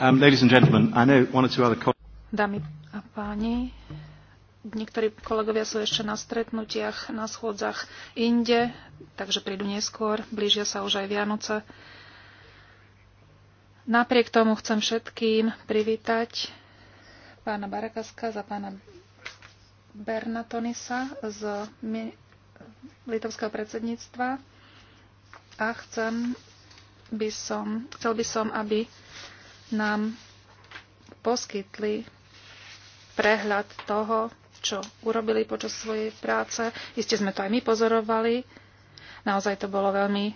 Um, Dámy a páni, niektorí kolegovia sú ešte na stretnutiach, na schôdzach inde, takže prídu neskôr, blížia sa už aj Vianoce. Napriek tomu chcem všetkým privítať pána Barakaska za pána Bernatonisa z litovského predsedníctva a chcem by som, chcel by som, aby nám poskytli prehľad toho, čo urobili počas svojej práce. Isté sme to aj my pozorovali. Naozaj to bolo veľmi e,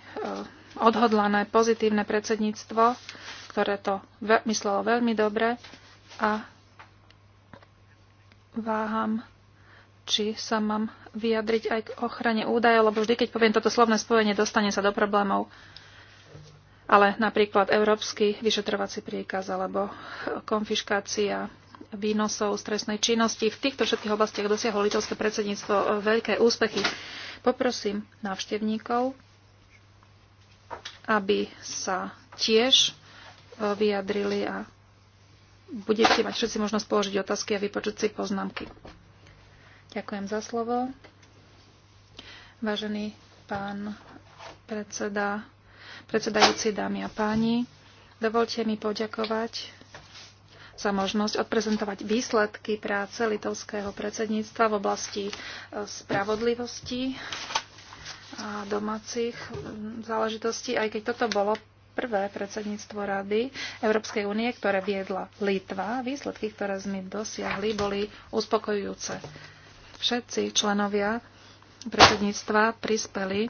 odhodlané, pozitívne predsedníctvo, ktoré to myslelo veľmi dobre a váham, či sa mám vyjadriť aj k ochrane údajov, lebo vždy, keď poviem toto slovné spojenie, dostane sa do problémov ale napríklad európsky vyšetrovací príkaz alebo konfiškácia výnosov stresnej činnosti. V týchto všetkých oblastiach dosiahlo litovské predsedníctvo veľké úspechy. Poprosím návštevníkov, aby sa tiež e, vyjadrili a budete mať všetci možnosť položiť otázky a vypočuť si poznámky. Ďakujem za slovo. Vážený pán predseda predsedajúci, dámy a páni. Dovolte mi poďakovať za možnosť odprezentovať výsledky práce litovského predsedníctva v oblasti e, spravodlivosti a domácich záležitostí, aj keď toto bolo prvé predsedníctvo Rady Európskej únie, ktoré viedla Litva. Výsledky, ktoré sme dosiahli, boli uspokojujúce. Všetci členovia predsedníctva prispeli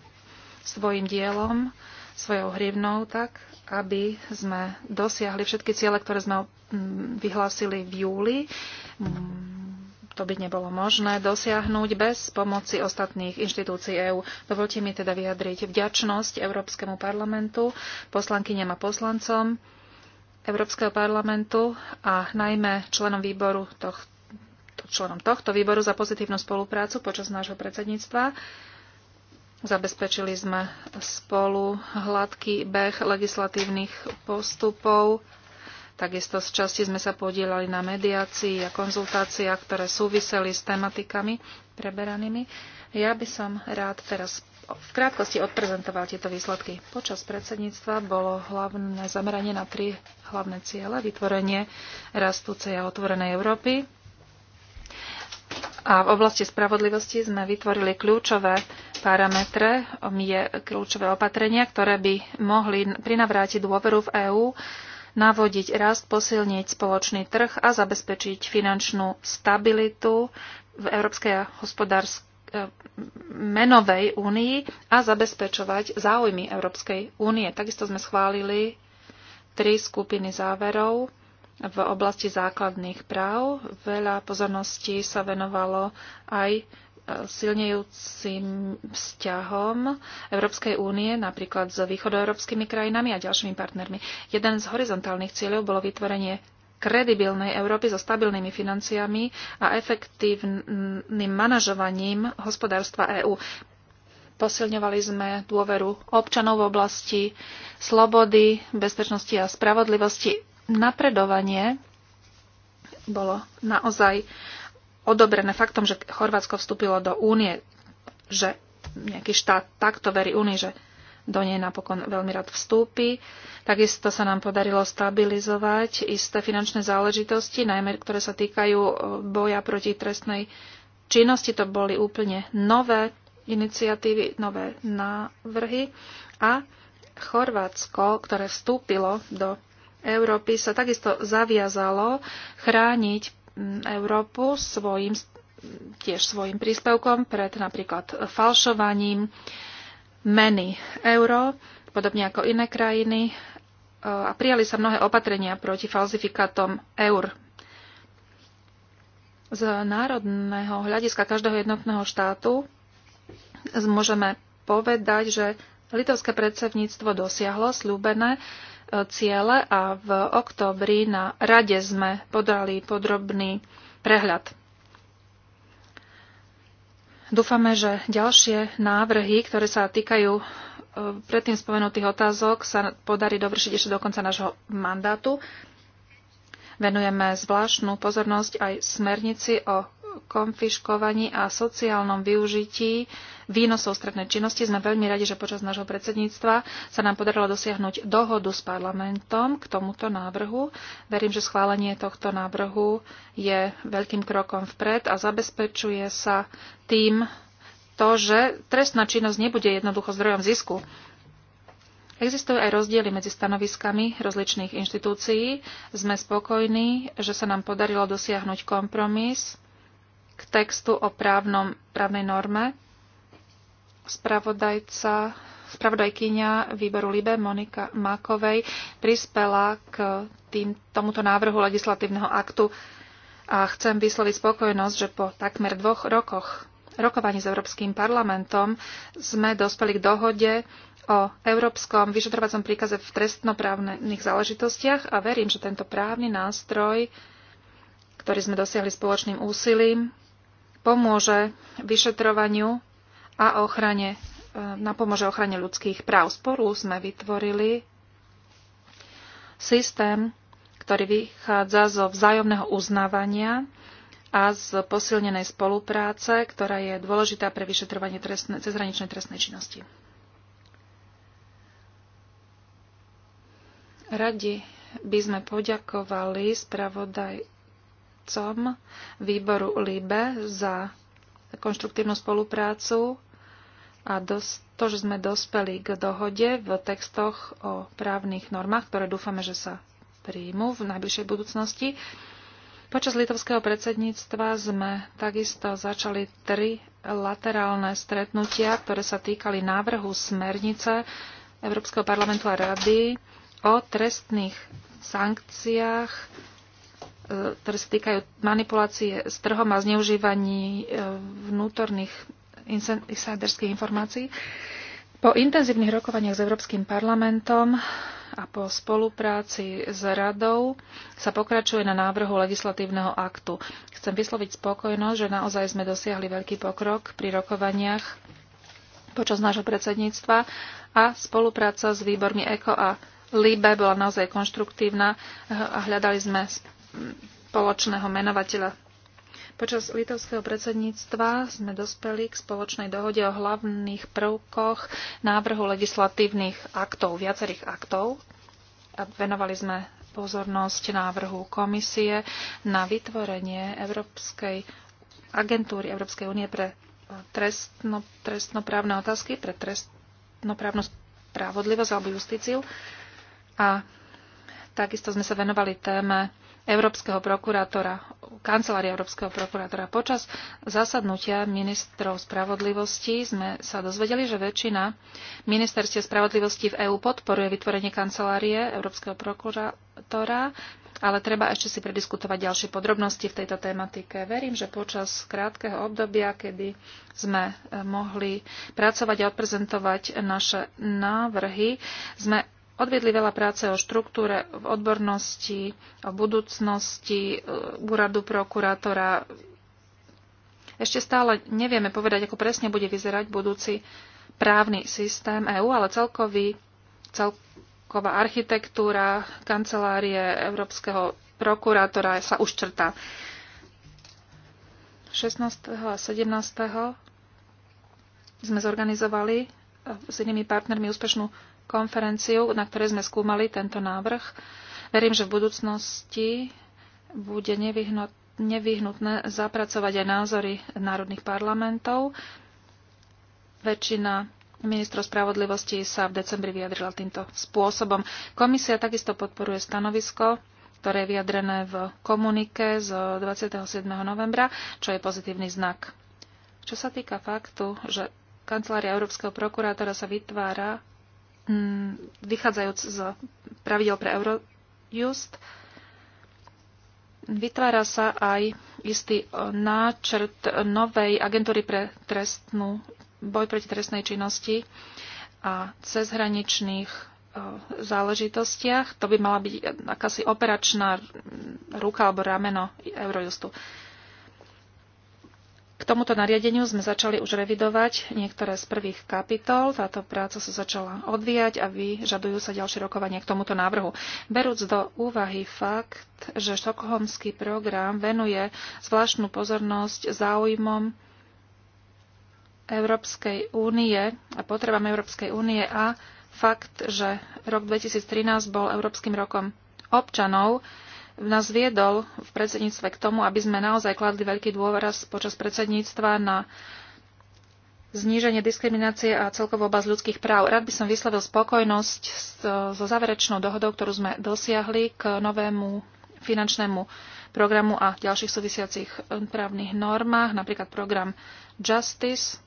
svojim dielom svojou hrivnou tak, aby sme dosiahli všetky ciele, ktoré sme mm, vyhlásili v júli. Mm, to by nebolo možné dosiahnuť bez pomoci ostatných inštitúcií EÚ. Dovolte mi teda vyjadriť vďačnosť Európskemu parlamentu, poslankyňam a poslancom Európskeho parlamentu a najmä členom výboru tohto členom tohto výboru za pozitívnu spoluprácu počas nášho predsedníctva. Zabezpečili sme spolu hladký beh legislatívnych postupov. Takisto z časti sme sa podielali na mediácii a konzultáciách, ktoré súviseli s tematikami preberanými. Ja by som rád teraz v krátkosti odprezentoval tieto výsledky. Počas predsedníctva bolo hlavné zameranie na tri hlavné ciele. Vytvorenie rastúcej a otvorenej Európy. A v oblasti spravodlivosti sme vytvorili kľúčové parametre um, je kľúčové opatrenia, ktoré by mohli prinavrátiť dôveru v EÚ, navodiť rast, posilniť spoločný trh a zabezpečiť finančnú stabilitu v Európskej hospodárskej menovej únii a zabezpečovať záujmy Európskej únie. Takisto sme schválili tri skupiny záverov v oblasti základných práv. Veľa pozorností sa venovalo aj silnejúcim vzťahom Európskej únie, napríklad s východoeurópskymi krajinami a ďalšími partnermi. Jeden z horizontálnych cieľov bolo vytvorenie kredibilnej Európy so stabilnými financiami a efektívnym manažovaním hospodárstva EÚ. Posilňovali sme dôveru občanov v oblasti slobody, bezpečnosti a spravodlivosti. Napredovanie bolo naozaj odobrené faktom, že Chorvátsko vstúpilo do únie, že nejaký štát takto verí únie, že do nej napokon veľmi rád vstúpi. Takisto sa nám podarilo stabilizovať isté finančné záležitosti, najmä ktoré sa týkajú e, boja proti trestnej činnosti. To boli úplne nové iniciatívy, nové návrhy. A Chorvátsko, ktoré vstúpilo do Európy, sa takisto zaviazalo chrániť Európu svojim, tiež svojim príspevkom pred napríklad falšovaním meny euro, podobne ako iné krajiny, e, a prijali sa mnohé opatrenia proti falzifikátom eur. Z národného hľadiska každého jednotného štátu môžeme povedať, že litovské predsedníctvo dosiahlo slúbené ciele a v októbri na rade sme podali podrobný prehľad. Dúfame, že ďalšie návrhy, ktoré sa týkajú e, predtým spomenutých otázok, sa podarí dovršiť ešte do konca nášho mandátu. Venujeme zvláštnu pozornosť aj smernici o konfiškovaní a sociálnom využití výnosov strednej činnosti. Sme veľmi radi, že počas nášho predsedníctva sa nám podarilo dosiahnuť dohodu s parlamentom k tomuto návrhu. Verím, že schválenie tohto návrhu je veľkým krokom vpred a zabezpečuje sa tým to, že trestná činnosť nebude jednoducho zdrojom zisku. Existujú aj rozdiely medzi stanoviskami rozličných inštitúcií. Sme spokojní, že sa nám podarilo dosiahnuť kompromis k textu o právnom, právnej norme, spravodajca, spravodajkyňa výboru Libe Monika Makovej prispela k tým, tomuto návrhu legislatívneho aktu a chcem vysloviť spokojnosť, že po takmer dvoch rokoch rokovaní s Európskym parlamentom sme dospeli k dohode o Európskom vyšetrovacom príkaze v trestnoprávnych záležitostiach a verím, že tento právny nástroj, ktorý sme dosiahli spoločným úsilím, pomôže vyšetrovaniu a ochrane, e, pomože ochrane ľudských práv. spolu sme vytvorili systém, ktorý vychádza zo vzájomného uznávania a z posilnenej spolupráce, ktorá je dôležitá pre vyšetrovanie trestne, cezhraničnej trestnej činnosti. Radi by sme poďakovali spravodajcom výboru LIBE za konštruktívnu spoluprácu a to, že sme dospeli k dohode v textoch o právnych normách, ktoré dúfame, že sa príjmu v najbližšej budúcnosti. Počas litovského predsedníctva sme takisto začali tri laterálne stretnutia, ktoré sa týkali návrhu smernice Európskeho parlamentu a rady o trestných sankciách E, ktoré sa týkajú manipulácie s trhom a zneužívaní e, vnútorných insiderských informácií. Po intenzívnych rokovaniach s Európskym parlamentom a po spolupráci s radou sa pokračuje na návrhu legislatívneho aktu. Chcem vysloviť spokojnosť, že naozaj sme dosiahli veľký pokrok pri rokovaniach počas nášho predsedníctva a spolupráca s výbormi ECO a LIBE bola naozaj konštruktívna a hľadali sme spoločného menovateľa. Počas litovského predsedníctva sme dospeli k spoločnej dohode o hlavných prvkoch návrhu legislatívnych aktov, viacerých aktov. A venovali sme pozornosť návrhu komisie na vytvorenie Európskej agentúry Európskej únie pre eh, trestno, trestnoprávne otázky, pre trestnoprávnu spravodlivosť alebo justíciu. A takisto sme sa venovali téme Európskeho prokurátora, kancelárie Európskeho prokurátora. Počas zasadnutia ministrov spravodlivosti sme sa dozvedeli, že väčšina ministerstie spravodlivosti v EÚ podporuje vytvorenie kancelárie Európskeho prokurátora, ale treba ešte si prediskutovať ďalšie podrobnosti v tejto tematike. Verím, že počas krátkeho obdobia, kedy sme eh, mohli pracovať a odprezentovať naše návrhy, sme odviedli veľa práce o štruktúre, v odbornosti, o budúcnosti e, úradu prokurátora. Ešte stále nevieme povedať, ako presne bude vyzerať budúci právny systém EÚ, ale celkový, celková architektúra kancelárie Európskeho prokurátora sa už črta. 16. a 17. sme zorganizovali s inými partnermi úspešnú konferenciu, na ktorej sme skúmali tento návrh. Verím, že v budúcnosti bude nevyhnutné zapracovať aj názory národných parlamentov. Väčšina ministrov spravodlivosti sa v decembri vyjadrila týmto spôsobom. Komisia takisto podporuje stanovisko, ktoré je vyjadrené v komunike z 27. novembra, čo je pozitívny znak. Čo sa týka faktu, že Kancelária Európskeho prokurátora sa vytvára Mm, vychádzajúc z pravidel pre Eurojust, vytvára sa aj istý e, náčrt novej agentúry pre trestnú, boj proti trestnej činnosti a cezhraničných e, záležitostiach. To by mala byť akási operačná ruka alebo rameno Eurojustu. K tomuto nariadeniu sme začali už revidovať niektoré z prvých kapitol. Táto práca sa začala odvíjať a vyžadujú sa ďalšie rokovanie k tomuto návrhu. Berúc do úvahy fakt, že štokholmský program venuje zvláštnu pozornosť záujmom Európskej únie a potrebám Európskej únie a fakt, že rok 2013 bol Európskym rokom občanov, nás viedol v predsedníctve k tomu, aby sme naozaj kladli veľký dôraz počas predsedníctva na zníženie diskriminácie a celkovo oblasť ľudských práv. Rád by som vyslovil spokojnosť so záverečnou dohodou, ktorú sme dosiahli k novému finančnému programu a ďalších súvisiacich eh, právnych normách, napríklad program Justice,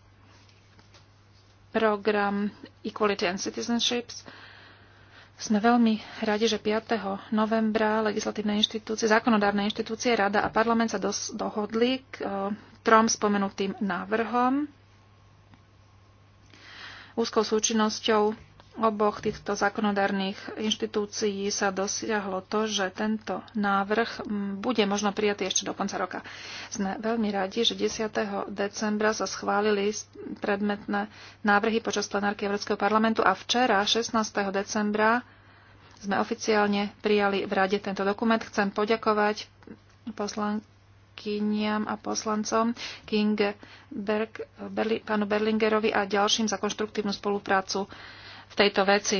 program Equality and Citizenships, sme veľmi radi, že 5. novembra legislatívne inštitúcie, zákonodárne inštitúcie, Rada a parlament sa dos- dohodli k e, trom spomenutým návrhom. Úzkou súčinnosťou oboch týchto zákonodárnych inštitúcií sa dosiahlo to, že tento návrh bude možno prijatý ešte do konca roka. Sme veľmi radi, že 10. decembra sa schválili predmetné návrhy počas plenárky Európskeho parlamentu a včera, 16. decembra, sme oficiálne prijali v rade tento dokument. Chcem poďakovať poslankyniam a poslancom King Berg, Berli, pánu Berlingerovi a ďalším za konštruktívnu spoluprácu v tejto veci.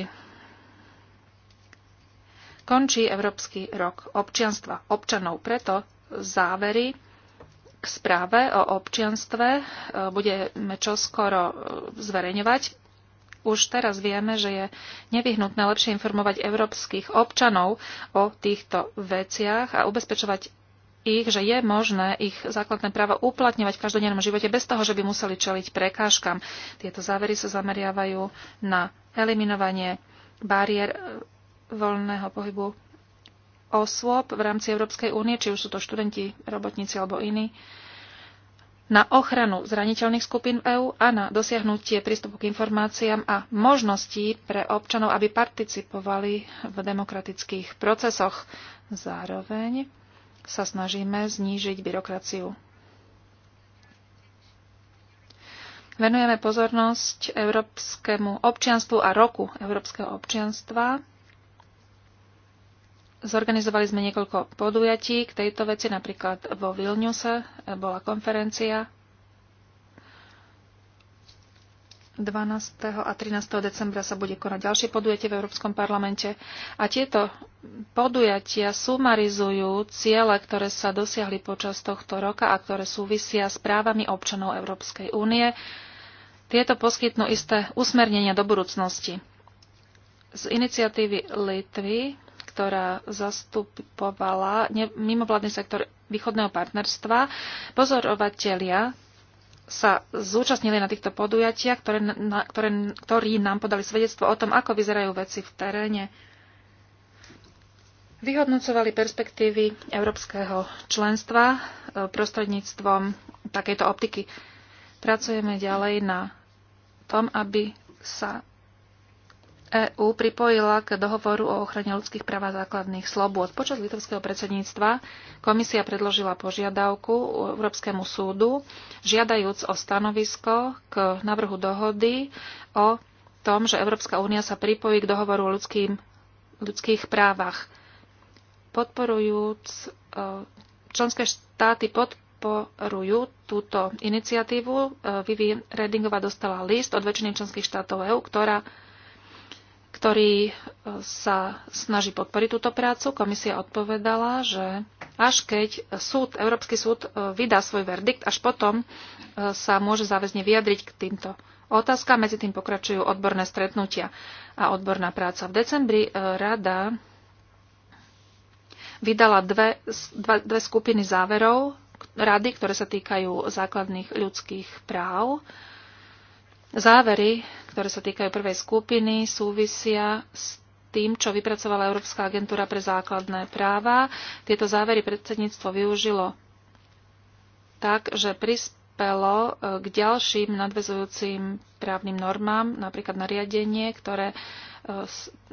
Končí Európsky rok občianstva občanov, preto závery k správe o občianstve e, budeme čoskoro e, zverejňovať. Už teraz vieme, že je nevyhnutné lepšie informovať európskych občanov o týchto veciach a ubezpečovať ich, že je možné ich základné práva uplatňovať v každodennom živote bez toho, že by museli čeliť prekážkam. Tieto závery sa zameriavajú na eliminovanie bariér e, voľného pohybu osôb v rámci Európskej únie, či už sú to študenti, robotníci alebo iní, na ochranu zraniteľných skupín EÚ a na dosiahnutie prístupu k informáciám a možností pre občanov, aby participovali v demokratických procesoch. Zároveň sa snažíme znížiť byrokraciu. Venujeme pozornosť európskemu občianstvu a roku európskeho občianstva. Zorganizovali sme niekoľko podujatí k tejto veci, napríklad vo Vilniuse bola konferencia 12. a 13. decembra sa bude konať ďalšie podujatie v Európskom parlamente a tieto podujatia sumarizujú ciele, ktoré sa dosiahli počas tohto roka a ktoré súvisia s právami občanov Európskej únie. Tieto poskytnú isté usmernenia do budúcnosti. Z iniciatívy Litvy, ktorá zastupovala mimovládny sektor východného partnerstva, pozorovatelia sa zúčastnili na týchto podujatiach, ktoré, na, ktoré, ktorí nám podali svedectvo o tom, ako vyzerajú veci v teréne. Vyhodnocovali perspektívy európskeho členstva e, prostredníctvom takejto optiky. Pracujeme ďalej na tom, aby sa EÚ pripojila k dohovoru o ochrane ľudských práv a základných slobôd. Počas litovského predsedníctva komisia predložila požiadavku Európskemu súdu, žiadajúc o stanovisko k navrhu dohody o tom, že Európska únia sa pripojí k dohovoru o ľudským, ľudských právach. Podporujúc, e, členské štáty podporujú túto iniciatívu. E, Vivi Redingova dostala list od väčšiny členských štátov EÚ, ktorá ktorý e, sa snaží podporiť túto prácu. Komisia odpovedala, že až keď súd, Európsky súd e, vydá svoj verdikt, až potom e, sa môže záväzne vyjadriť k týmto otázkam. Medzi tým pokračujú odborné stretnutia a odborná práca. V decembri rada vydala dve, dva, dve skupiny záverov rady, ktoré sa týkajú základných ľudských práv. Závery, ktoré sa týkajú prvej skupiny, súvisia s tým, čo vypracovala Európska agentúra pre základné práva. Tieto závery predsedníctvo využilo tak, že prispelo e, k ďalším nadvezujúcim právnym normám, napríklad nariadenie, ktoré e,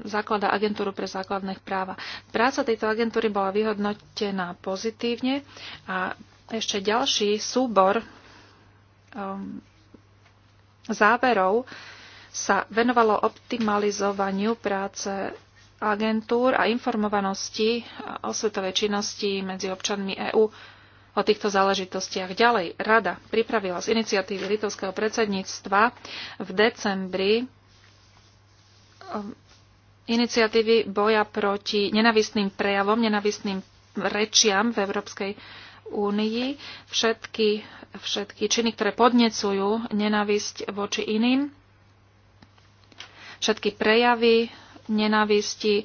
zaklada agentúru pre základné práva. Práca tejto agentúry bola vyhodnotená pozitívne a ešte ďalší súbor um, záverov sa venovalo optimalizovaniu práce agentúr a informovanosti o svetovej činnosti medzi občanmi EÚ o týchto záležitostiach. Ďalej, Rada pripravila z iniciatívy litovského predsedníctva v decembri um, iniciatívy boja proti nenavistným prejavom, nenavistným rečiam v Európskej únii všetky, všetky činy, ktoré podnecujú nenávisť voči iným, všetky prejavy nenávisti e,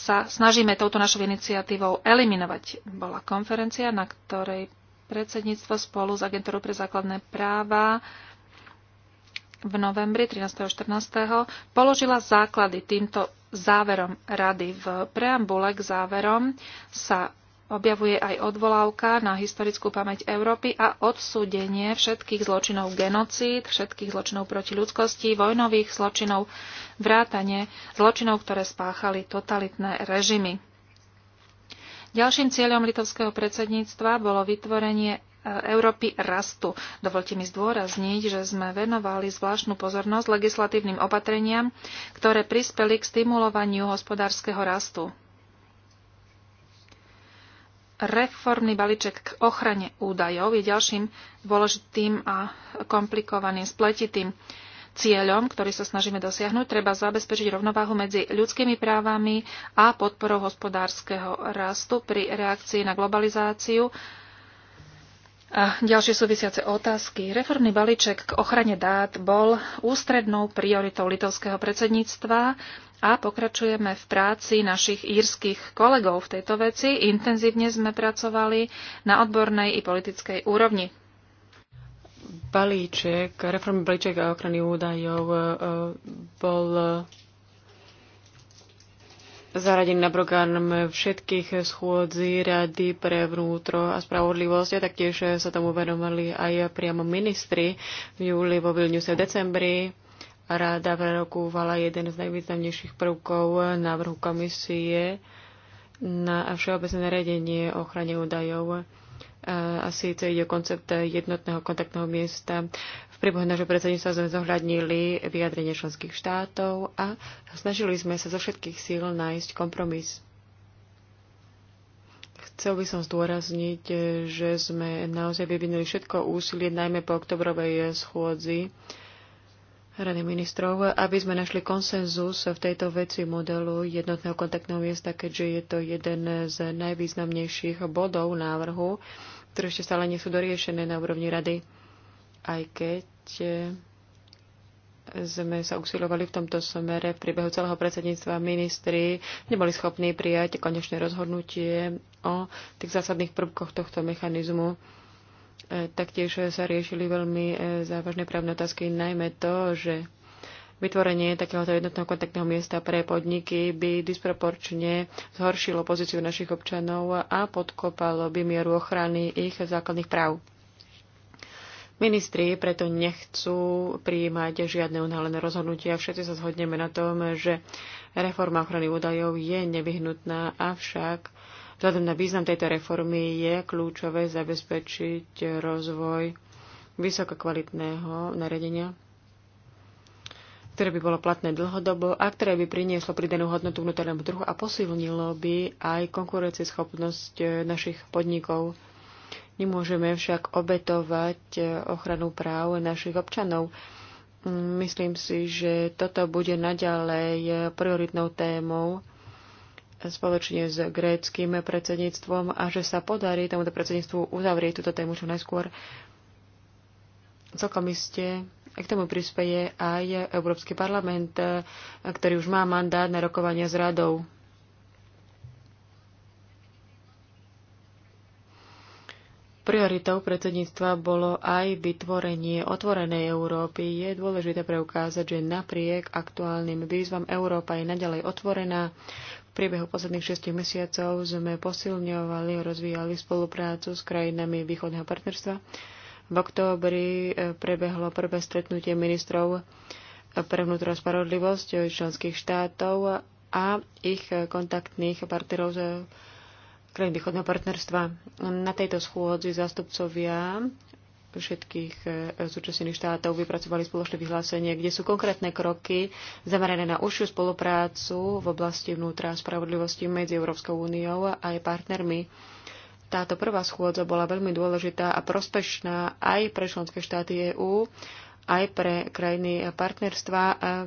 sa snažíme touto našou iniciatívou eliminovať. Bola konferencia, na ktorej predsedníctvo spolu s Agentúrou pre základné práva v novembri 13. a 14. položila základy týmto záverom rady. V preambule k záverom sa objavuje aj odvolávka na historickú pamäť Európy a odsúdenie všetkých zločinov genocíd, všetkých zločinov proti ľudskosti, vojnových zločinov, vrátane zločinov, ktoré spáchali totalitné režimy. Ďalším cieľom litovského predsedníctva bolo vytvorenie e, Európy rastu. Dovolte mi zdôrazniť, že sme venovali zvláštnu pozornosť legislatívnym opatreniam, ktoré prispeli k stimulovaniu hospodárskeho rastu. Reformný balíček k ochrane údajov je ďalším dôležitým a komplikovaným spletitým cieľom, ktorý sa snažíme dosiahnuť, treba zabezpečiť rovnováhu medzi ľudskými právami a podporou hospodárskeho rastu pri reakcii na globalizáciu a ďalšie súvisiace otázky. Reformný balíček k ochrane dát bol ústrednou prioritou litovského predsedníctva a pokračujeme v práci našich írskych kolegov v tejto veci. Intenzívne sme pracovali na odbornej i politickej úrovni. Balíček, reformný balíček a ochrany údajov e, bol zaradený na program všetkých schôdzí Rady pre vnútro a spravodlivosť a taktiež sa tomu venovali aj priamo ministri v júli, vo Vilniuse v decembri Rada prerokúvala jeden z najvýznamnejších prvkov návrhu komisie na všeobecné nariadenie o ochrane údajov. A síce ide o koncept jednotného kontaktného miesta. V priebehu nášho predsedníctva sme zohľadnili vyjadrenie členských štátov a snažili sme sa zo všetkých síl nájsť kompromis. Chcel by som zdôrazniť, že sme naozaj vyvinuli všetko úsilie, najmä po oktobrovej schôdzi, Rady ministrov, aby sme našli konsenzus v tejto veci modelu jednotného kontaktného miesta, keďže je to jeden z najvýznamnejších bodov návrhu, ktoré ešte stále nie sú doriešené na úrovni rady. Aj keď eh, sme sa usilovali v tomto smere v priebehu celého predsedníctva ministri, neboli schopní prijať konečné rozhodnutie o tých zásadných prvkoch tohto mechanizmu E, taktiež sa riešili veľmi e, závažné právne otázky, najmä to, že vytvorenie takéhoto jednotného kontaktného miesta pre podniky by disproporčne zhoršilo pozíciu našich občanov a podkopalo by mieru ochrany ich základných práv. Ministri preto nechcú prijímať žiadne unálené rozhodnutia. Všetci sa zhodneme na tom, že reforma ochrany údajov je nevyhnutná, avšak Vzhľadom na význam tejto reformy je kľúčové zabezpečiť rozvoj vysokokvalitného naredenia, ktoré by bolo platné dlhodobo a ktoré by prinieslo pridanú hodnotu vnútornému trhu a posilnilo by aj konkurencieschopnosť eh, našich podnikov. Nemôžeme však obetovať eh, ochranu práv našich občanov. Mm, myslím si, že toto bude naďalej eh, prioritnou témou spoločne s gréckým predsedníctvom a že sa podarí tomuto predsedníctvu uzavrieť túto tému čo najskôr. Celkom iste k tomu prispieje aj Európsky parlament, ktorý už má mandát na rokovania s radou. Prioritou predsedníctva bolo aj vytvorenie otvorenej Európy. Je dôležité preukázať, že napriek aktuálnym výzvam Európa je naďalej otvorená, priebehu posledných šestich mesiacov sme posilňovali a rozvíjali spoluprácu s krajinami východného partnerstva. V októbri e, prebehlo prvé stretnutie ministrov pre vnútro spravodlivosť členských štátov a ich kontaktných partnerov z krajín východného partnerstva. Na tejto schôdzi zástupcovia všetkých súčasných e, štátov vypracovali spoločné vyhlásenie, kde sú konkrétne kroky zamerané na užšiu spoluprácu v oblasti vnútra a spravodlivosti medzi Európskou úniou a aj partnermi. Táto prvá schôdza bola veľmi dôležitá a prospešná aj pre členské štáty EÚ, aj pre krajiny partnerstva. A e,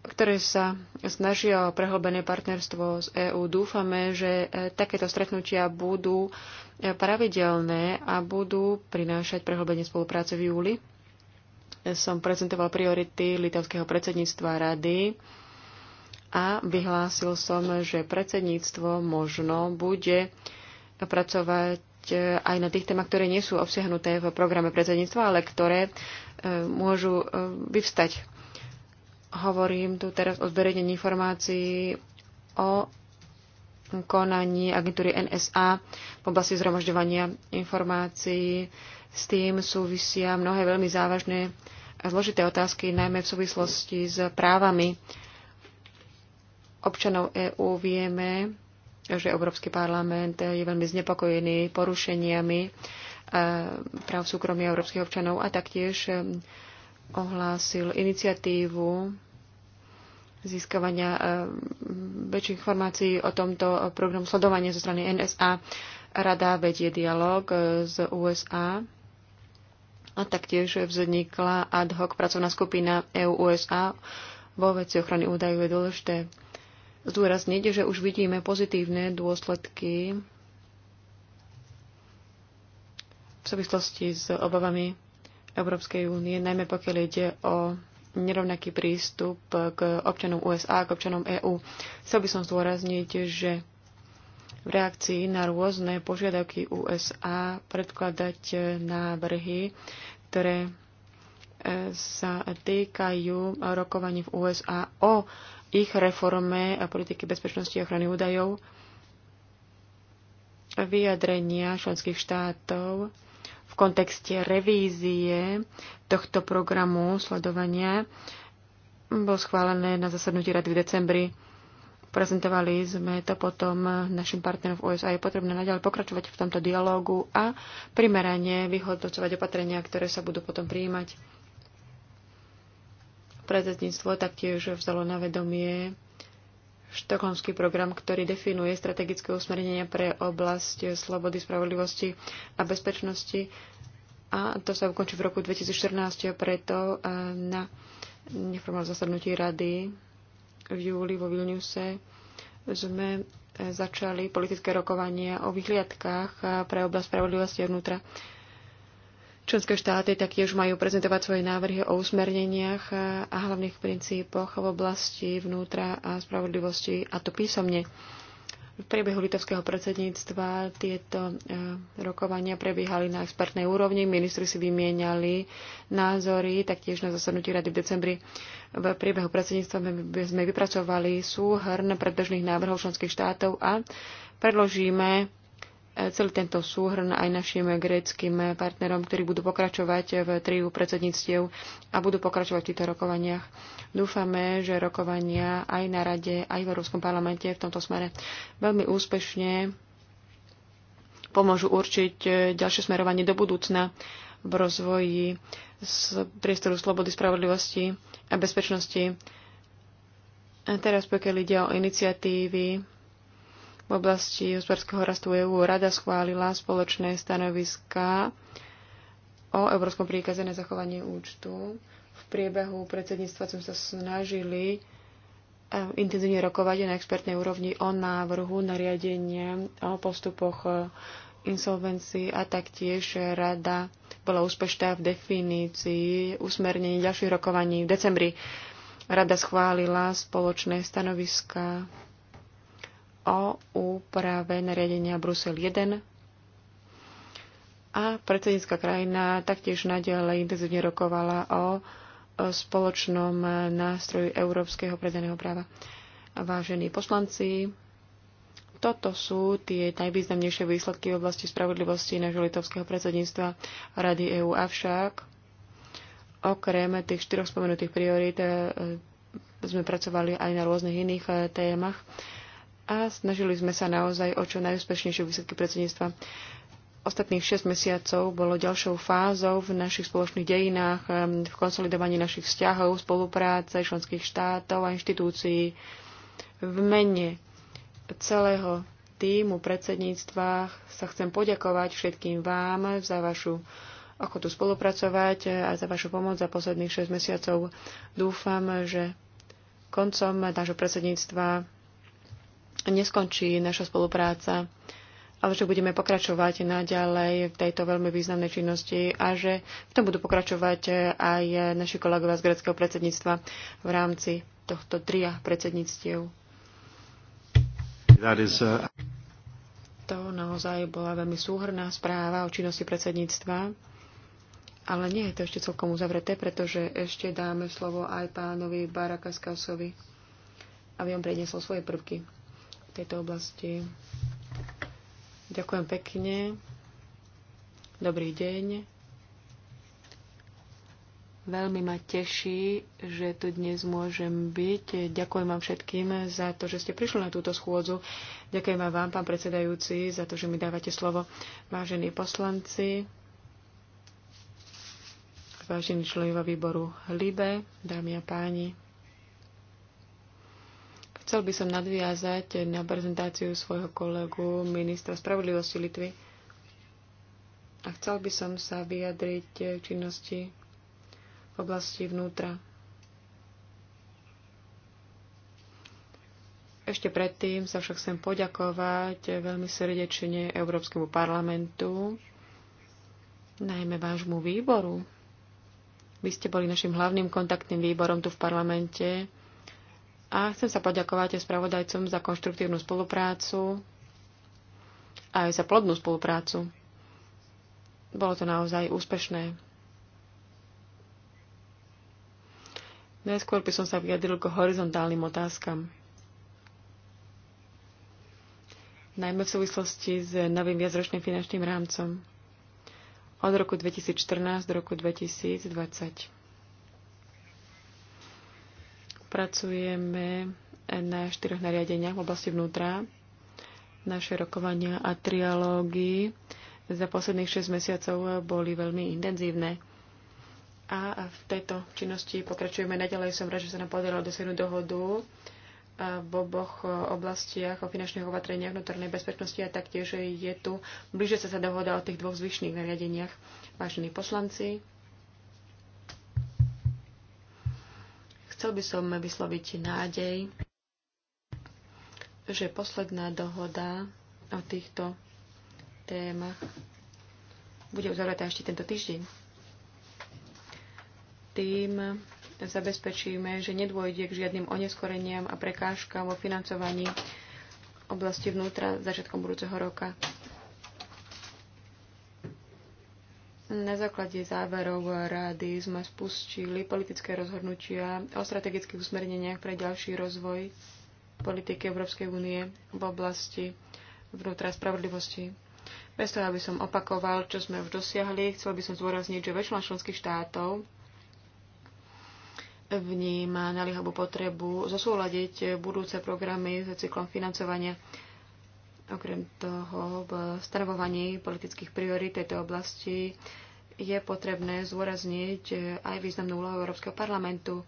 ktoré sa snažia o prehlbené partnerstvo z EÚ. Dúfame, že e, takéto stretnutia budú e, pravidelné a budú prinášať prehlbenie spolupráce v júli. E, som prezentoval priority litovského predsedníctva rady a vyhlásil som, že predsedníctvo možno bude pracovať aj na tých témach, ktoré nie sú obsiahnuté v programe predsedníctva, ale ktoré môžu vyvstať Hovorím tu teraz o zverejnení informácií o konaní agentúry NSA v oblasti zhromažďovania informácií. S tým súvisia mnohé veľmi závažné a zložité otázky, najmä v súvislosti s právami občanov EÚ. Vieme, že Európsky parlament je veľmi znepokojený porušeniami eh, práv súkromia európskych občanov a taktiež eh, ohlásil iniciatívu získavania eh, väčších informácií o tomto programu sledovania zo strany NSA. Rada vedie dialog eh, z USA a taktiež vznikla ad hoc pracovná skupina EU-USA vo veci ochrany údajov je dôležité zdôrazniť, že už vidíme pozitívne dôsledky v súvislosti s obavami Európskej únie, najmä pokiaľ ide o nerovnaký prístup k občanom USA a k občanom EÚ. Chcel by som zdôrazniť, že v reakcii na rôzne požiadavky USA predkladať návrhy, ktoré e, sa týkajú rokovaní v USA o ich reforme a politiky bezpečnosti a ochrany údajov, vyjadrenia členských štátov v kontexte revízie tohto programu sledovania bol schválené na zasadnutí rady v decembri. Prezentovali sme to potom našim partnerom v USA. Je potrebné naďalej pokračovať v tomto dialógu a primerane vyhodnocovať opatrenia, ktoré sa budú potom prijímať. Predsedníctvo taktiež vzalo na vedomie štokholmský program, ktorý definuje strategické usmernenia pre oblasť slobody, spravodlivosti a bezpečnosti. A to sa ukončí v roku 2014, preto eh, na neformálnom zasadnutí rady v júli vo Vilniuse sme eh, začali politické rokovania o vyhliadkách eh, pre oblasť spravodlivosti vnútra Členské štáty taktiež majú prezentovať svoje návrhy o usmerneniach a hlavných princípoch v oblasti vnútra a spravodlivosti, a to písomne. V priebehu litovského predsedníctva tieto e, rokovania prebiehali na expertnej úrovni, ministri si vymieniali názory, taktiež na zasadnutí rady v decembri. V priebehu predsedníctva sme vypracovali súhrn predbežných návrhov členských štátov a predložíme E, celý tento súhrn aj našim gréckým partnerom, ktorí budú pokračovať v triu predsedníctiev a budú pokračovať v týchto rokovaniach. Dúfame, že rokovania aj na Rade, aj v Európskom parlamente v tomto smere veľmi úspešne pomôžu určiť e, ďalšie smerovanie do budúcna v rozvoji z priestoru slobody, spravodlivosti a bezpečnosti. A teraz, pokiaľ ide o iniciatívy, v oblasti hospodárskeho rastu EÚ rada schválila spoločné stanoviská o Európskom príkaze na zachovanie účtu. V priebehu predsedníctva sme sa snažili eh, intenzívne rokovať na expertnej úrovni o návrhu nariadenia o postupoch eh, insolvencií a taktiež rada bola úspešná v definícii usmernení ďalších rokovaní. V decembri rada schválila spoločné stanoviska o úprave nariadenia Brusel 1 a predsednícka krajina taktiež naďalej intenzívne rokovala o spoločnom nástroji európskeho predaného práva. Vážení poslanci, toto sú tie najvýznamnejšie výsledky v oblasti spravodlivosti nášho litovského predsedníctva Rady EÚ. Avšak okrem tých štyroch spomenutých priorít eh, sme pracovali aj na rôznych iných eh, témach a snažili sme sa naozaj o čo najúspešnejšie výsledky predsedníctva. Ostatných 6 mesiacov bolo ďalšou fázou v našich spoločných dejinách, v konsolidovaní našich vzťahov, spolupráce členských štátov a inštitúcií v mene celého týmu predsedníctva sa chcem poďakovať všetkým vám za vašu ochotu spolupracovať a za vašu pomoc za posledných 6 mesiacov. Dúfam, že koncom nášho predsedníctva neskončí naša spolupráca, ale že budeme pokračovať naďalej v tejto veľmi významnej činnosti a že v tom budú pokračovať aj naši kolegovia z greckého predsedníctva v rámci tohto tria predsedníctiev. uh... To naozaj bola veľmi súhrná správa o činnosti predsedníctva. Ale nie je to ešte celkom uzavreté, pretože ešte dáme slovo aj pánovi Barakaskasovi, aby on predniesol svoje prvky tejto oblasti. Ďakujem pekne. Dobrý deň. Veľmi ma teší, že tu dnes môžem byť. Ďakujem vám všetkým za to, že ste prišli na túto schôdzu. Ďakujem vám, pán predsedajúci, za to, že mi dávate slovo. Vážení poslanci, vážení členovia výboru LIBE, dámy a páni, Chcel by som nadviazať na prezentáciu svojho kolegu, ministra spravodlivosti Litvy. A chcel by som sa vyjadriť činnosti v oblasti vnútra. Ešte predtým sa však chcem poďakovať veľmi srdečne Európskemu parlamentu, najmä vášmu výboru. Vy ste boli našim hlavným kontaktným výborom tu v parlamente a chcem sa poďakovať spravodajcom za konštruktívnu spoluprácu a aj za plodnú spoluprácu. Bolo to naozaj úspešné. Najskôr by som sa vyjadril k horizontálnym otázkam. najmä v súvislosti s novým viacročným finančným rámcom od roku 2014 do roku 2020. Pracujeme na štyroch nariadeniach v oblasti vnútra. Naše rokovania a trialógy za posledných 6 mesiacov boli veľmi intenzívne. A v tejto činnosti pokračujeme naďalej. Som rád, že sa nám podarilo dosiahnuť dohodu v oboch oblastiach o finančných opatreniach vnútornej bezpečnosti a taktiež je tu blíže sa sa dohoda o tých dvoch zvyšných nariadeniach. Vážení poslanci, Chcel by som vysloviť nádej, že posledná dohoda o týchto témach bude uzavretá ešte tento týždeň. Tým zabezpečíme, že nedôjde k žiadnym oneskoreniam a prekážkam vo financovaní oblasti vnútra začiatkom budúceho roka. Na základe záverov rady sme spustili politické rozhodnutia o strategických usmerneniach pre ďalší rozvoj politiky Európskej únie v oblasti vnútra spravodlivosti. Bez toho, aby som opakoval, čo sme už dosiahli, chcel by som zdôrazniť, že väčšina členských štátov vníma naliehavú potrebu zosúľadiť budúce programy so cyklom financovania Okrem toho v stanovovaní politických priorít tejto oblasti je potrebné zúrazniť aj významnú úlohu Európskeho parlamentu.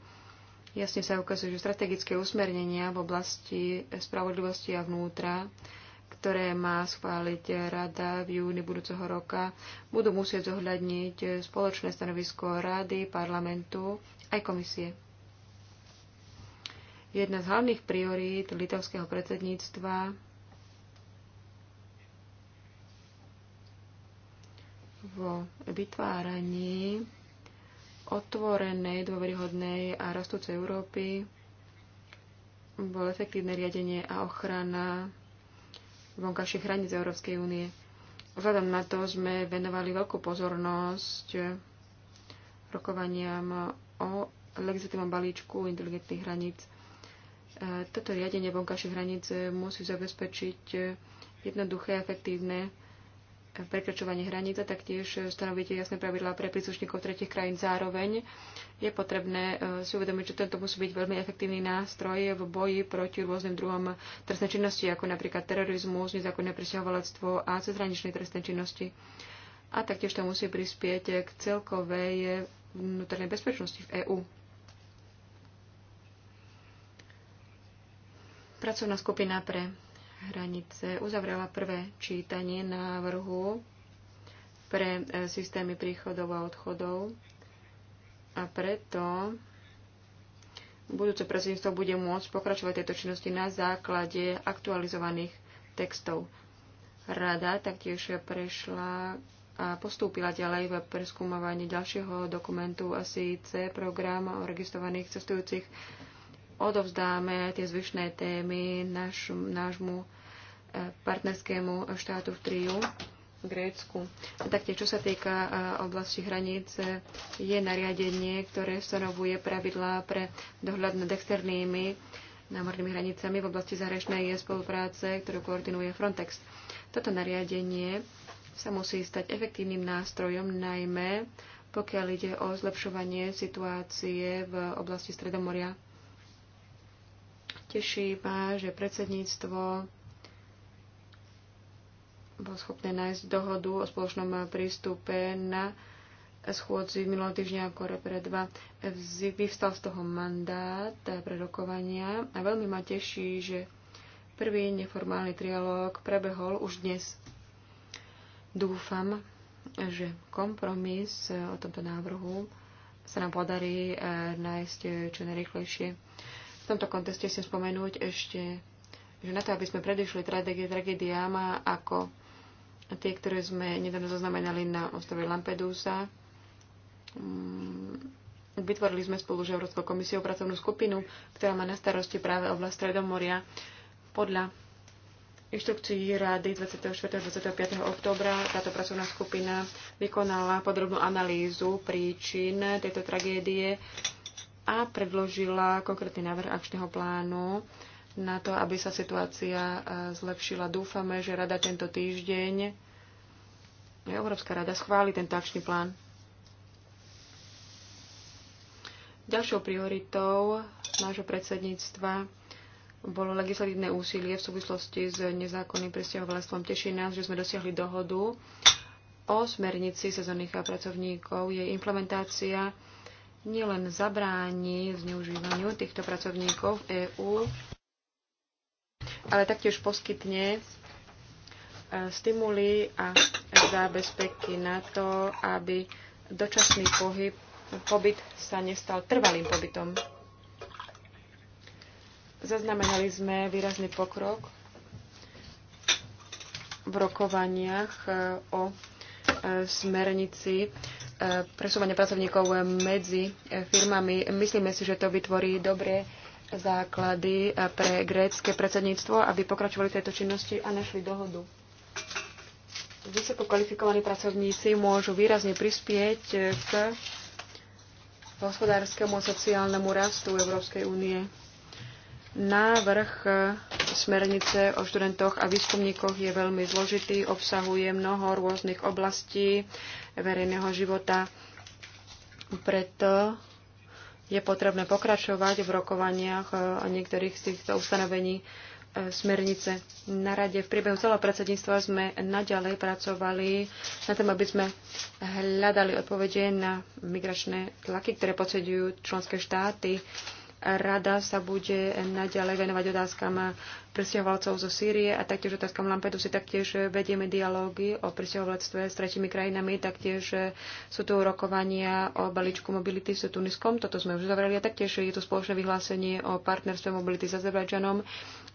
Jasne sa ukazujú strategické usmernenia v oblasti spravodlivosti a vnútra, ktoré má schváliť Rada v júni budúceho roka, budú musieť zohľadniť spoločné stanovisko Rady, parlamentu aj komisie. Jedna z hlavných priorít litovského predsedníctva vo vytváraní otvorenej, dôveryhodnej a rastúcej Európy bolo efektívne riadenie a ochrana vonkajších hraníc Európskej únie. Vzhľadom na to sme venovali veľkú pozornosť rokovaniam o legislatívnom balíčku inteligentných hraníc. E, toto riadenie vonkajších hraníc musí zabezpečiť jednoduché, efektívne prekračovanie hranice, tak tiež stanovíte jasné pravidlá pre príslušníkov tretich krajín. Zároveň je potrebné e, si uvedomiť, že tento musí byť veľmi efektívny nástroj v boji proti rôznym druhom trestnej činnosti, ako napríklad terorizmus, nezákonné presťahovalectvo a cezhraničnej trestnej činnosti. A taktiež to musí prispieť k celkovej vnútornej bezpečnosti v EÚ. Pracovná skupina pre hranice uzavrela prvé čítanie návrhu pre e, systémy príchodov a odchodov a preto budúce predsedníctvo bude môcť pokračovať tieto činnosti na základe aktualizovaných textov. Rada taktiež prešla a postúpila ďalej v preskúmovaní ďalšieho dokumentu a síce program o registrovaných cestujúcich odovzdáme tie zvyšné témy naš, nášmu e, partnerskému štátu v Triu, Grécku. A taktiež, čo sa týka e, oblasti hraníc, e, je nariadenie, ktoré stanovuje pravidlá pre dohľad nad externými námornými hranicami v oblasti zahraničnej spolupráce, ktorú koordinuje Frontex. Toto nariadenie sa musí stať efektívnym nástrojom, najmä pokiaľ ide o zlepšovanie situácie v oblasti Stredomoria. Teší ma, že predsedníctvo bolo schopné nájsť dohodu o spoločnom prístupe na schôdzi minulého týždňa ako repre 2. Vyvstal z toho mandát pre rokovania a veľmi ma teší, že prvý neformálny trialóg prebehol už dnes. Dúfam, že kompromis o tomto návrhu sa nám podarí eh, nájsť čo najrychlejšie. V tomto kontexte chcem spomenúť ešte, že na to, aby sme predišli tragédiám ako tie, ktoré sme nedávno zaznamenali na ostrove Lampedusa, mm, vytvorili sme spolu s Európskou komisiou pracovnú skupinu, ktorá má na starosti práve oblast Stredomoria. Podľa inštrukcií Rady 24. a 25. oktobra táto pracovná skupina vykonala podrobnú analýzu príčin tejto tragédie a predložila konkrétny návrh akčného plánu na to, aby sa situácia e, zlepšila. Dúfame, že rada tento týždeň, Európska rada, schváli tento akčný plán. Ďalšou prioritou nášho predsedníctva bolo legislatívne úsilie v súvislosti s nezákonným presťahovalstvom. Teší nás, že sme dosiahli dohodu o smernici sezónnych pracovníkov. Jej implementácia nielen zabráni zneužívaniu týchto pracovníkov v EÚ, ale taktiež poskytne e, stimuly a zábezpeky na to, aby dočasný pohyb, pobyt sa nestal trvalým pobytom. Zaznamenali sme výrazný pokrok v rokovaniach e, o e, smernici presúvania pracovníkov medzi firmami. Myslíme si, že to vytvorí dobré základy pre grécké predsedníctvo, aby pokračovali v tejto činnosti a našli dohodu. Vysoko kvalifikovaní pracovníci môžu výrazne prispieť k hospodárskemu a sociálnemu rastu Európskej únie. Návrh smernice o študentoch a výskumníkoch je veľmi zložitý, obsahuje mnoho rôznych oblastí verejného života. Preto je potrebné pokračovať v rokovaniach o e, niektorých z týchto ustanovení e, smernice. Na rade v priebehu celého predsedníctva sme naďalej pracovali na tom, aby sme hľadali odpovede na migračné tlaky, ktoré pocitujú členské štáty. Rada sa bude naďalej venovať otázkam prisťahovalcov zo Sýrie a taktiež otázkam Lampedusy. Taktiež vedieme dialógy o prisťahovalectve s tretimi krajinami. Taktiež sú tu rokovania o balíčku mobility s Tuniskom. Toto sme už zavreli. A taktiež je tu spoločné vyhlásenie o partnerstve mobility s Azerbajdžanom.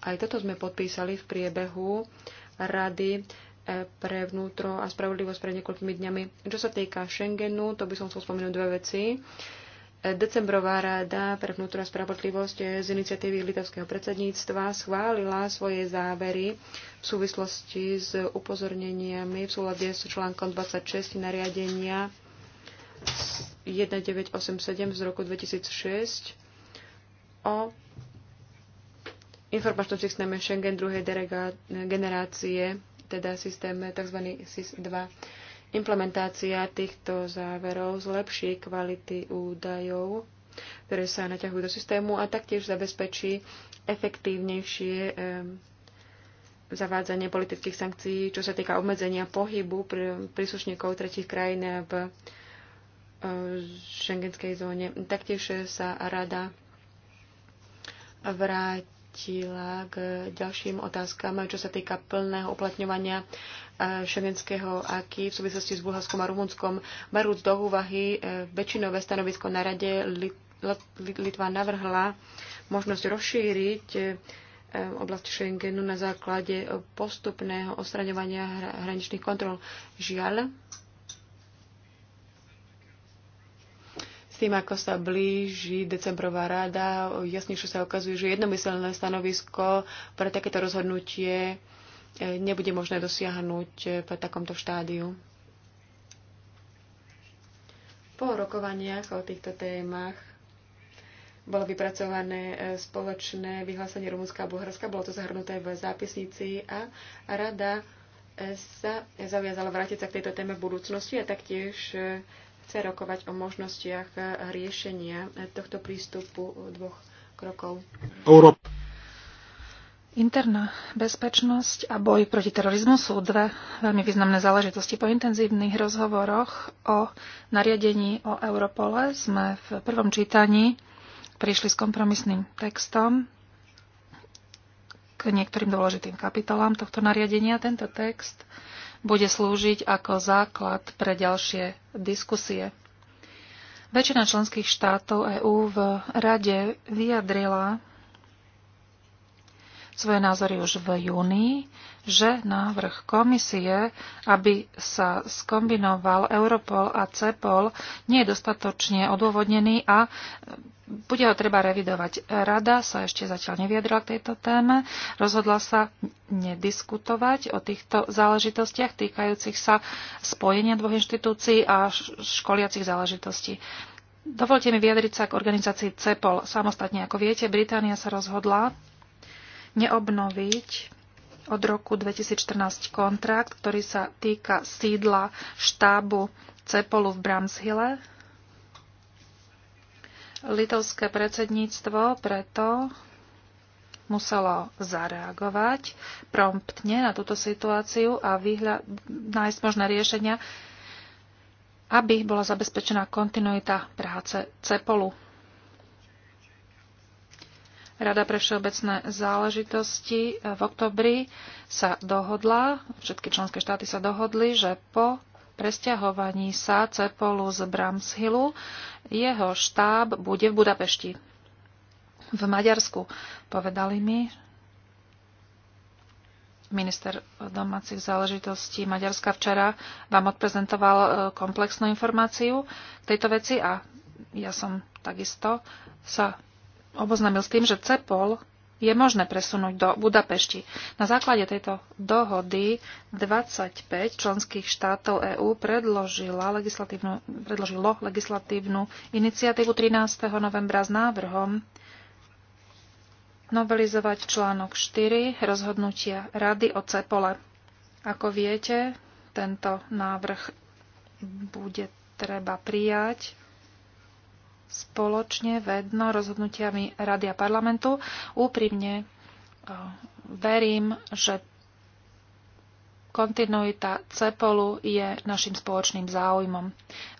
Aj toto sme podpísali v priebehu Rady eh, pre vnútro a spravodlivosť pred niekoľkými dňami. Čo sa týka Schengenu, to by som chcel spomenúť dve veci. Uh, Decembrová rada pre a spravodlivosť z iniciatívy litovského predsedníctva schválila svoje závery v súvislosti s upozorneniami v súlade s článkom 26 nariadenia 1987 z roku 2006 o informačnom systéme Schengen druhej generácie, teda systéme tzv. SIS-2. Implementácia týchto záverov zlepší kvality údajov, ktoré sa naťahujú do systému a taktiež zabezpečí efektívnejšie zavádzanie politických sankcií, čo sa týka obmedzenia pohybu príslušníkov tretich krajín v e, šengenskej zóne. Taktiež sa rada vráť vrátila k ďalším otázkam, čo sa týka plného uplatňovania e, šengenského aký v súvislosti s Bulharskom a Rumunskom. Berúc do úvahy e, väčšinové stanovisko na rade, Litva navrhla možnosť rozšíriť e, oblasť Schengenu na základe postupného ostraňovania hraničných kontrol. Žiaľ, S tým, ako sa blíži decembrová rada, jasnejšie sa ukazuje, že jednomyselné stanovisko pre takéto rozhodnutie e, nebude možné dosiahnuť e, v takomto štádiu. Po rokovaniach o týchto témach bolo vypracované e, spoločné vyhlásenie Rumunska a Bulharska, bolo to zahrnuté v zápisnici a rada sa zaviazala vrátiť sa k tejto téme v budúcnosti a taktiež chce rokovať o možnostiach riešenia tohto prístupu dvoch krokov. Európa. Interná bezpečnosť a boj proti terorizmu sú dve veľmi významné záležitosti. Po intenzívnych rozhovoroch o nariadení o Europole sme v prvom čítaní prišli s kompromisným textom k niektorým dôležitým kapitolám tohto nariadenia. Tento text bude slúžiť ako základ pre ďalšie diskusie. Väčšina členských štátov EÚ v Rade vyjadrila svoje názory už v júni, že návrh komisie, aby sa skombinoval Europol a CEPOL, nie je dostatočne odôvodnený a bude ho treba revidovať. Rada sa ešte zatiaľ neviedrila k tejto téme, rozhodla sa nediskutovať o týchto záležitostiach týkajúcich sa spojenia dvoch inštitúcií a školiacich záležitostí. Dovolte mi vyjadriť sa k organizácii CEPOL. Samostatne, ako viete, Británia sa rozhodla neobnoviť od roku 2014 kontrakt, ktorý sa týka sídla štábu Cepolu v Bramshille. Litovské predsedníctvo preto muselo zareagovať promptne na túto situáciu a vyhľa- nájsť možné riešenia, aby bola zabezpečená kontinuita práce Cepolu. Rada pre všeobecné záležitosti eh, v oktobri sa dohodla, všetky členské štáty sa dohodli, že po presťahovaní sa Cepolu z Bramshillu jeho štáb bude v Budapešti. V Maďarsku povedali mi minister domácich záležitostí Maďarska včera vám odprezentoval eh, komplexnú informáciu k tejto veci a ja som takisto sa oboznámil s tým, že CEPOL je možné presunúť do Budapešti. Na základe tejto dohody 25 členských štátov EÚ legislatívnu, predložilo legislatívnu iniciatívu 13. novembra s návrhom novelizovať článok 4 rozhodnutia Rady o CEPOLE. Ako viete, tento návrh bude treba prijať spoločne vedno rozhodnutiami Rady a parlamentu. Úprimne e, verím, že kontinuita CEPOLu je našim spoločným záujmom.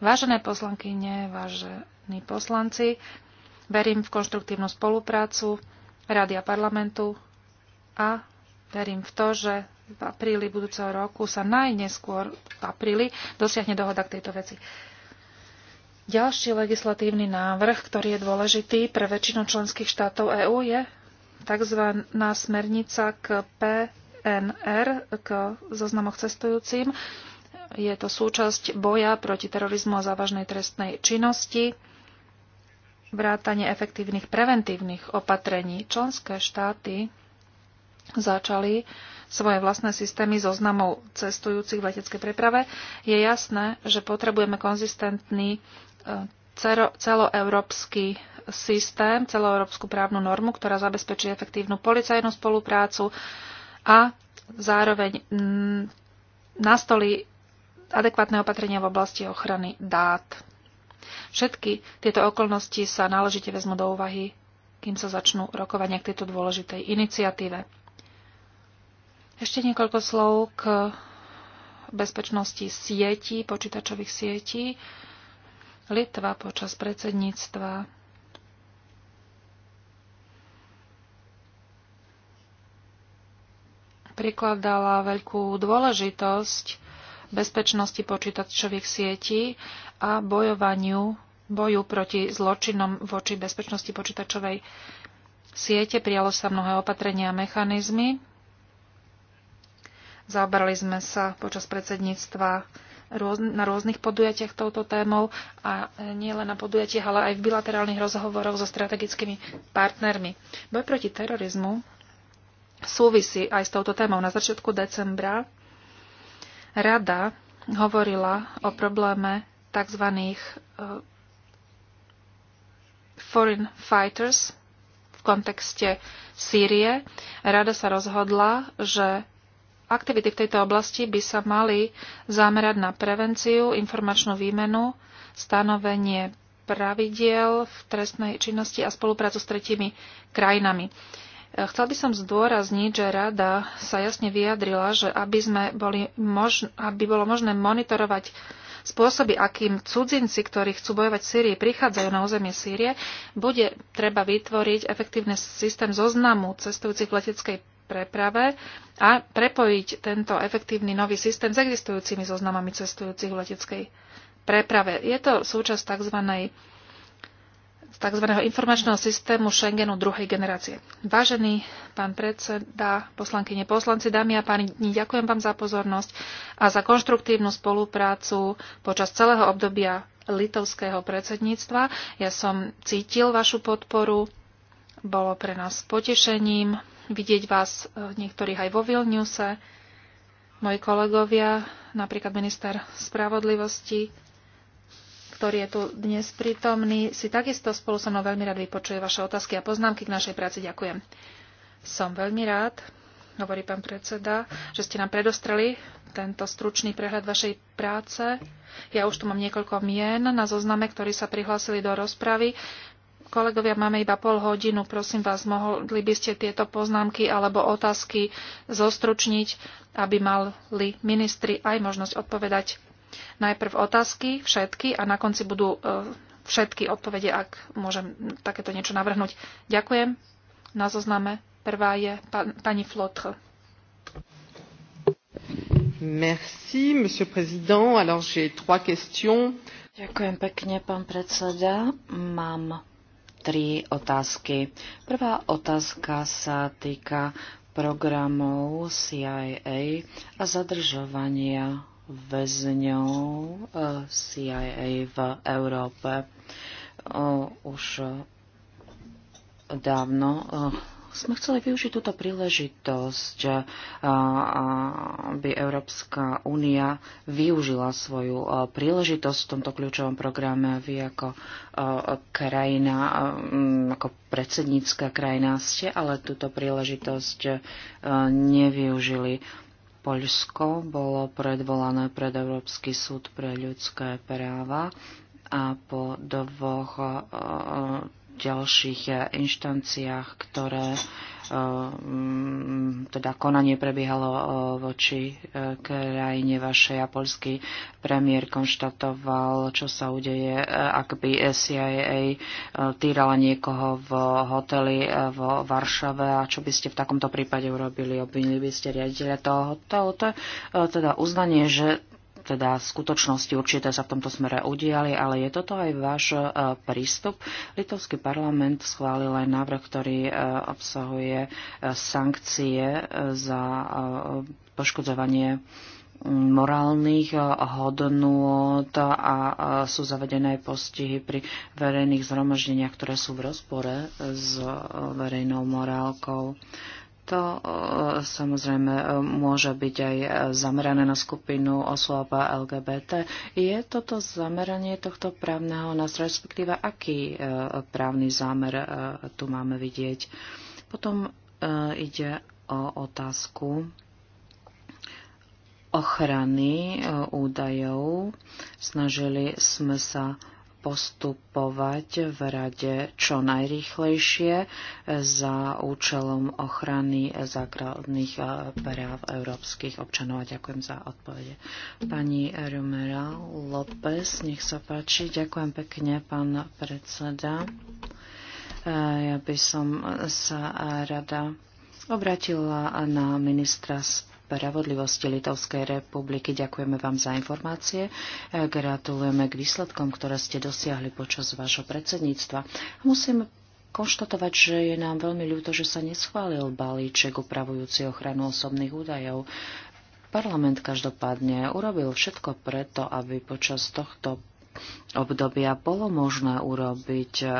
Vážené poslankyne, vážení poslanci, verím v konštruktívnu spoluprácu Rady a parlamentu a verím v to, že v apríli budúceho roku sa najneskôr v apríli dosiahne dohoda k tejto veci. Ďalší legislatívny návrh, ktorý je dôležitý pre väčšinu členských štátov EÚ, je tzv. smernica k PNR, k zoznamoch cestujúcim. Je to súčasť boja proti terorizmu a závažnej trestnej činnosti, vrátanie efektívnych preventívnych opatrení. Členské štáty začali svoje vlastné systémy zoznamov cestujúcich v leteckej preprave, je jasné, že potrebujeme konzistentný celoeurópsky systém, celoeurópsku právnu normu, ktorá zabezpečí efektívnu policajnú spoluprácu a zároveň mm, nastolí adekvátne opatrenia v oblasti ochrany dát. Všetky tieto okolnosti sa náležite vezmu do úvahy, kým sa začnú rokovania k tejto dôležitej iniciatíve. Ešte niekoľko slov k bezpečnosti sietí, počítačových sietí. Litva počas predsedníctva prikladala veľkú dôležitosť bezpečnosti počítačových sietí a bojovaniu, boju proti zločinom voči bezpečnosti počítačovej siete. Prijalo sa mnohé opatrenia a mechanizmy. Zaoberali sme sa počas predsedníctva na rôznych podujatiach touto témou a e, nie len na podujatiach, ale aj v bilaterálnych rozhovoroch so strategickými partnermi. Boj proti terorizmu súvisí aj s touto témou. Na začiatku decembra rada hovorila o probléme tzv. E, foreign fighters v kontekste Sýrie. Rada sa rozhodla, že aktivity v tejto oblasti by sa mali zamerať na prevenciu, informačnú výmenu, stanovenie pravidiel v trestnej činnosti a spoluprácu s tretimi krajinami. Chcel by som zdôrazniť, že rada sa jasne vyjadrila, že aby, sme boli mož- aby bolo možné monitorovať spôsoby, akým cudzinci, ktorí chcú bojovať v Sýrii, prichádzajú na územie Sýrie, bude treba vytvoriť efektívny systém zoznamu cestujúcich v leteckej preprave a prepojiť tento efektívny nový systém s existujúcimi zoznamami cestujúcich v leteckej preprave. Je to súčasť tzv. tzv. informačného systému Schengenu druhej generácie. Vážený pán predseda, poslankyne, poslanci, dámy a páni, ďakujem vám za pozornosť a za konštruktívnu spoluprácu počas celého obdobia litovského predsedníctva. Ja som cítil vašu podporu, bolo pre nás potešením vidieť vás e, niektorých aj vo Vilniuse. Moji kolegovia, napríklad minister spravodlivosti, ktorý je tu dnes prítomný, si takisto spolu so mnou veľmi rád vypočuje vaše otázky a poznámky k našej práci. Ďakujem. Som veľmi rád, hovorí pán predseda, že ste nám predostreli tento stručný prehľad vašej práce. Ja už tu mám niekoľko mien na zozname, ktorí sa prihlásili do rozpravy. Kolegovia, máme iba pol hodinu. Prosím vás, mohli by ste tieto poznámky alebo otázky zostručniť, aby mali ministri aj možnosť odpovedať najprv otázky, všetky, a na konci budú e, všetky odpovede, ak môžem takéto niečo navrhnúť. Ďakujem. Na zozname prvá je pani Flotre. Merci, monsieur président. Alors j'ai trois questions. Ďakujem pekne, pán predseda. Mám tri otázky. Prvá otázka sa týka programov CIA a zadržovania väzňov eh, CIA v Európe. Eh, už dávno eh, sme chceli využiť túto príležitosť, aby Európska únia využila svoju príležitosť v tomto kľúčovom programe. Vy ako krajina, ako predsednícka krajina ste, ale túto príležitosť nevyužili. Poľsko bolo predvolané pred Európsky súd pre ľudské práva a po dvoch ďalších eh, inštanciách, ktoré eh, mm, teda konanie prebiehalo eh, voči krajine vašej a polský premiér konštatoval, čo sa udeje, ak by CIA týrala niekoho v hoteli v Varšave a čo by ste v takomto prípade urobili? Obvinili by ste riaditeľa toho hotelu? To je teda uznanie, že teda skutočnosti určite sa v tomto smere udiali, ale je toto aj váš e, prístup? Litovský parlament schválil aj návrh, ktorý e, obsahuje e, sankcie za poškodzovanie morálnych hodnôt a sú zavedené postihy pri verejných zhromaždeniach, ktoré sú v rozpore s verejnou morálkou. To eh, samozrejme eh, môže byť aj eh, zamerané na skupinu osôb LGBT. Je toto zameranie tohto právneho nás, respektíve aký právny zámer tu máme vidieť? Potom ide o otázku ochrany údajov. Snažili sme sa postupovať v rade čo najrýchlejšie za účelom ochrany základných eh, práv európskych občanov. A ďakujem za odpovede. Pani Rumera López, nech sa páči. Ďakujem pekne, pán predseda. Eh, ja by som sa rada obratila na ministra spravodlivosti Litovskej republiky. Ďakujeme vám za informácie. E, gratulujeme k výsledkom, ktoré ste dosiahli počas vášho predsedníctva. Musím konštatovať, že je nám veľmi ľúto, že sa neschválil balíček upravujúci ochranu osobných údajov. Parlament každopádne urobil všetko preto, aby počas tohto obdobia bolo možné urobiť eh,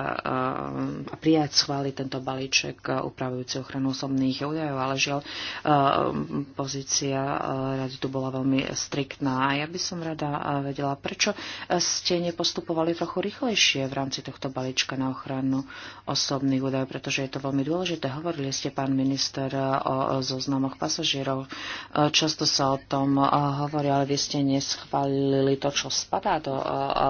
a prijať schváliť tento balíček eh, upravujúci ochranu osobných údajov, ale žiaľ eh, pozícia rady tu bola veľmi striktná. A ja by som rada vedela, prečo ste nepostupovali trochu rýchlejšie v rámci tohto balíčka na ochranu osobných údajov, pretože je to veľmi dôležité. Hovorili ste, pán minister, o zoznamoch pasažierov. Často sa o tom hovorí, ale vy ste neschválili to, čo spadá do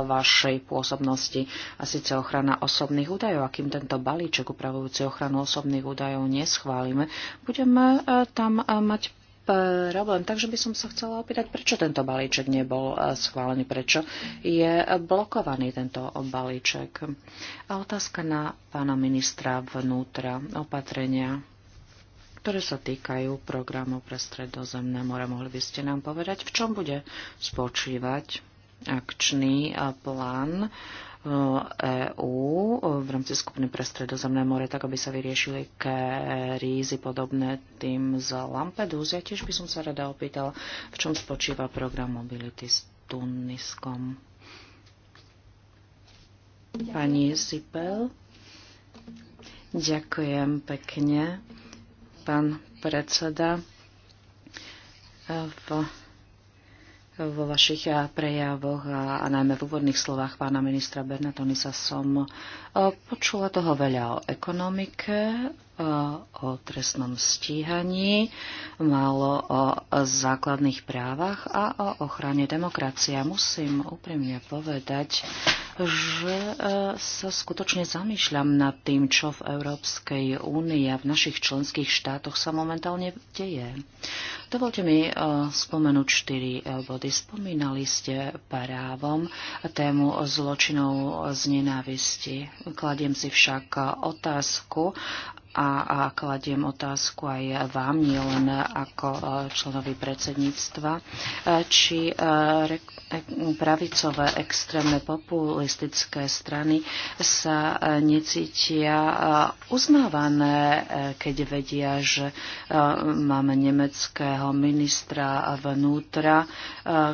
vaš našej pôsobnosti, a síce ochrana osobných údajov. A kým tento balíček upravujúci ochranu osobných údajov neschválime, budeme e, tam e, mať problém. Takže by som sa chcela opýtať, prečo tento balíček nebol e, schválený, prečo je blokovaný tento balíček. A otázka na pána ministra vnútra, opatrenia ktoré sa týkajú programov pre stredozemné more. Mohli by ste nám povedať, v čom bude spočívať? akčný plán EÚ e v rámci skupiny pre stredozemné more, tak aby sa vyriešili krízy podobné tým z Lampedus. Ja tiež by som sa rada opýtala, v čom spočíva program Mobility s Tuniskom. Pani Sipel. Ďakujem pekne, pán predseda. E, v vo vašich eh, prejavoch a, a najmä v úvodných slovách pána ministra Bernatonisa som eh, počula toho veľa o ekonomike, eh, o trestnom stíhaní, málo o základných právach a o ochrane demokracie. Musím úprimne povedať, že e, sa skutočne zamýšľam nad tým, čo v Európskej únii a v našich členských štátoch sa momentálne deje. Dovolte mi e, spomenúť štyri e, body. Spomínali ste právom tému zločinov z nenávisti. Kladiem si však otázku, a, a kladiem otázku aj vám, nielen ako e, členovi predsedníctva, e, či e, pravicové extrémne populistické strany sa necítia uznávané, keď vedia, že máme nemeckého ministra vnútra,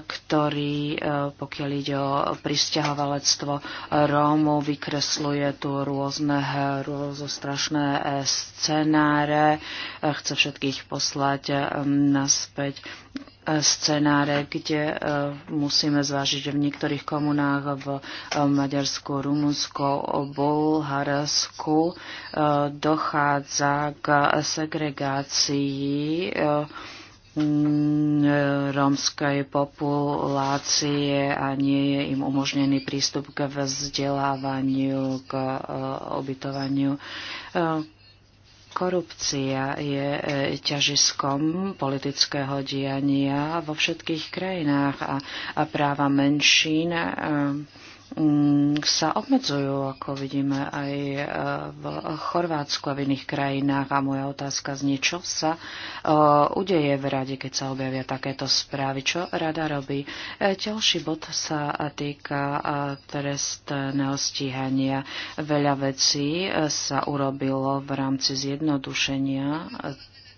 ktorý, pokiaľ ide o pristahovalectvo Rómov, vykresluje tu rôzne hru, zo strašné scenáre, chce všetkých poslať e, naspäť e, scenáre, kde e, musíme zvážiť, že v niektorých komunách v Maďarsku, Rumunsku, Bulharsku dochádza k segregácii mm, rómskej populácie a nie je im umožnený prístup k vzdelávaniu, k obytovaniu. Korupcia je e, ťažiskom politického diania vo všetkých krajinách a práva menšín e, Mm, sa obmedzujú, ako vidíme aj e, v Chorvátsku a v iných krajinách. A moja otázka znie, čo sa e, udeje v rade, keď sa objavia takéto správy. Čo rada robí? E, ďalší bod sa týka trestného stíhania. Veľa vecí sa urobilo v rámci zjednodušenia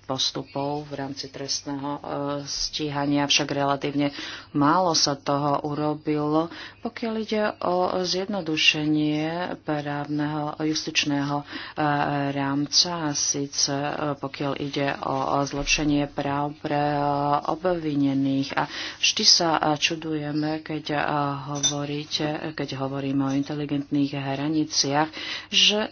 postupov v rámci trestného e, stíhania, však relatívne málo sa toho urobilo, pokiaľ ide o zjednodušenie právneho justičného e, rámca, a síce e, pokiaľ ide o zlepšenie práv pre obvinených. A vždy sa čudujeme, keď, hovoríte, keď hovoríme o inteligentných hraniciach, že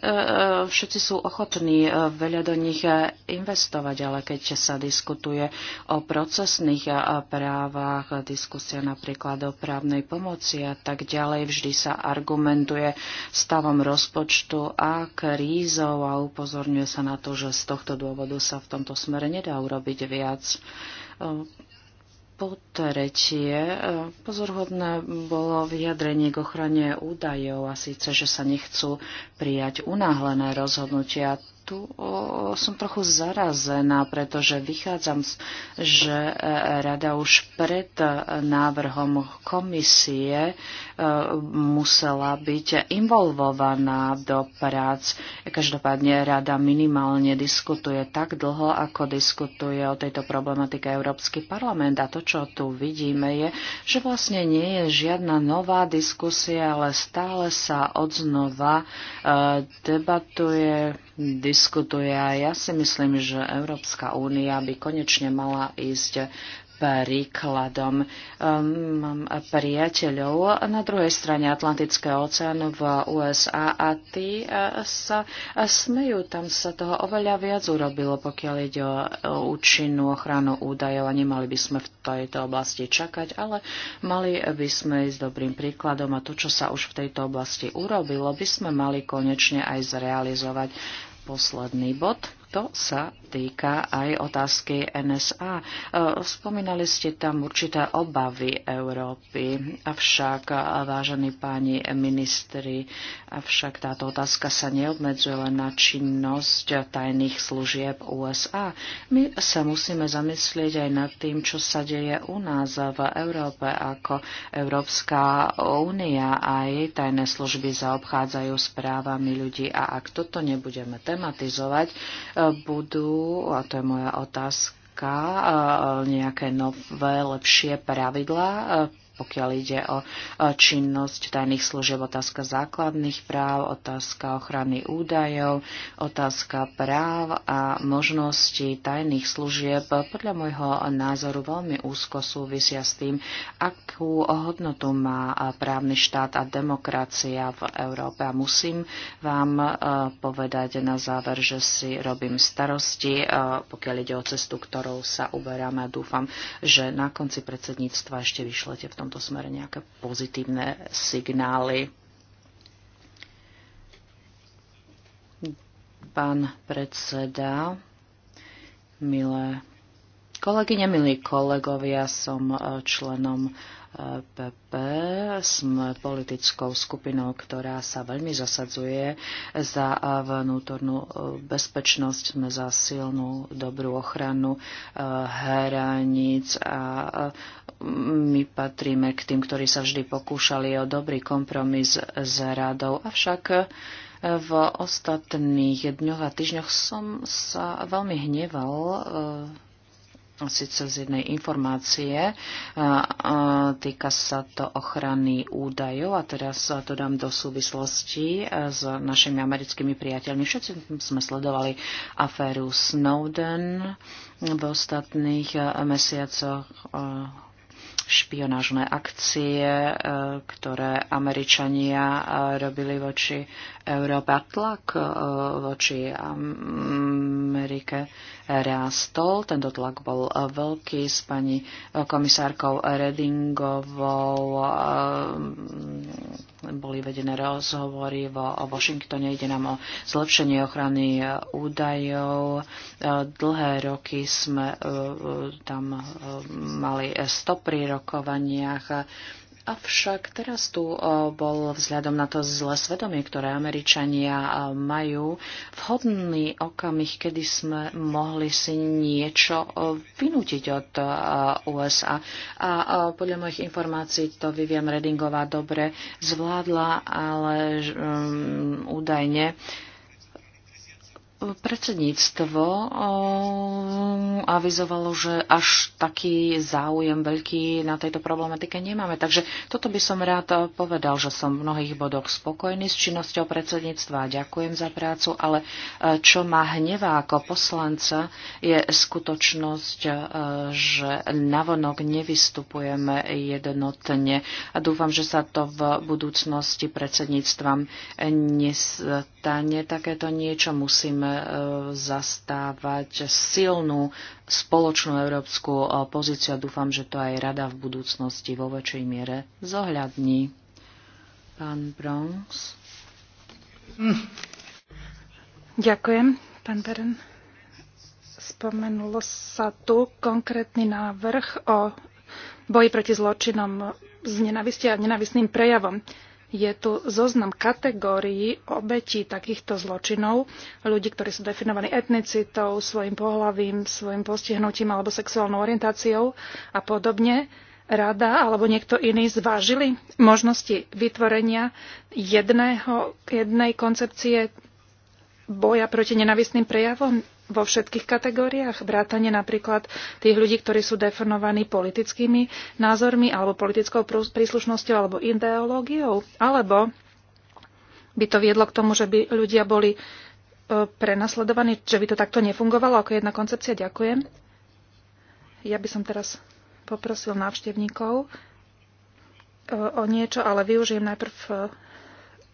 všetci sú ochotní veľa do nich investovať ale keď sa diskutuje o procesných právach, diskusia napríklad o právnej pomoci a tak ďalej, vždy sa argumentuje stavom rozpočtu a krízou a upozorňuje sa na to, že z tohto dôvodu sa v tomto smere nedá urobiť viac. Po tretie, pozorhodné bolo vyjadrenie k ochrane údajov a síce, že sa nechcú prijať unáhlené rozhodnutia tu som trochu zarazená, pretože vychádzam, že e, rada už pred návrhom komisie e, musela byť involvovaná do prác. Každopádne rada minimálne diskutuje tak dlho, ako diskutuje o tejto problematike Európsky parlament. A to, čo tu vidíme, je, že vlastne nie je žiadna nová diskusia, ale stále sa odznova e, debatuje, diskutuje diskutuje. A ja si myslím, že Európska únia by konečne mala ísť príkladom. um, um priateľov na druhej strane Atlantického oceánu v USA a tí uh, sa uh, smejú. Tam sa toho oveľa viac urobilo, pokiaľ ide o účinnú ochranu údajov a nemali by sme v tejto oblasti čakať, ale mali by sme ísť dobrým príkladom a to, čo sa už v tejto oblasti urobilo, by sme mali konečne aj zrealizovať posledný bod. To sa týka aj otázky NSA. E, spomínali ste tam určité obavy Európy, avšak, e, vážení páni ministri, avšak táto otázka sa neobmedzuje len na činnosť tajných služieb USA. My sa musíme zamyslieť aj nad tým, čo sa deje u nás v Európe, ako Európska únia a jej tajné služby zaobchádzajú s právami ľudí. A ak toto nebudeme tematizovať, e, budú, a to je moja otázka, nejaké nové, lepšie pravidlá pokiaľ ide o činnosť tajných služieb, otázka základných práv, otázka ochrany údajov, otázka práv a možností tajných služieb podľa môjho názoru veľmi úzko súvisia s tým, akú hodnotu má právny štát a demokracia v Európe. A musím vám e, povedať na záver, že si robím starosti, e, pokiaľ ide o cestu, ktorou sa uberáme a dúfam, že na konci predsedníctva ešte vyšlete v tomto tomto smere nejaké pozitívne signály. Pán predseda, milé kolegyne, milí kolegovia, som e, členom e, PP. Sme politickou skupinou, ktorá sa veľmi zasadzuje za e, vnútornú bezpečnosť, sme za silnú dobrú ochranu hraníc a my patríme k tým, ktorí sa vždy pokúšali o dobrý kompromis s radou, avšak e, v ostatných dňoch a týždňoch som sa veľmi hneval e, síce z jednej informácie. Týka sa to ochrany údajov a teraz to dám do súvislosti e, s našimi americkými priateľmi. Všetci sme sledovali aféru Snowden v ostatných mesiacoch špionážné akcie, e, ktoré Američania e, robili voči Európe. Tlak e, voči Amerike rástol. Tento tlak bol veľký s pani komisárkou Redingovou. Boli vedené rozhovory vo Washingtone. Ide nám o zlepšenie ochrany údajov. Dlhé roky sme tam mali 100 prírok rokovaniach. Avšak teraz tu eh, bol vzhľadom na to zlé svedomie, ktoré Američania eh, majú, vhodný okamih, kedy sme mohli si niečo eh, vynútiť od USA. A podľa mojich informácií to Vivian Redingová dobre zvládla, ale um, údajne Predsedníctvo um, avizovalo, že až taký záujem veľký na tejto problematike nemáme. Takže toto by som rád povedal, že som v mnohých bodoch spokojný s činnosťou predsedníctva a ďakujem za prácu, ale eh, čo ma hnevá ako poslanca je skutočnosť, eh, že navonok nevystupujeme jednotne. A dúfam, že sa to v budúcnosti predsedníctvam nestane. Takéto niečo musíme E, zastávať silnú spoločnú európsku e, pozíciu a dúfam, že to aj rada v budúcnosti vo väčšej miere zohľadní. Pán Bronx. Hm. Ďakujem, pán Beren. Spomenulo sa tu konkrétny návrh o boji proti zločinom z nenavisti a nenavisným prejavom je tu zoznam kategórií obetí takýchto zločinov, ľudí, ktorí sú definovaní etnicitou, svojim pohlavím, svojim postihnutím alebo sexuálnou orientáciou a podobne. Rada alebo niekto iný zvážili možnosti vytvorenia jedného, jednej koncepcie boja proti nenavistným prejavom vo všetkých kategóriách, vrátane napríklad tých ľudí, ktorí sú definovaní politickými názormi alebo politickou príslušnosťou alebo ideológiou, alebo by to viedlo k tomu, že by ľudia boli e, prenasledovaní, že by to takto nefungovalo ako jedna koncepcia. Ďakujem. Ja by som teraz poprosil návštevníkov e, o niečo, ale využijem najprv e,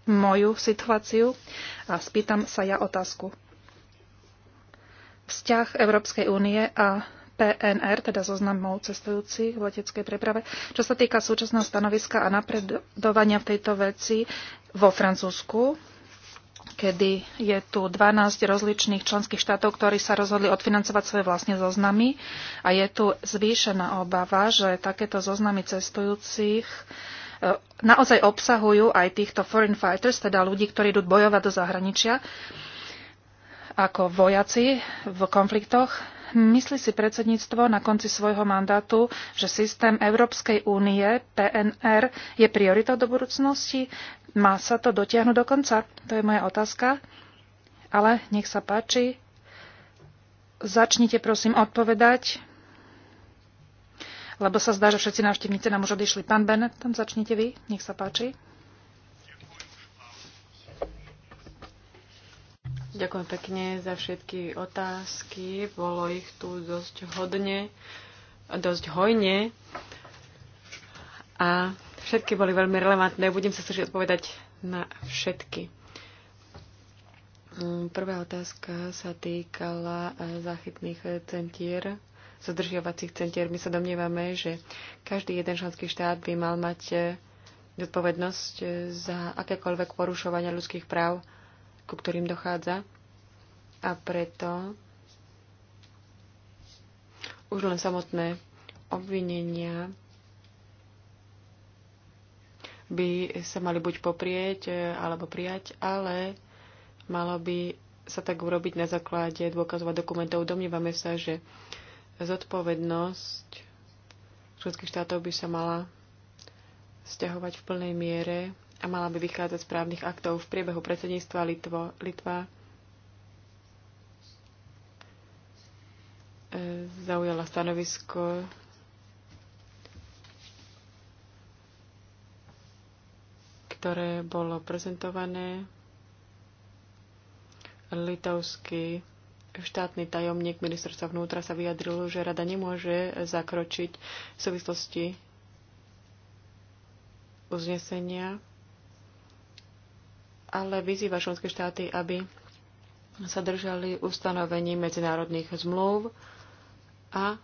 moju situáciu a spýtam sa ja otázku vzťah Európskej únie a PNR, teda zoznamov cestujúcich v leteckej preprave. Čo sa týka súčasného stanoviska a napredovania v tejto veci vo Francúzsku, kedy je tu 12 rozličných členských štátov, ktorí sa rozhodli odfinancovať svoje vlastne zoznamy a je tu zvýšená obava, že takéto zoznamy cestujúcich e, naozaj obsahujú aj týchto foreign fighters, teda ľudí, ktorí idú bojovať do zahraničia ako vojaci v konfliktoch. Myslí si predsedníctvo na konci svojho mandátu, že systém Európskej únie PNR je prioritou do budúcnosti? Má sa to dotiahnuť do konca? To je moja otázka. Ale nech sa páči. Začnite prosím odpovedať, lebo sa zdá, že všetci návštevníci nám už odišli. Pán Bennett, tam začnite vy. Nech sa páči. Ďakujem pekne za všetky otázky. Bolo ich tu dosť hodne, dosť hojne. A všetky boli veľmi relevantné. Budem sa snažiť odpovedať na všetky. Mm, prvá otázka sa týkala e, záchytných centier, zadržiavacích centier. My sa domnievame, že každý jeden členský štát by mal mať e, zodpovednosť e, za akékoľvek porušovania ľudských práv ku ktorým dochádza. A preto už len samotné obvinenia by sa mali buď poprieť e, alebo prijať, ale malo by sa tak urobiť na základe dôkazov a dokumentov. Domnívame sa, že zodpovednosť členských štátov by sa mala stiahovať v plnej miere a mala by vychádzať z právnych aktov v priebehu predsedníctva Litvo, Litva e, zaujala stanovisko ktoré bolo prezentované. Litovský štátny tajomník ministerstva vnútra sa vyjadril, že rada nemôže zakročiť v súvislosti uznesenia ale vyzýva členské štáty, aby sa držali ustanovení medzinárodných zmluv a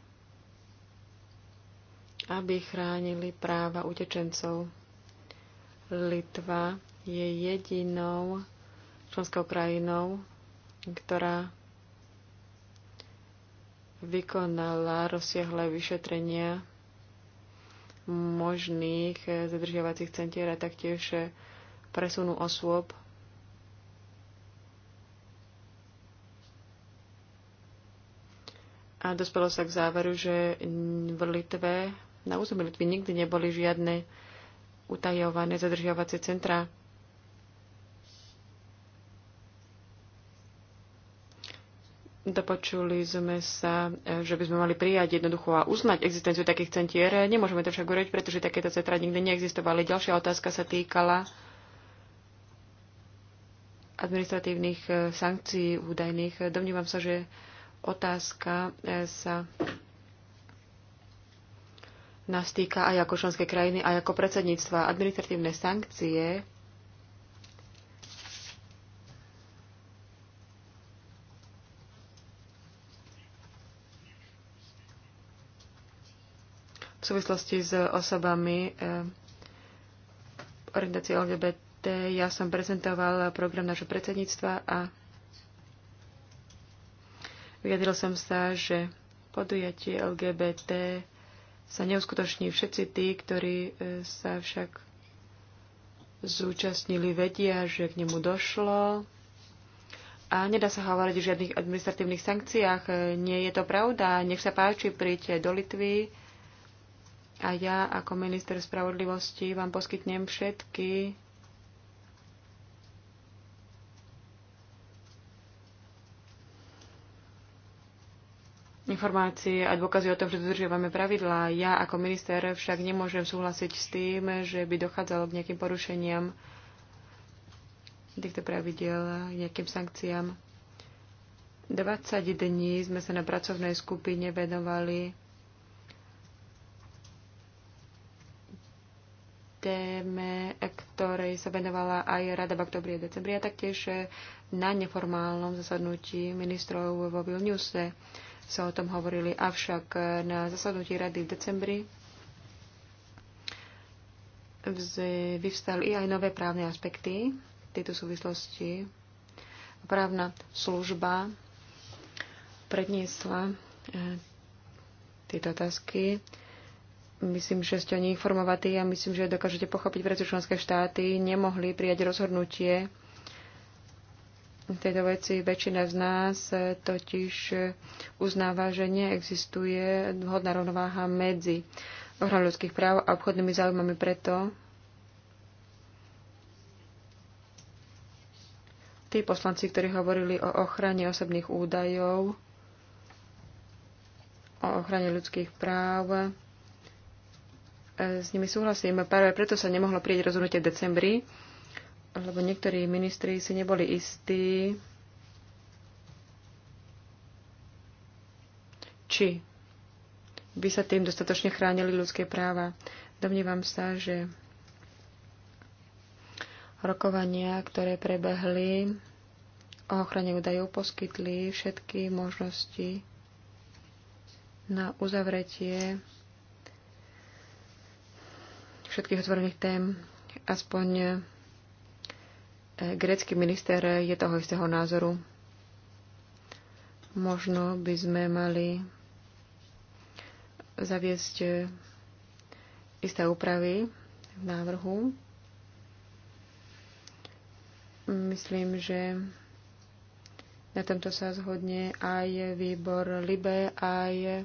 aby chránili práva utečencov. Litva je jedinou členskou krajinou, ktorá vykonala rozsiahle vyšetrenia možných zadržiavacích centier a taktiež presunu osôb a dospelo sa k záveru, že v Litve, na území Litvy nikdy neboli žiadne utajované zadržiavacie centra. Dopočuli sme sa, že by sme mali prijať jednoducho a uznať existenciu takých centier. Nemôžeme to však urobiť, pretože takéto centra nikdy neexistovali. Ďalšia otázka sa týkala administratívnych e, sankcií údajných. Domnívam sa, že otázka e, sa nás týka aj ako členské krajiny, aj ako predsedníctva. Administratívne sankcie v súvislosti s osobami e, orientácie LGBT dôležité. Ja som prezentoval program našho predsedníctva a vyjadril som sa, že podujatie LGBT sa neuskutoční všetci tí, ktorí e, sa však zúčastnili, vedia, že k nemu došlo. A nedá sa hovoriť o žiadnych administratívnych sankciách. E, nie je to pravda. Nech sa páči, príďte do Litvy a ja ako minister spravodlivosti vám poskytnem všetky informácie a dôkazy o tom, že dodržiavame pravidlá. Ja ako minister však nemôžem súhlasiť s tým, že by dochádzalo k nejakým porušeniam týchto pravidel, nejakým sankciám. 20 dní sme sa na pracovnej skupine venovali téme, ktorej sa venovala aj Rada v oktobri a decembri a taktiež na neformálnom zasadnutí ministrov vo Vilniuse sa o tom hovorili. Avšak na zasadnutí rady v decembri vyvstali aj nové právne aspekty tejto súvislosti. Právna služba predniesla e, tieto otázky myslím, že ste o nej informovatí a myslím, že dokážete pochopiť, prečo členské štáty nemohli prijať rozhodnutie tejto veci väčšina z nás e, totiž e, uznáva, že neexistuje vhodná rovnováha medzi ochranou ľudských práv a obchodnými záujmami preto, tí poslanci, ktorí hovorili o ochrane osobných údajov, o ochrane ľudských práv, e, s nimi súhlasím. Práve preto sa nemohlo prieť rozhodnutie v decembri, lebo niektorí ministri si neboli istí, či by sa tým dostatočne chránili ľudské práva. Domnívam sa, že rokovania, ktoré prebehli o ochrane údajov, poskytli všetky možnosti na uzavretie všetkých otvorených tém, aspoň Grécky minister je toho istého názoru. Možno by sme mali zaviesť isté úpravy v návrhu. Myslím, že na tomto sa zhodne aj výbor LIBE, aj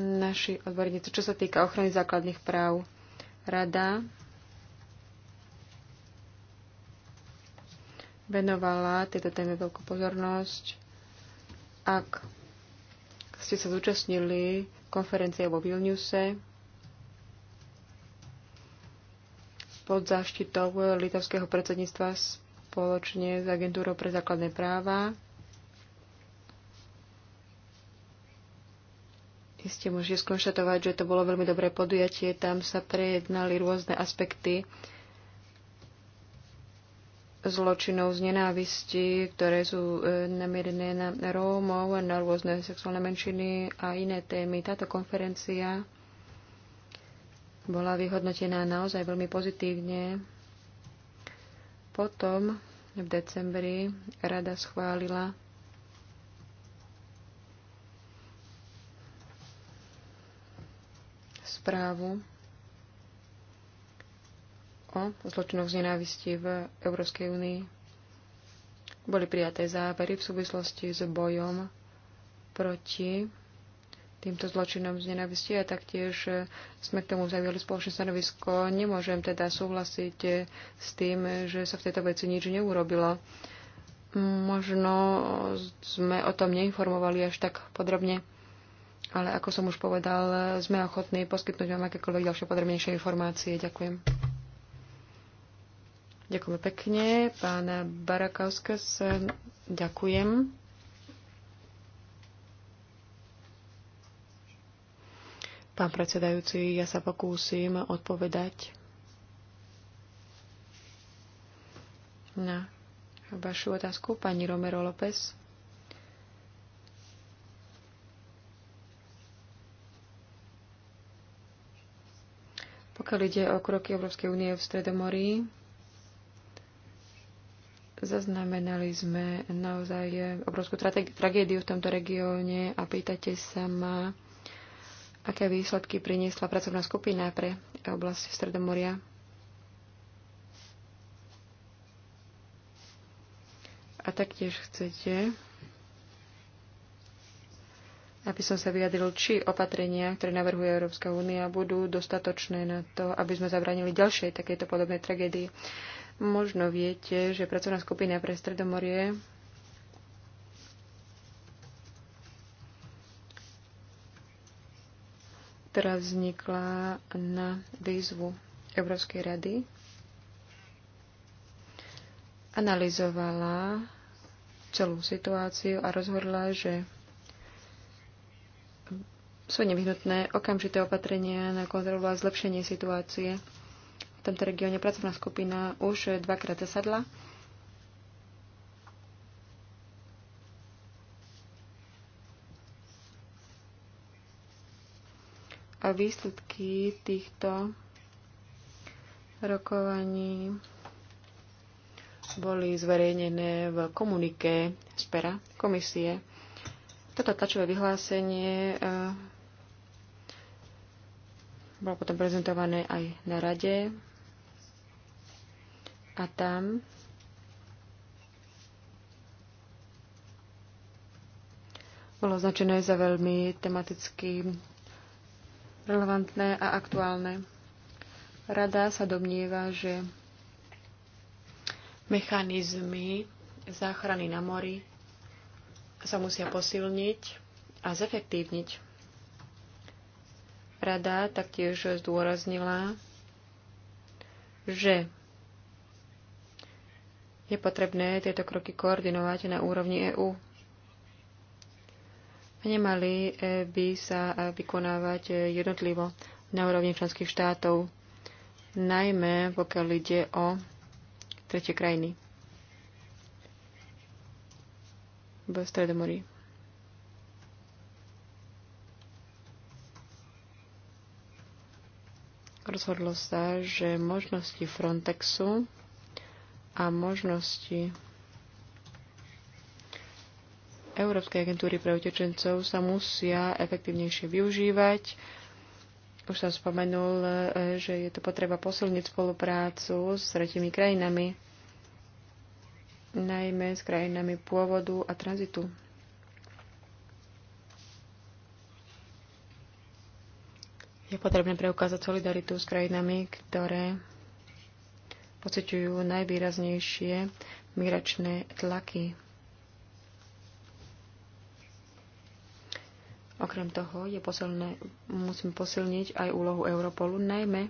naši odborníci. Čo sa týka ochrany základných práv, rada venovala tejto téme veľkú pozornosť. Ak ste sa zúčastnili konferencie vo Vilniuse pod záštitou litovského predsedníctva spoločne s Agentúrou pre základné práva, Iste môžete skonštatovať, že to bolo veľmi dobré podujatie. Tam sa prejednali rôzne aspekty zločinov z nenávisti, ktoré sú e, namierené na Rómov, na rôzne sexuálne menšiny a iné témy. Táto konferencia bola vyhodnotená naozaj veľmi pozitívne. Potom v decembri rada schválila správu o zločinoch z nenávisti v Európskej únii. Boli prijaté závery v súvislosti s bojom proti týmto zločinom z nenávisti a taktiež sme k tomu zaujali spoločné stanovisko. Nemôžem teda súhlasiť s tým, že sa v tejto veci nič neurobilo. Možno sme o tom neinformovali až tak podrobne, ale ako som už povedal, sme ochotní poskytnúť vám akékoľvek ďalšie podrobnejšie informácie. Ďakujem. Ďakujem pekne. Pána sa ďakujem. Pán predsedajúci, ja sa pokúsim odpovedať na vašu otázku, pani Romero López. Pokiaľ ide o kroky Európskej únie v Stredomorí, Zaznamenali sme naozaj obrovskú tragédiu v tomto regióne a pýtate sa ma, aké výsledky priniesla pracovná skupina pre oblasti Stredomoria. A taktiež chcete, aby som sa vyjadril, či opatrenia, ktoré navrhuje Európska únia, budú dostatočné na to, aby sme zabranili ďalšej takéto podobnej tragédii. Možno viete, že pracovná skupina pre Stredomorie ktorá vznikla na výzvu Európskej rady, analyzovala celú situáciu a rozhodla, že sú nevyhnutné okamžité opatrenia na kontrolu a zlepšenie situácie v tomto regióne pracovná skupina už dvakrát zasadla. A výsledky týchto rokovaní boli zverejnené v komunike z pera komisie. Toto tlačové vyhlásenie e, bolo potom prezentované aj na rade a tam bolo označené za veľmi tematicky relevantné a aktuálne. Rada sa domnieva, že mechanizmy záchrany na mori sa musia posilniť a zefektívniť. Rada taktiež zdôraznila, že je potrebné tieto kroky koordinovať na úrovni EÚ. Nemali e, by sa e, vykonávať e, jednotlivo na úrovni členských štátov, najmä pokiaľ ide o tretie krajiny v Stredomorí. rozhodlo sa, že možnosti Frontexu a možnosti Európskej agentúry pre utečencov sa musia efektívnejšie využívať. Už som spomenul, e, že je to potreba posilniť spoluprácu s tretimi krajinami, najmä s krajinami pôvodu a tranzitu. Je potrebné preukázať solidaritu s krajinami, ktoré pociťujú najvýraznejšie migračné tlaky. Okrem toho je posilné, musím posilniť aj úlohu Europolu, najmä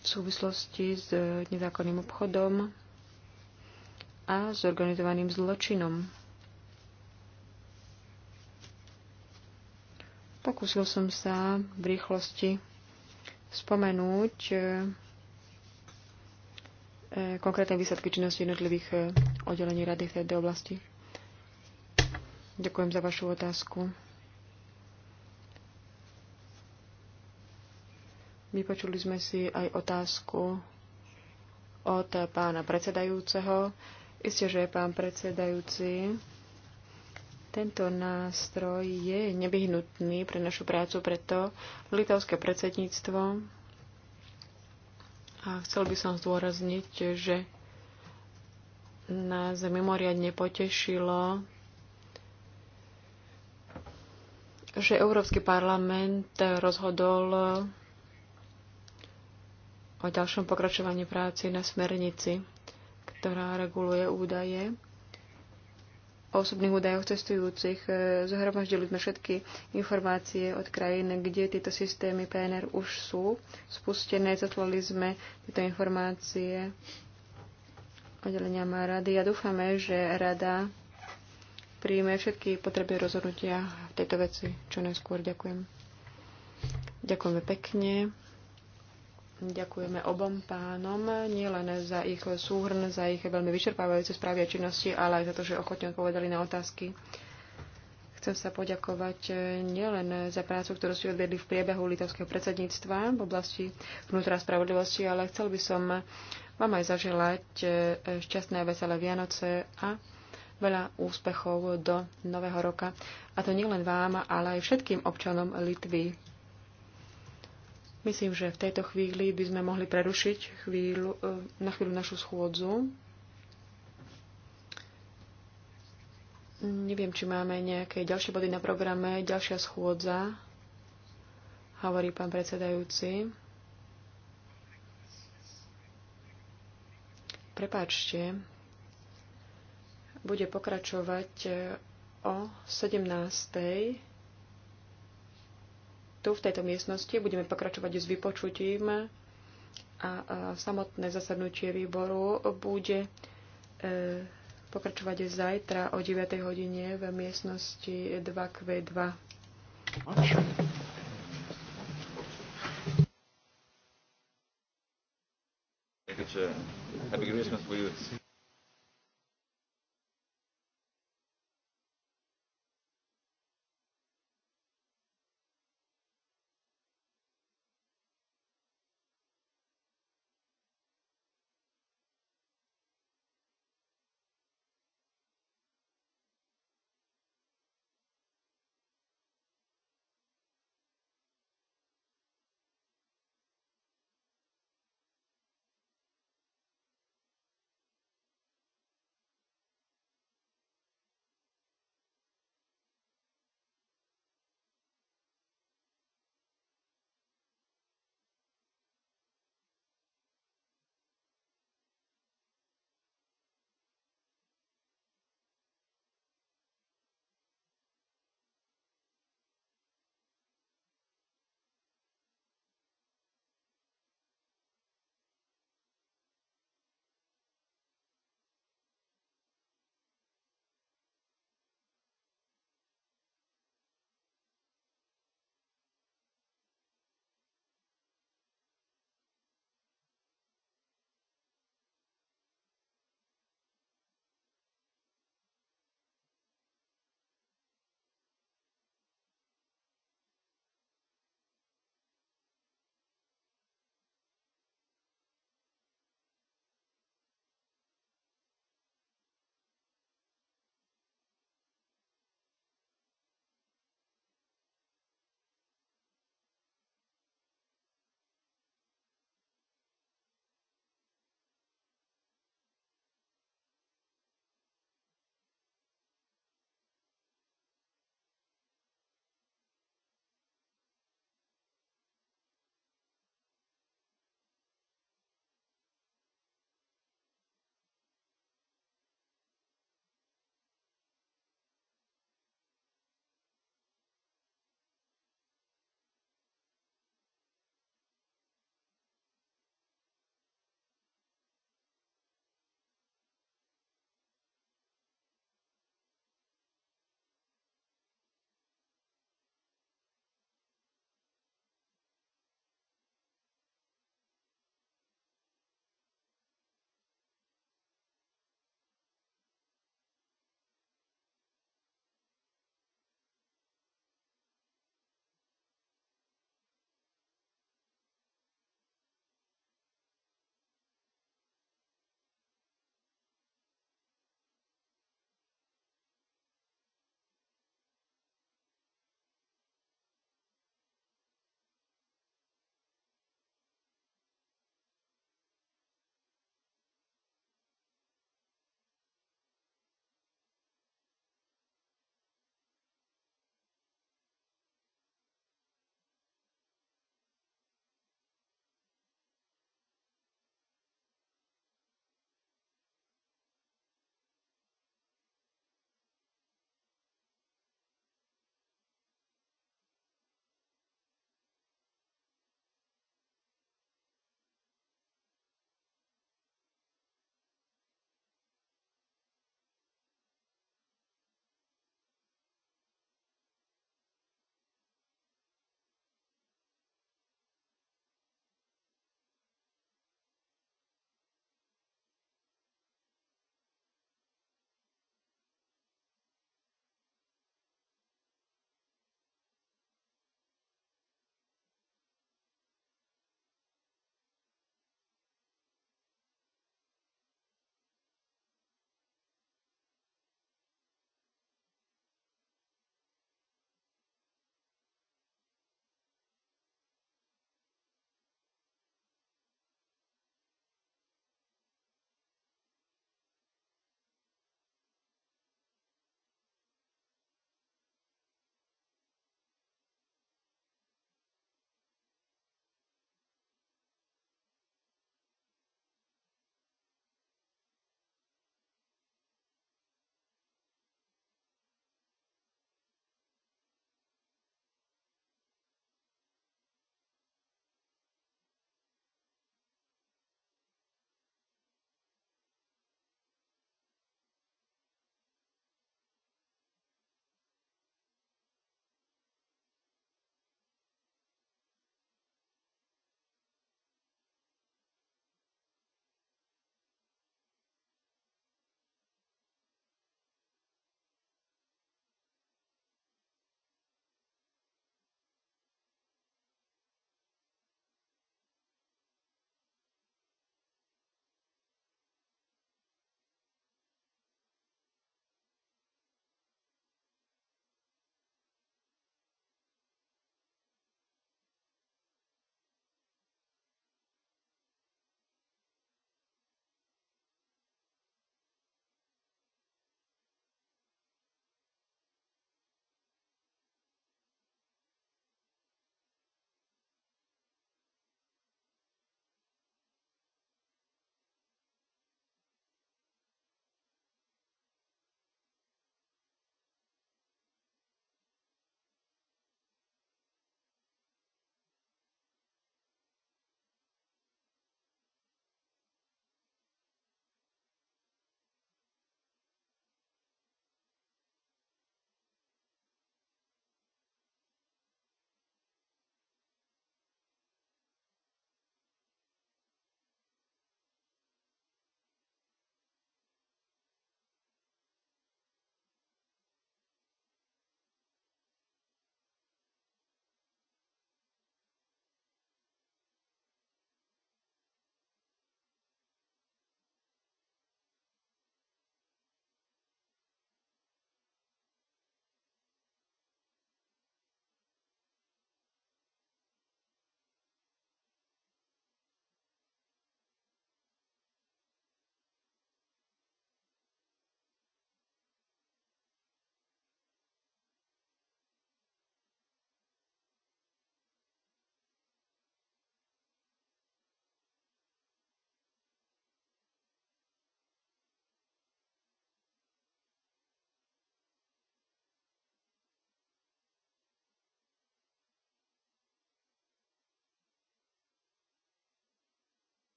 v súvislosti s nezákonným obchodom a s organizovaným zločinom. Pokúsil som sa v rýchlosti spomenúť E, konkrétne výsledky činnosti jednotlivých e, oddelení rady v tejto oblasti. Ďakujem za vašu otázku. Vypočuli sme si aj otázku od pána predsedajúceho. Isté, že pán predsedajúci, tento nástroj je nevyhnutný pre našu prácu, preto litovské predsedníctvo a chcel by som zdôrazniť, že nás mimoriadne potešilo, že Európsky parlament rozhodol o ďalšom pokračovaní práci na smernici, ktorá reguluje údaje o osobných údajoch cestujúcich. E, Zhromaždili sme všetky informácie od krajín, kde tieto systémy PNR už sú spustené. Zaslali sme tieto informácie oddeleniam rady a dúfame, že rada príjme všetky potreby rozhodnutia v tejto veci čo najskôr. Ďakujem. Ďakujeme pekne. Ďakujeme obom pánom, nielen za ich súhrn, za ich veľmi vyčerpávajúce správy a činnosti, ale aj za to, že ochotne odpovedali na otázky. Chcem sa poďakovať eh, nielen za prácu, ktorú si odvedli v priebehu litovského predsedníctva v oblasti vnútra spravodlivosti, ale chcel by som vám aj zaželať eh, šťastné a veselé Vianoce a veľa úspechov do nového roka. A to nielen vám, ale aj všetkým občanom Litvy. Myslím, že v tejto chvíli by sme mohli prerušiť chvíľu, e, na chvíľu našu schôdzu. Neviem, či máme nejaké ďalšie body na programe. Ďalšia schôdza, hovorí pán predsedajúci. Prepáčte, bude pokračovať o 17 tu v tejto miestnosti. Budeme pokračovať s vypočutím a samotné zasadnutie výboru bude e, pokračovať zajtra o 9. hodine v miestnosti 2Q2. Have you.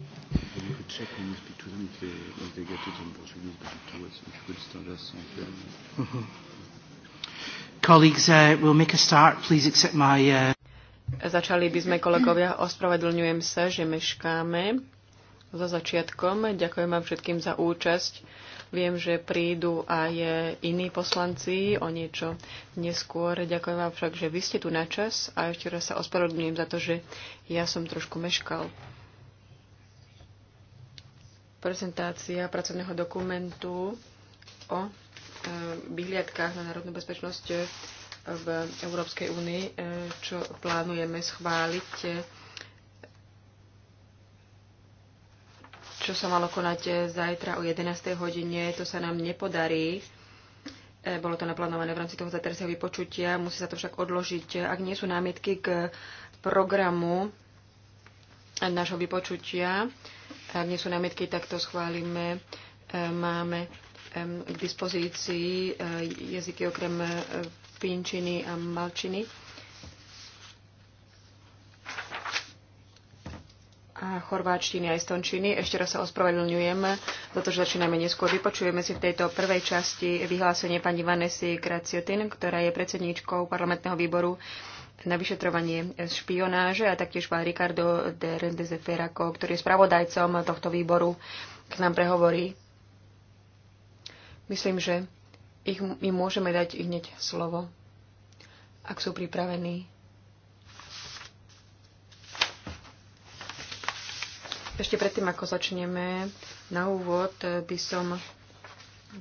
Uh, uh, Začali by sme, kolegovia, ospravedlňujem sa, že meškáme za začiatkom. Ďakujem vám všetkým za účasť. Viem, že prídu aj e, iní poslanci o niečo neskôr. Ďakujem vám však, že vy ste tu na čas a ešte raz sa ospravedlňujem za to, že ja som trošku meškal prezentácia pracovného dokumentu o e, vyhliadkách na národnú bezpečnosť e, v Európskej únii, e, čo plánujeme schváliť, čo sa malo konať zajtra o 11. hodine. To sa nám nepodarí. Bolo to naplánované v rámci toho zaterajšieho vypočutia. Musí sa to však odložiť. Ak nie sú námietky k programu, nášho vypočutia. Ak nie sú námietky, tak to schválime. E, máme k dispozícii e, jazyky okrem e, finčiny a malčiny. a chorváčtiny a estončiny. Ešte raz sa ospravedlňujem pretože začíname neskôr. Vypočujeme si v tejto prvej časti vyhlásenie pani Vanesy Kraciotin, ktorá je predsedníčkou parlamentného výboru na vyšetrovanie špionáže a taktiež pán Ricardo de Rendeze Ferraco, ktorý je spravodajcom tohto výboru, k nám prehovorí. Myslím, že ich, my môžeme dať i hneď slovo, ak sú pripravení. Ešte predtým, ako začneme, na úvod by som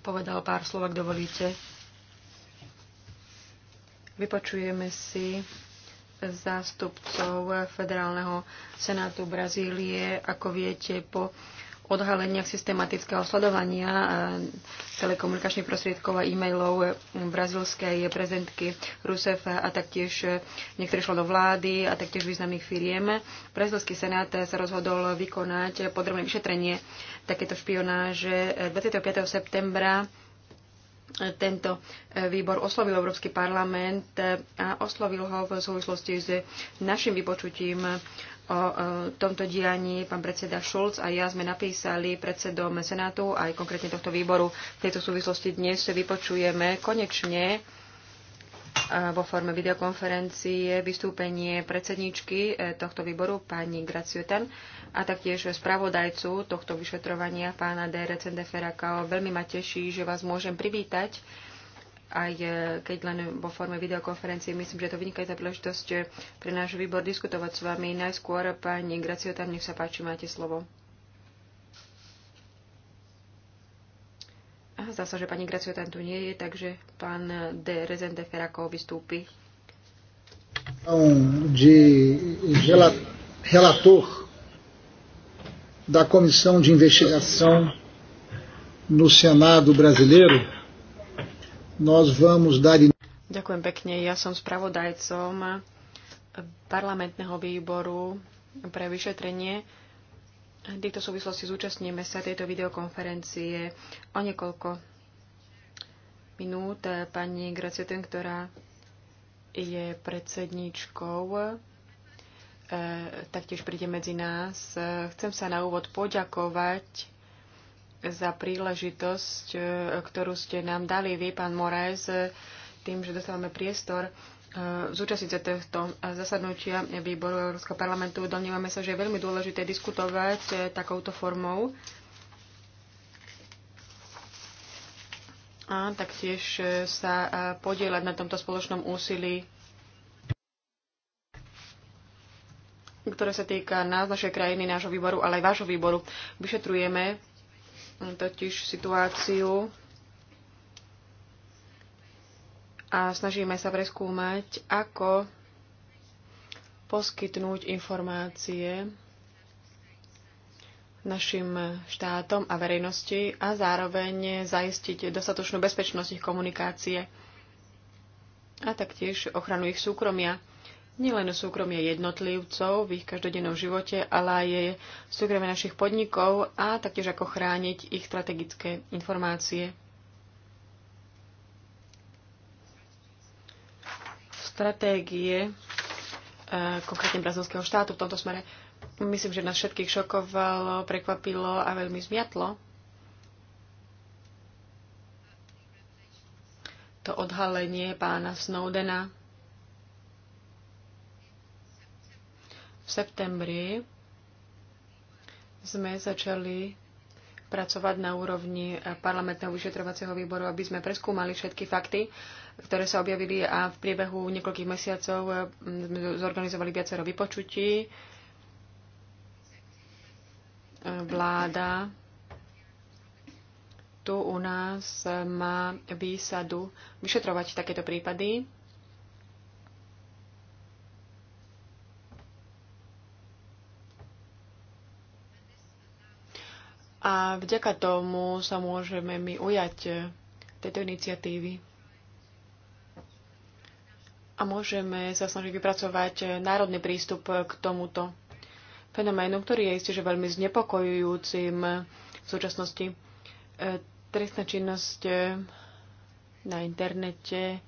povedal pár slov, ak dovolíte. Vypočujeme si zástupcov Federálneho senátu Brazílie. Ako viete, po odhaleniach systematického sledovania e, telekomunikačných prostriedkov a e-mailov brazilskej prezidentky Rusev a taktiež niektorých do vlády a taktiež významných firiem. Brazilský senát sa rozhodol vykonať podrobné vyšetrenie takéto špionáže 25. E, septembra tento e, výbor oslovil Európsky parlament e, a oslovil ho v súvislosti s našim vypočutím o e, tomto dianí. Pán predseda Šulc a ja sme napísali predsedom Senátu aj konkrétne tohto výboru. V tejto súvislosti dnes vypočujeme konečne vo forme videokonferencie vystúpenie predsedničky e, tohto výboru, pani Graciotan, a taktiež spravodajcu tohto vyšetrovania, pána D. Deferakao. Veľmi ma teší, že vás môžem privítať, aj e, keď len vo forme videokonferencie. Myslím, že to vynikajúca príležitosť e, pre náš výbor diskutovať s vami. Najskôr, pani Graciotan, nech sa páči, máte slovo. Zdá sa, že pani Gracio tam tu nie je, takže pán de Rezende Ferako vystúpi. De relator da Comissão de Investigação no Senado brasileiro, nós vamos dar. Ďakujem pekne. Ja som spravodajcom parlamentného výboru pre vyšetrenie v týchto súvislosti zúčastníme sa tejto videokonferencie o niekoľko minút. Pani Gracioten, ktorá je predsedníčkou, e, taktiež príde medzi nás. Chcem sa na úvod poďakovať za príležitosť, e, ktorú ste nám dali vy, pán Moraes, e, tým, že dostávame priestor E, zúčastniť sa tohto e, zasadnutia výboru Európskeho parlamentu. Domnívame sa, že je veľmi dôležité diskutovať e, takouto formou a taktiež sa podielať na tomto spoločnom úsilí, ktoré sa týka nás, našej krajiny, nášho výboru, ale aj vášho výboru. Vyšetrujeme totiž situáciu a snažíme sa preskúmať, ako poskytnúť informácie našim štátom a verejnosti a zároveň zaistiť dostatočnú bezpečnosť ich komunikácie a taktiež ochranu ich súkromia. Nielen súkromie jednotlivcov v ich každodennom živote, ale aj súkromie našich podnikov a taktiež ako chrániť ich strategické informácie. stratégie, e, konkrétne brazilského štátu v tomto smere, myslím, že nás všetkých šokovalo, prekvapilo a veľmi zmiatlo. To odhalenie pána Snowdena v septembri sme začali pracovať na úrovni parlamentného vyšetrovacieho výboru, aby sme preskúmali všetky fakty ktoré sa objavili a v priebehu niekoľkých mesiacov eh, sme zorganizovali viacero vypočutí. Eh, vláda tu u nás má výsadu vyšetrovať takéto prípady. A vďaka tomu sa môžeme my ujať tejto iniciatívy a môžeme sa snažiť vypracovať národný prístup k tomuto fenoménu, ktorý je isté, že veľmi znepokojujúcim v súčasnosti. E, trestná činnosť e, na internete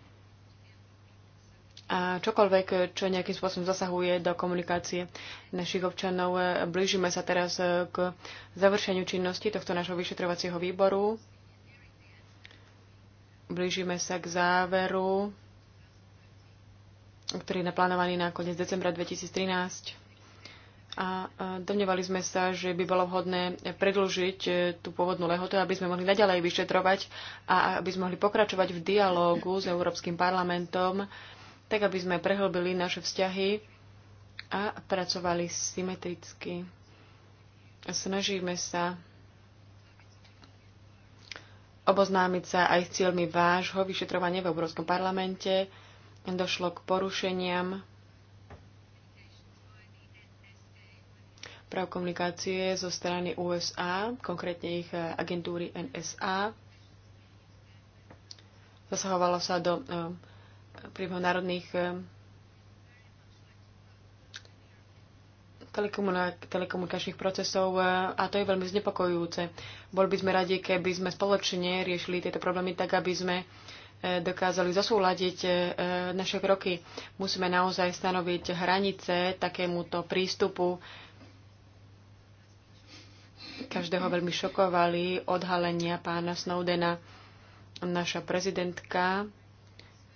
a čokoľvek, čo nejakým spôsobom zasahuje do komunikácie našich občanov. E, blížime sa teraz k završeniu činnosti tohto našho vyšetrovacieho výboru. Blížime sa k záveru ktorý je naplánovaný na koniec decembra 2013. A domnievali sme sa, že by bolo vhodné predlžiť e, tú pôvodnú lehotu, aby sme mohli naďalej vyšetrovať a aby sme mohli pokračovať v dialógu s Európskym parlamentom, tak aby sme prehlbili naše vzťahy a pracovali symetricky. Snažíme sa oboznámiť sa aj s cieľmi vášho vyšetrovania v Európskom parlamente došlo k porušeniam práv komunikácie zo strany USA, konkrétne ich eh, agentúry NSA. Zasahovalo sa do eh, príbehu národných eh, telekomunikačných procesov a to je veľmi znepokojujúce. Boli by sme radi, keby sme spoločne riešili tieto problémy tak, aby sme dokázali zosúľadiť e, naše kroky. Musíme naozaj stanoviť hranice takémuto prístupu. Každého veľmi šokovali odhalenia pána Snowdena. Naša prezidentka,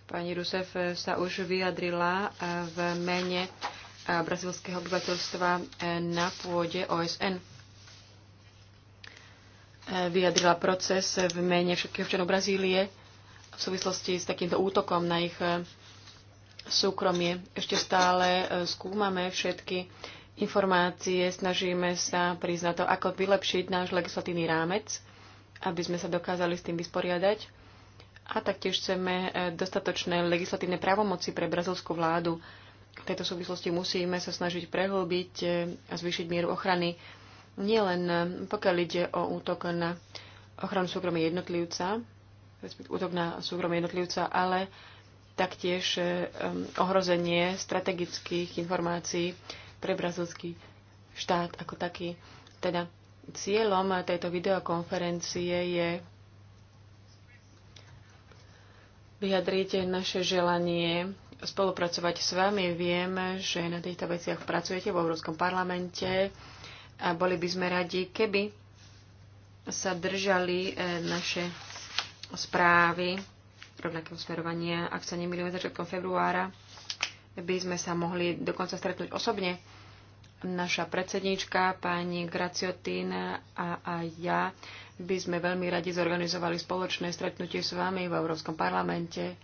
pani Rusev, sa už vyjadrila v mene brazilského obyvateľstva na pôde OSN. Vyjadrila proces v mene všetkých občanov Brazílie v súvislosti s takýmto útokom na ich e, súkromie. Ešte stále e, skúmame všetky informácie, snažíme sa prísť na to, ako vylepšiť náš legislatívny rámec, aby sme sa dokázali s tým vysporiadať. A taktiež chceme e, dostatočné legislatívne právomoci pre brazilskú vládu. V tejto súvislosti musíme sa snažiť prehlbiť a zvýšiť mieru ochrany nielen pokiaľ ide o útok na ochranu súkromia jednotlivca, útok na súkromie jednotlivca, ale taktiež e, ohrozenie strategických informácií pre brazilský štát ako taký. Teda cieľom tejto videokonferencie je vyjadriť naše želanie spolupracovať s vami. Viem, že na týchto veciach pracujete v Európskom parlamente a boli by sme radi, keby sa držali e, naše správy rovnakého smerovania, ak sa nemýlim, začiatkom februára by sme sa mohli dokonca stretnúť osobne. Naša predsedníčka, pani Graciotín a, a ja by sme veľmi radi zorganizovali spoločné stretnutie s vami v Európskom parlamente.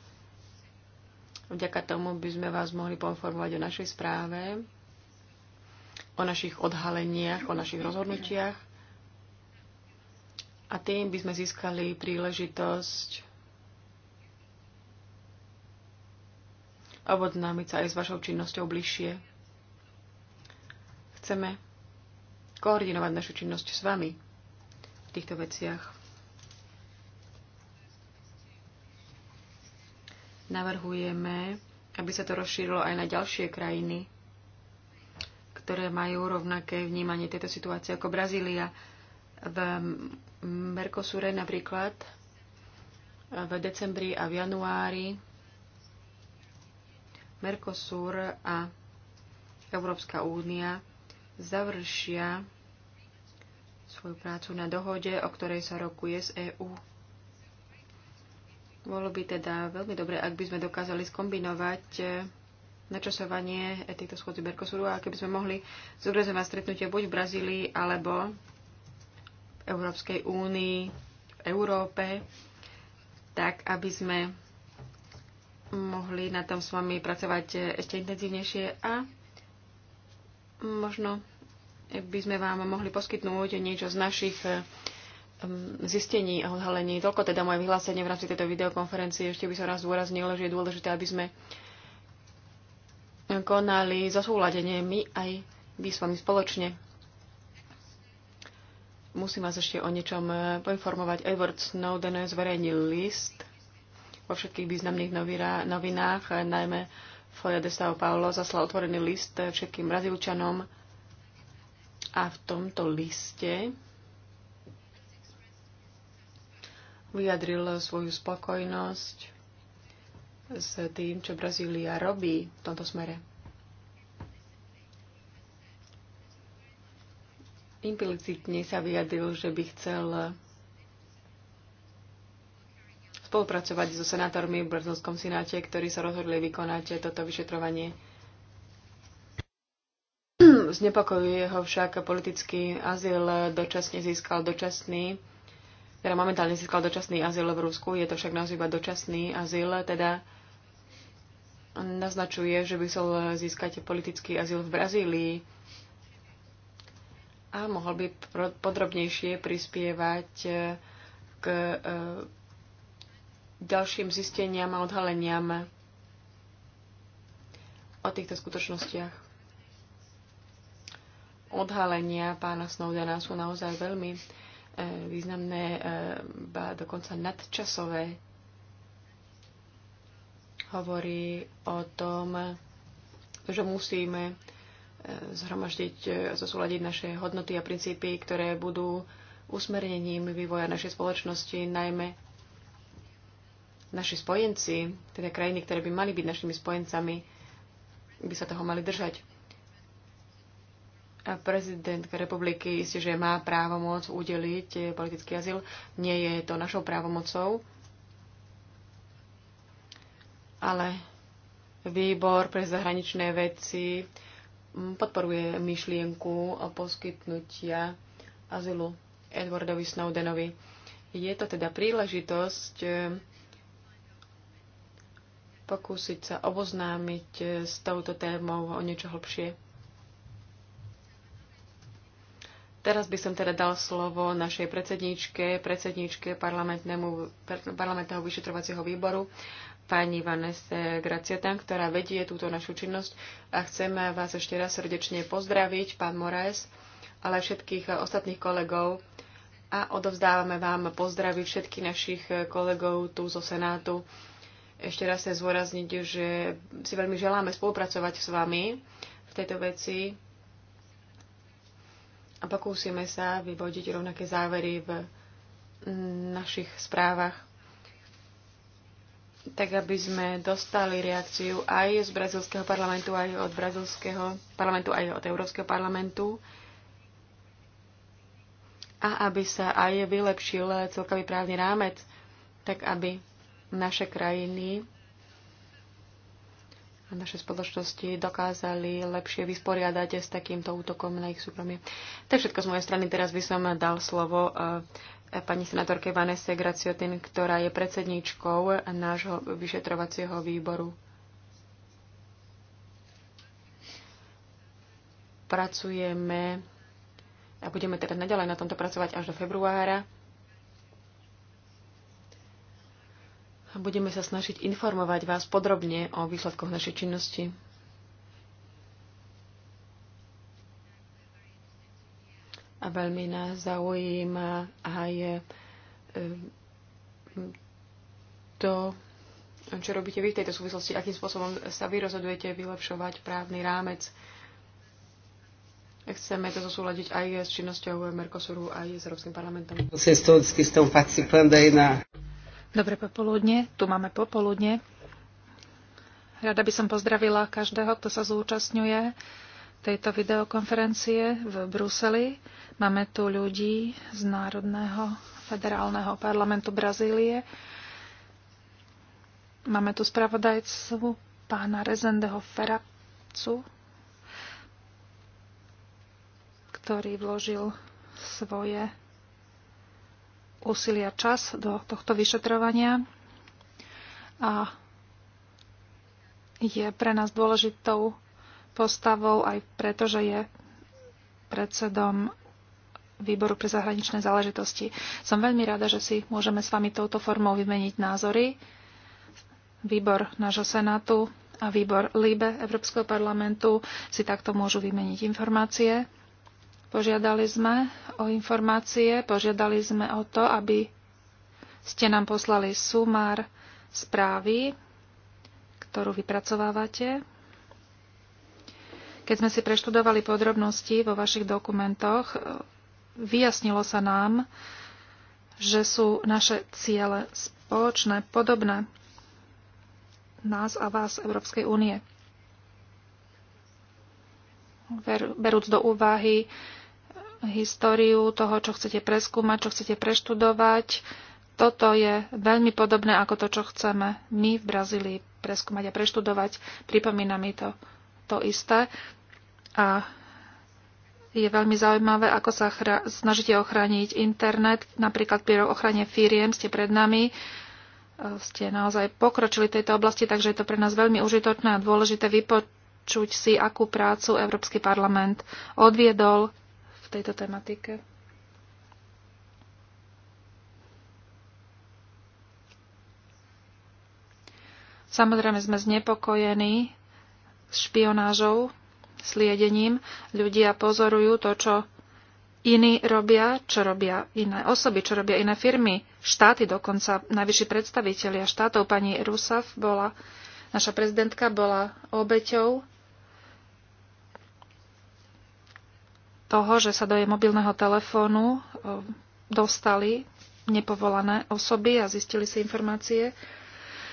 Vďaka tomu by sme vás mohli poinformovať o našej správe, o našich odhaleniach, o našich rozhodnutiach a tým by sme získali príležitosť oboznámiť sa aj s vašou činnosťou bližšie. Chceme koordinovať našu činnosť s vami v týchto veciach. Navrhujeme, aby sa to rozšírilo aj na ďalšie krajiny, ktoré majú rovnaké vnímanie tejto situácie ako Brazília. V Mercosure napríklad eh, v decembri a v januári Mercosur a Európska únia završia svoju prácu na dohode, o ktorej sa rokuje z EÚ. Bolo by teda veľmi dobre, ak by sme dokázali skombinovať eh, načasovanie eh, týchto schôdzí Mercosuru a keby sme mohli zobrazovať stretnutie buď v Brazílii alebo v Európskej únii, v Európe, tak aby sme mohli na tom s vami pracovať ešte intenzívnejšie a možno by sme vám mohli poskytnúť niečo z našich ehm, zistení a odhalení. Toľko teda moje vyhlásenie v rámci tejto videokonferencie. Ešte by som raz zdôraznil, že je dôležité, aby sme konali za súladenie my aj vy s vami spoločne. Musím vás ešte o niečom e, poinformovať. Edward Snowden zverejnil list vo všetkých významných novinách, e, najmä Folia de Sao Paulo zaslal otvorený list e, všetkým Brazílčanom a v tomto liste vyjadril svoju spokojnosť s tým, čo Brazília robí v tomto smere. implicitne sa vyjadril, že by chcel spolupracovať so senátormi v Brzovskom senáte, ktorí sa rozhodli vykonať toto vyšetrovanie. Znepokojuje ho však politický azyl, dočasne získal dočasný, teda momentálne získal dočasný azyl v Rusku, je to však naozaj iba dočasný azyl, teda naznačuje, že by chcel získať politický azyl v Brazílii a mohol by podrobnejšie prispievať e, k e, ďalším zisteniam a odhaleniam o týchto skutočnostiach. Odhalenia pána Snowdena sú naozaj veľmi e, významné, ba dokonca nadčasové. Hovorí o tom, že musíme E, zhromaždiť, e, zosúľadiť naše hodnoty a princípy, ktoré budú usmernením vývoja našej spoločnosti, najmä naši spojenci, teda krajiny, ktoré by mali byť našimi spojencami, by sa toho mali držať. A prezidentka republiky isté, že má právomoc udeliť e, politický azyl. Nie je to našou právomocou, ale výbor pre zahraničné veci podporuje myšlienku o poskytnutia azylu Edwardovi Snowdenovi. Je to teda príležitosť eh, pokúsiť sa oboznámiť eh, s touto témou o niečo hlbšie. Teraz by som teda dal slovo našej predsedničke, predsedničke parlamentného vyšetrovacieho výboru pani Vanese Graciatan, ktorá vedie túto našu činnosť a chcem vás ešte raz srdečne pozdraviť, pán Moraes, ale aj všetkých ostatných kolegov a odovzdávame vám pozdravy všetkých našich kolegov tu zo Senátu. Ešte raz sa zvorazniť, že si veľmi želáme spolupracovať s vami v tejto veci a pokúsime sa vyvodiť rovnaké závery v našich správach tak aby sme dostali reakciu aj z brazilského parlamentu, aj od brazilského parlamentu, aj od Európskeho parlamentu a aby sa aj vylepšil celkový právny rámec, tak aby naše krajiny a naše spoločnosti dokázali lepšie vysporiadať s takýmto útokom na ich súkromie. To je všetko z mojej strany. Teraz by som dal slovo eh, pani senatorke Vanese Graciotin, ktorá je predsedničkou nášho vyšetrovacieho výboru. Pracujeme a budeme teda naďalej na tomto pracovať až do februára. Budeme sa snažiť informovať vás podrobne o výsledkoch našej činnosti. a veľmi nás zaujíma aj e, to, čo robíte vy v tejto súvislosti, akým spôsobom sa vy rozhodujete vylepšovať právny rámec. Chceme to zosúľadiť aj s činnosťou Mercosuru, aj s Európskym parlamentom. Dobre popoludne, tu máme popoludne. Rada by som pozdravila každého, kto sa zúčastňuje tejto videokonferencie v Bruseli. Máme tu ľudí z Národného federálneho parlamentu Brazílie. Máme tu spravodajcu pána Rezendeho Feracu, ktorý vložil svoje úsilia čas do tohto vyšetrovania a je pre nás dôležitou postavou aj preto, že je predsedom výboru pre zahraničné záležitosti. Som veľmi rada, že si môžeme s vami touto formou vymeniť názory. Výbor nášho Senátu a výbor LIBE Európskeho parlamentu si takto môžu vymeniť informácie. Požiadali sme o informácie, požiadali sme o to, aby ste nám poslali sumár správy, ktorú vypracovávate keď sme si preštudovali podrobnosti vo vašich dokumentoch, e, vyjasnilo sa nám, že sú naše ciele spoločné, podobné nás a vás Európskej únie. Berúc do úvahy e, históriu toho, čo chcete preskúmať, čo chcete preštudovať, toto je veľmi podobné ako to, čo chceme my v Brazílii preskúmať a preštudovať. Pripomína mi to to isté. A je veľmi zaujímavé, ako sa snažíte ochrániť internet. Napríklad pri ochrane firiem ste pred nami. E, ste naozaj pokročili v tejto oblasti, takže je to pre nás veľmi užitočné a dôležité vypočuť si, akú prácu Európsky parlament odviedol v tejto tematike. Samozrejme sme znepokojení špionážou sliedením. Ľudia pozorujú to, čo iní robia, čo robia iné osoby, čo robia iné firmy, štáty dokonca, najvyšší predstavitelia štátov. Pani Rusav bola, naša prezidentka bola obeťou toho, že sa do jej mobilného telefónu dostali nepovolané osoby a zistili si informácie.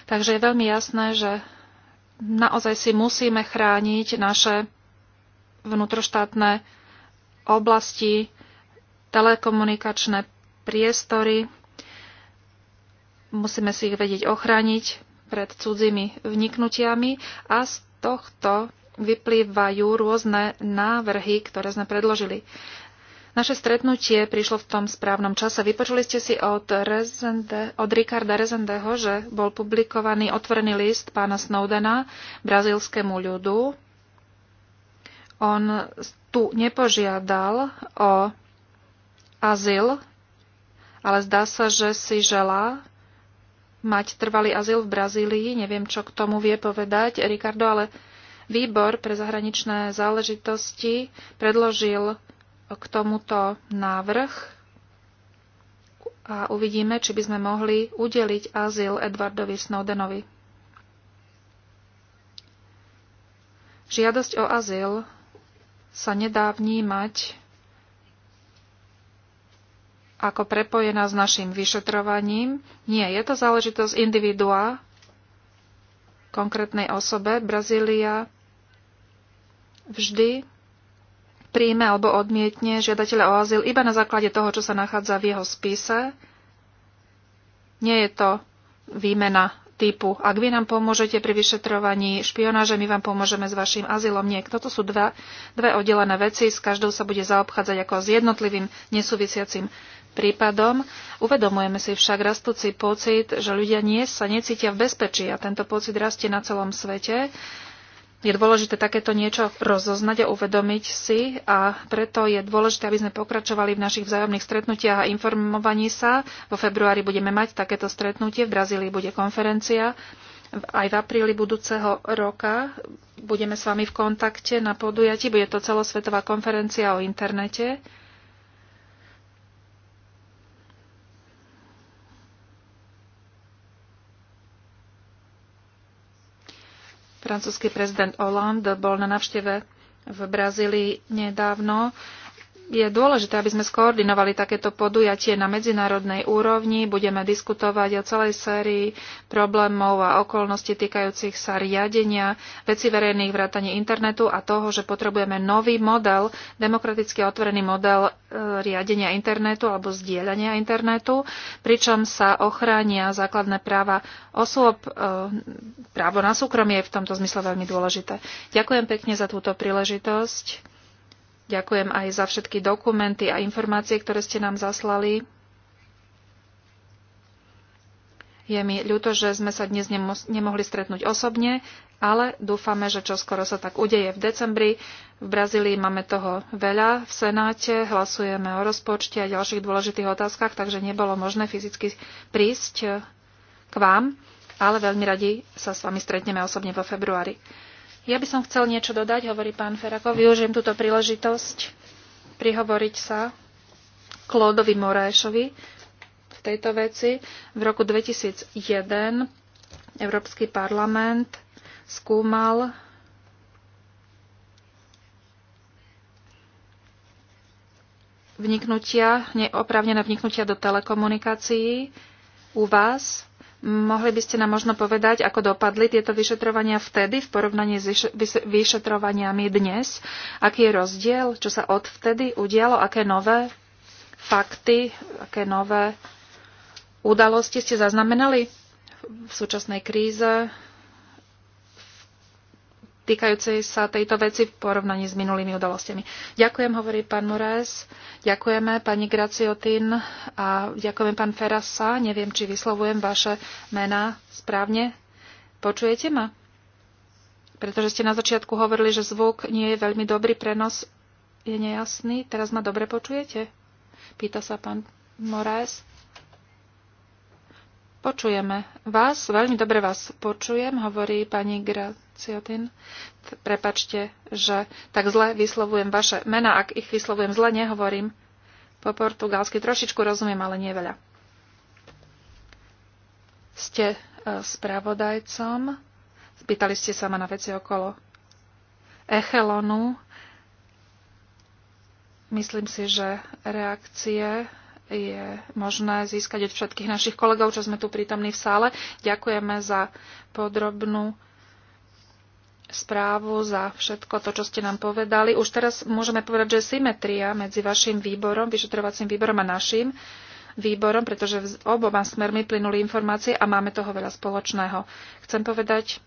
Takže je veľmi jasné, že naozaj si musíme chrániť naše vnútroštátne oblasti, telekomunikačné priestory. Musíme si ich vedieť ochraniť pred cudzími vniknutiami a z tohto vyplývajú rôzne návrhy, ktoré sme predložili. Naše stretnutie prišlo v tom správnom čase. Vypočuli ste si od, Rezende, od Ricarda Rezendeho, že bol publikovaný otvorený list pána Snowdena brazilskému ľudu, on tu nepožiadal o azyl, ale zdá sa, že si želá mať trvalý azyl v Brazílii. Neviem, čo k tomu vie povedať Ricardo, ale výbor pre zahraničné záležitosti predložil k tomuto návrh a uvidíme, či by sme mohli udeliť azyl Edwardovi Snowdenovi. Žiadosť o azyl sa nedá vnímať ako prepojená s našim vyšetrovaním. Nie, je to záležitosť individua, konkrétnej osobe. Brazília vždy príjme alebo odmietne žiadateľa o azyl iba na základe toho, čo sa nachádza v jeho spise. Nie je to výmena typu. Ak vy nám pomôžete pri vyšetrovaní špionáže, my vám pomôžeme s vašim azylom. Nie, toto sú dva, dve oddelené veci, s každou sa bude zaobchádzať ako s jednotlivým nesúvisiacim prípadom. Uvedomujeme si však rastúci pocit, že ľudia nie sa necítia v bezpečí a tento pocit rastie na celom svete je dôležité takéto niečo rozoznať a uvedomiť si a preto je dôležité, aby sme pokračovali v našich vzájomných stretnutiach a informovaní sa. Vo februári budeme mať takéto stretnutie, v Brazílii bude konferencia. Aj v apríli budúceho roka budeme s vami v kontakte na podujati. Bude to celosvetová konferencia o internete. Francúzsky prezident Hollande bol na navšteve v Brazílii nedávno je dôležité, aby sme skoordinovali takéto podujatie na medzinárodnej úrovni. Budeme diskutovať o celej sérii problémov a okolností týkajúcich sa riadenia veci verejných vrátanie internetu a toho, že potrebujeme nový model, demokraticky otvorený model e, riadenia internetu alebo zdieľania internetu, pričom sa ochránia základné práva osôb. E, právo na súkromie je v tomto zmysle veľmi dôležité. Ďakujem pekne za túto príležitosť Ďakujem aj za všetky dokumenty a informácie, ktoré ste nám zaslali. Je mi ľúto, že sme sa dnes nemohli stretnúť osobne, ale dúfame, že čoskoro sa tak udeje v decembri. V Brazílii máme toho veľa. V Senáte hlasujeme o rozpočte a ďalších dôležitých otázkach, takže nebolo možné fyzicky prísť k vám, ale veľmi radi sa s vami stretneme osobne vo februári. Ja by som chcel niečo dodať, hovorí pán Ferakov. Využijem túto príležitosť prihovoriť sa Klódovi Morášovi v tejto veci. V roku 2001 Európsky parlament skúmal vniknutia, neoprávnené vniknutia do telekomunikácií u vás Mohli by ste nám možno povedať, ako dopadli tieto vyšetrovania vtedy v porovnaní s vyšetrovaniami dnes? Aký je rozdiel, čo sa odvtedy udialo, aké nové fakty, aké nové udalosti ste zaznamenali v súčasnej kríze, týkajúcej sa tejto veci v porovnaní s minulými udalostiami. Ďakujem, hovorí pán Moraes, ďakujeme pani Graciotin a ďakujeme pán Ferasa. Neviem, či vyslovujem vaše mená správne. Počujete ma? Pretože ste na začiatku hovorili, že zvuk nie je veľmi dobrý, prenos je nejasný. Teraz ma dobre počujete? Pýta sa pán Moraes. Počujeme vás, veľmi dobre vás počujem, hovorí pani Graciotin. Prepačte, že tak zle vyslovujem vaše mena, ak ich vyslovujem zle, nehovorím po portugalsky. Trošičku rozumiem, ale nie veľa. Ste e, spravodajcom. Spýtali ste sa ma na veci okolo Echelonu. Myslím si, že reakcie je možné získať od všetkých našich kolegov, čo sme tu prítomní v sále. Ďakujeme za podrobnú správu, za všetko to, čo ste nám povedali. Už teraz môžeme povedať, že symetria medzi vašim výborom, vyšetrovacím výborom a našim výborom, pretože oboma smermi plynuli informácie a máme toho veľa spoločného. Chcem povedať,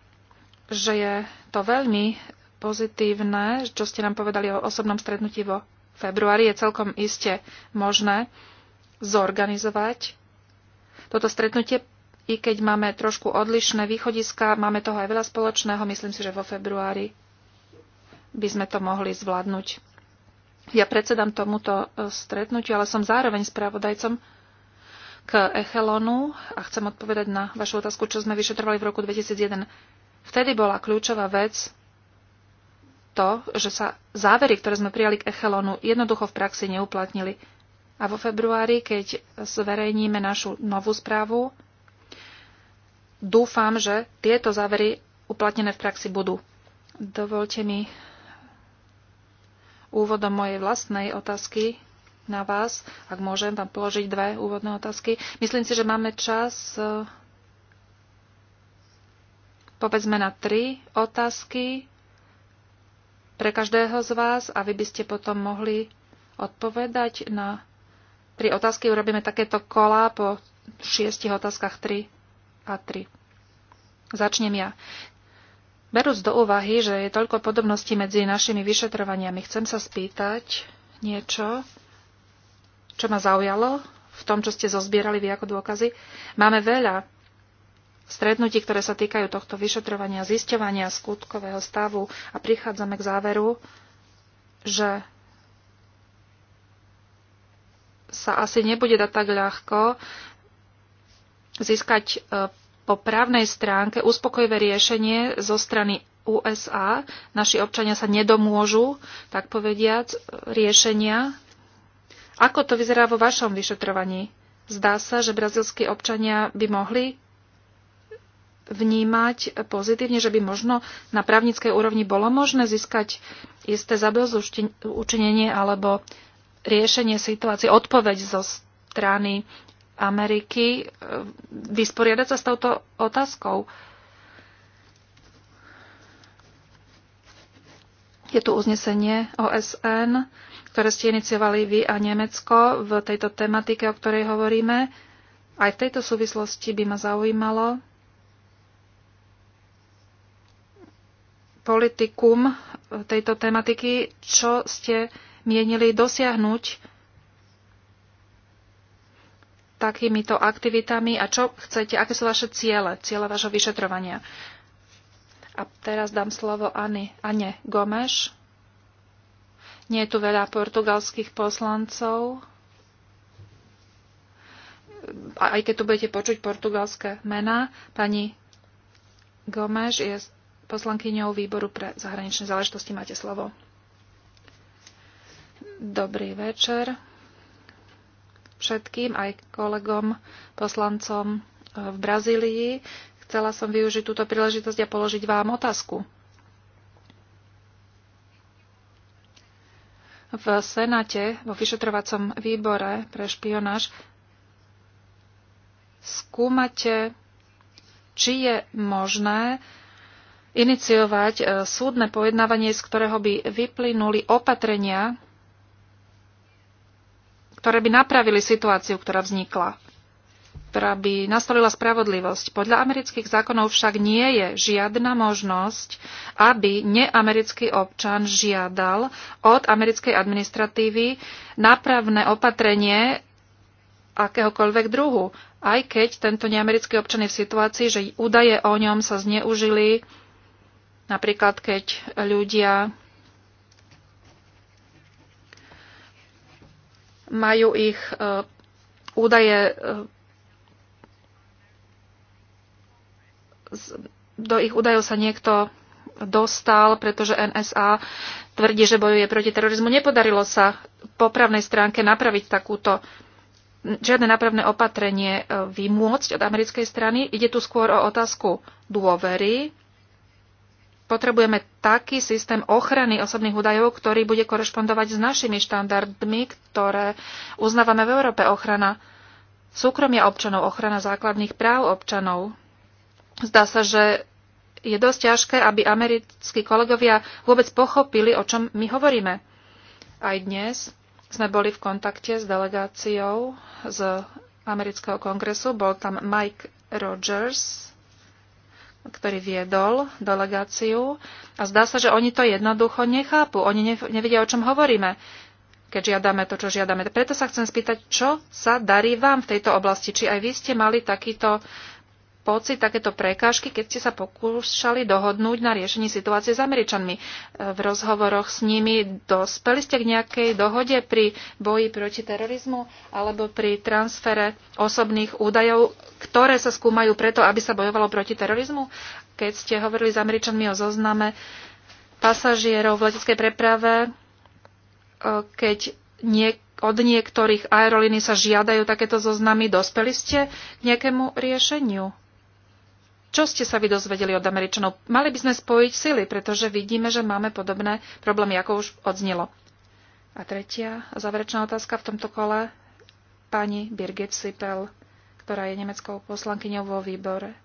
že je to veľmi pozitívne, čo ste nám povedali o osobnom stretnutí vo februári. Je celkom iste možné, zorganizovať toto stretnutie, i keď máme trošku odlišné východiska, máme toho aj veľa spoločného, myslím si, že vo februári by sme to mohli zvládnuť. Ja predsedám tomuto e, stretnutiu, ale som zároveň spravodajcom k Echelonu a chcem odpovedať na vašu otázku, čo sme vyšetrovali v roku 2001. Vtedy bola kľúčová vec to, že sa závery, ktoré sme prijali k Echelonu, jednoducho v praxi neuplatnili. A vo februári, keď zverejníme našu novú správu, dúfam, že tieto závery uplatnené v praxi budú. Dovolte mi úvodom mojej vlastnej otázky na vás, ak môžem vám položiť dve úvodné otázky. Myslím si, že máme čas e, povedzme na tri otázky pre každého z vás a vy by ste potom mohli odpovedať na tri otázky, urobíme takéto kola po šiestich otázkach 3 a 3. Začnem ja. Berúc do úvahy, že je toľko podobností medzi našimi vyšetrovaniami, chcem sa spýtať niečo, čo ma zaujalo v tom, čo ste zozbierali vy ako dôkazy. Máme veľa strednutí, ktoré sa týkajú tohto vyšetrovania, zisťovania skutkového stavu a prichádzame k záveru, že sa asi nebude dať tak ľahko získať e, po právnej stránke uspokojivé riešenie zo strany USA. Naši občania sa nedomôžu, tak povediac, riešenia. Ako to vyzerá vo vašom vyšetrovaní? Zdá sa, že brazilskí občania by mohli vnímať pozitívne, že by možno na právnickej úrovni bolo možné získať isté zabezúčinenie alebo riešenie situácie, odpoveď zo strany Ameriky e, vysporiadať sa s touto otázkou. Je tu uznesenie OSN, ktoré ste iniciovali vy a Nemecko v tejto tematike, o ktorej hovoríme. Aj v tejto súvislosti by ma zaujímalo politikum tejto tematiky, čo ste mienili dosiahnuť takýmito aktivitami a čo chcete, aké sú vaše ciele, ciele vašho vyšetrovania. A teraz dám slovo Ani, Ane Gomeš. Nie je tu veľa portugalských poslancov. Aj keď tu budete počuť portugalské mená, pani Gomeš je poslankyňou výboru pre zahraničné záležitosti. Máte slovo. Dobrý večer všetkým, aj kolegom, poslancom e, v Brazílii. Chcela som využiť túto príležitosť a položiť vám otázku. V Senáte, vo vyšetrovacom výbore pre špionáž, skúmate, či je možné iniciovať e, súdne pojednávanie, z ktorého by vyplynuli opatrenia, ktoré by napravili situáciu, ktorá vznikla, ktorá by nastolila spravodlivosť. Podľa amerických zákonov však nie je žiadna možnosť, aby neamerický občan žiadal od americkej administratívy napravné opatrenie akéhokoľvek druhu, aj keď tento neamerický občan je v situácii, že údaje o ňom sa zneužili, napríklad keď ľudia majú ich e, údaje e, do ich údajov sa niekto dostal, pretože NSA tvrdí, že bojuje proti terorizmu. Nepodarilo sa po právnej stránke napraviť takúto žiadne napravné opatrenie e, vymôcť od americkej strany. Ide tu skôr o otázku dôvery potrebujeme taký systém ochrany osobných údajov, ktorý bude korešpondovať s našimi štandardmi, ktoré uznávame v Európe ochrana súkromia občanov, ochrana základných práv občanov. Zdá sa, že je dosť ťažké, aby americkí kolegovia vôbec pochopili, o čom my hovoríme. Aj dnes sme boli v kontakte s delegáciou z amerického kongresu. Bol tam Mike Rogers, ktorý viedol delegáciu a zdá sa, že oni to jednoducho nechápu. Oni nevedia, o čom hovoríme, keď žiadame to, čo žiadame. Preto sa chcem spýtať, čo sa darí vám v tejto oblasti? Či aj vy ste mali takýto pocit, takéto prekážky, keď ste sa pokúšali dohodnúť na riešení situácie s Američanmi. E, v rozhovoroch s nimi dospeli ste k nejakej dohode pri boji proti terorizmu alebo pri transfere osobných údajov, ktoré sa skúmajú preto, aby sa bojovalo proti terorizmu? Keď ste hovorili s Američanmi o zozname pasažierov v leteckej preprave, e, keď niek- od niektorých aerolíny sa žiadajú takéto zoznamy, dospeli ste k nejakému riešeniu? Čo ste sa vy dozvedeli od Američanov? Mali by sme spojiť sily, pretože vidíme, že máme podobné problémy, ako už odznilo. A tretia záverečná otázka v tomto kole. Pani Birgit Sipel, ktorá je nemeckou poslankyňou vo výbore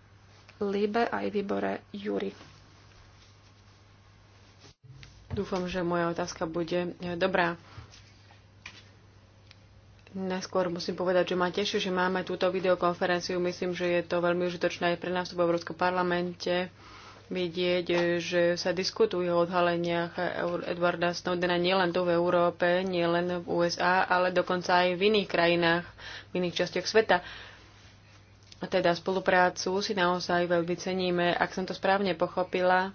a aj výbore jury. Dúfam, že moja otázka bude dobrá. Najskôr musím povedať, že ma teší, že máme túto videokonferenciu. Myslím, že je to veľmi užitočné aj pre nás v Európskom parlamente vidieť, že sa diskutuje o odhaleniach Edwarda Snowdena nielen tu v Európe, nielen v USA, ale dokonca aj v iných krajinách, v iných častiach sveta. A teda spoluprácu si naozaj veľmi ceníme. Ak som to správne pochopila,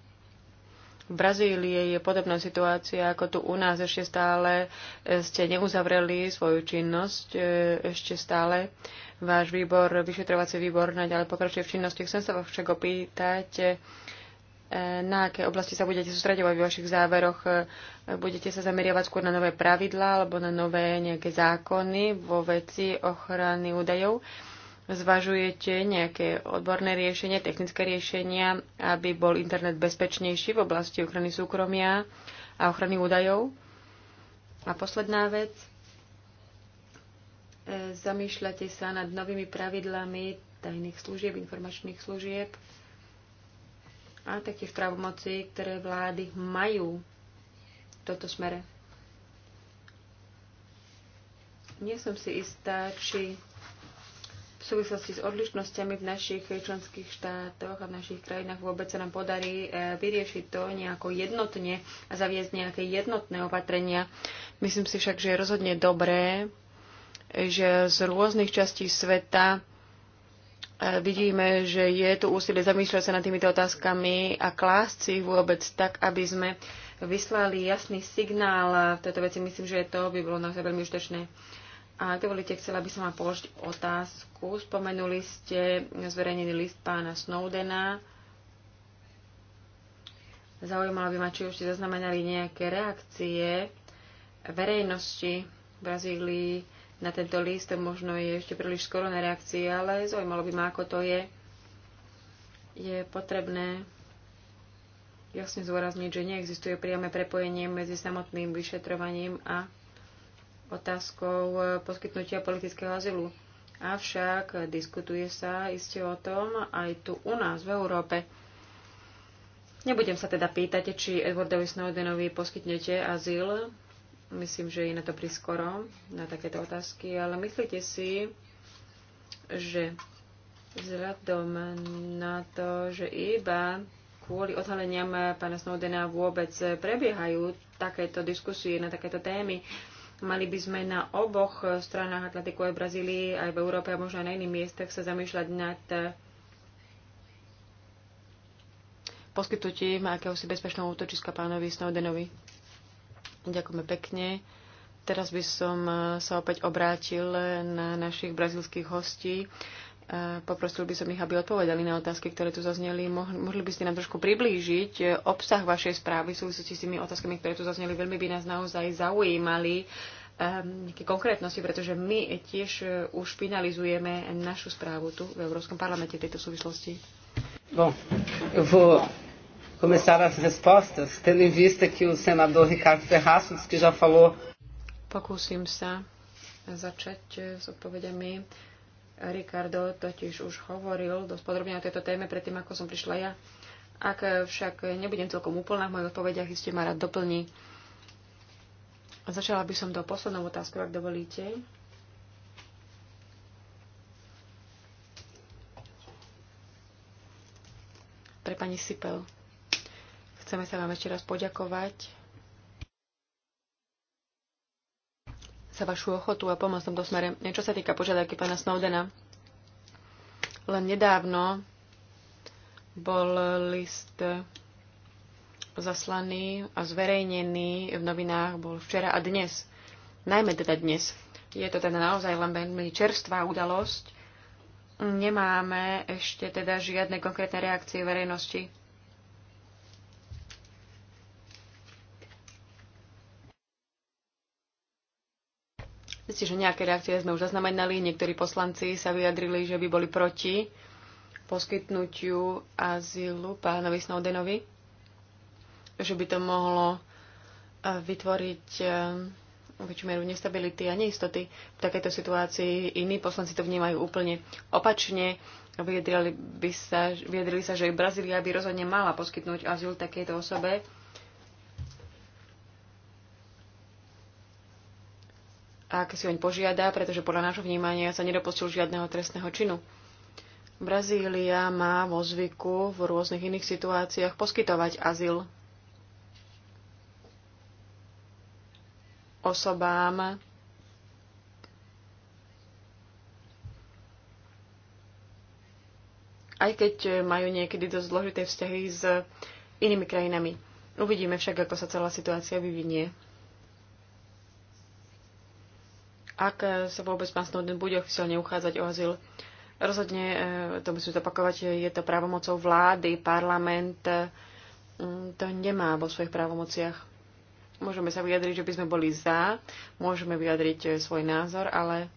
v Brazílii je podobná situácia ako tu u nás. Ešte stále e, ste neuzavreli svoju činnosť. E, ešte stále váš výbor, vyšetrovací výbor, naďalej pokračuje v činnosti. Chcem sa vás však opýtať, e, na aké oblasti sa budete sústredovať v vašich záveroch. Budete sa zameriavať skôr na nové pravidlá alebo na nové nejaké zákony vo veci ochrany údajov? Zvažujete nejaké odborné riešenie, technické riešenia, aby bol internet bezpečnejší v oblasti ochrany súkromia a ochrany údajov? A posledná vec. E, zamýšľate sa nad novými pravidlami tajných služieb, informačných služieb a takých pravomocí, ktoré vlády majú v toto smere. Nie som si istá, či v súvislosti s odlišnosťami v našich členských štátoch a v našich krajinách vôbec sa nám podarí e, vyriešiť to nejako jednotne a zaviesť nejaké jednotné opatrenia. Myslím si však, že je rozhodne dobré, že z rôznych častí sveta e, vidíme, že je tu úsilie zamýšľať sa nad týmito otázkami a klásť si ich vôbec tak, aby sme vyslali jasný signál v tejto veci. Myslím, že to by bolo naozaj veľmi užitočné. A ak dovolíte, chcela by som vám položiť otázku. Spomenuli ste zverejnený list pána Snowdena. Zaujímalo by ma, či už ste zaznamenali nejaké reakcie verejnosti v Brazílii na tento list. Možno je ešte príliš skoro na reakcii, ale zaujímalo by ma, ako to je. Je potrebné jasne zúrazniť, že neexistuje priame prepojenie medzi samotným vyšetrovaním a otázkou e, poskytnutia politického azylu. Avšak diskutuje sa iste o tom aj tu u nás v Európe. Nebudem sa teda pýtať, či Edwardovi Snowdenovi poskytnete azyl. Myslím, že je na to priskoro, na takéto otázky. Ale myslíte si, že vzhľadom na to, že iba kvôli odhaleniam pána Snowdena vôbec prebiehajú takéto diskusie na takéto témy, Mali by sme na oboch stranách Atlantiku aj v Brazílii, aj v Európe a možno aj na iných miestach sa zamýšľať nad eh, poskytnutím akéhosi bezpečného útočiska pánovi Snowdenovi. Ďakujeme pekne. Teraz by som eh, sa opäť obrátil na našich brazilských hostí. Poprosil by som ich, aby odpovedali na otázky, ktoré tu zazneli. Mohli by ste nám trošku priblížiť e, obsah vašej správy v súvislosti s tými otázkami, ktoré tu zazneli. Veľmi by nás naozaj zaujímali ehm, nejaké konkrétnosti, pretože my tiež e, už finalizujeme našu správu tu v Európskom parlamente v tejto súvislosti. Bom, eu vou começar as respostas, tendo em vista que o senador Ricardo Ferraços, que já falou... Pokúsim sa začať e, s odpovediami Ricardo totiž už hovoril dosť podrobne o tejto téme predtým, ako som prišla ja. Ak však nebudem celkom úplná v mojich odpovediach, iste ma rád doplní. Začala by som do poslednou otázku, ak dovolíte. Pre pani Sipel. Chceme sa vám ešte raz poďakovať za vašu ochotu a pomoc v tomto smere. Čo sa týka požiadavky pána Snowdena, len nedávno bol list zaslaný a zverejnený v novinách, bol včera a dnes. Najmä teda dnes. Je to teda naozaj len veľmi čerstvá udalosť. Nemáme ešte teda žiadne konkrétne reakcie verejnosti Viete, že nejaké reakcie sme už zaznamenali. Niektorí poslanci sa vyjadrili, že by boli proti poskytnutiu azylu pánovi Snowdenovi, že by to mohlo eh, vytvoriť eh, väčšiu mieru nestability a neistoty v takejto situácii. Iní poslanci to vnímajú úplne opačne. Vyjadrili, by sa, vyjadrili sa, že Brazília by rozhodne mala poskytnúť azyl takejto osobe, ak si oň požiada, pretože podľa nášho vnímania sa nedopustil žiadneho trestného činu. Brazília má vo zvyku v rôznych iných situáciách poskytovať azyl osobám, aj keď majú niekedy dosť zložité vzťahy s inými krajinami. Uvidíme však, ako sa celá situácia vyvinie. ak sa vôbec pán Snowden bude oficiálne uchádzať o azyl. Rozhodne, e, to musím zopakovať, je to právomocou vlády, parlament e, to nemá vo svojich právomociach. Môžeme sa vyjadriť, že by sme boli za, môžeme vyjadriť e, svoj názor, ale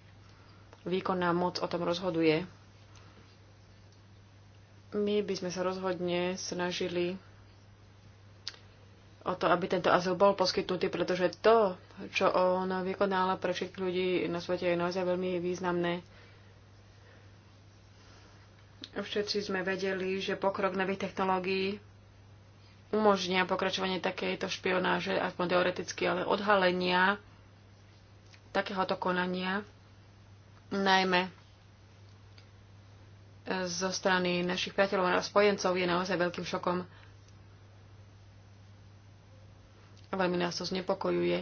výkonná moc o tom rozhoduje. My by sme sa rozhodne snažili o to, aby tento azyl bol poskytnutý, pretože to, čo on vykonáva pre všetkých ľudí na svete, je naozaj veľmi významné. Všetci sme vedeli, že pokrok nových technológií umožnia pokračovanie takéto špionáže, aspoň teoreticky, ale odhalenia takéhoto konania, najmä zo strany našich priateľov a spojencov, je naozaj veľkým šokom. Veľmi nás to znepokojuje.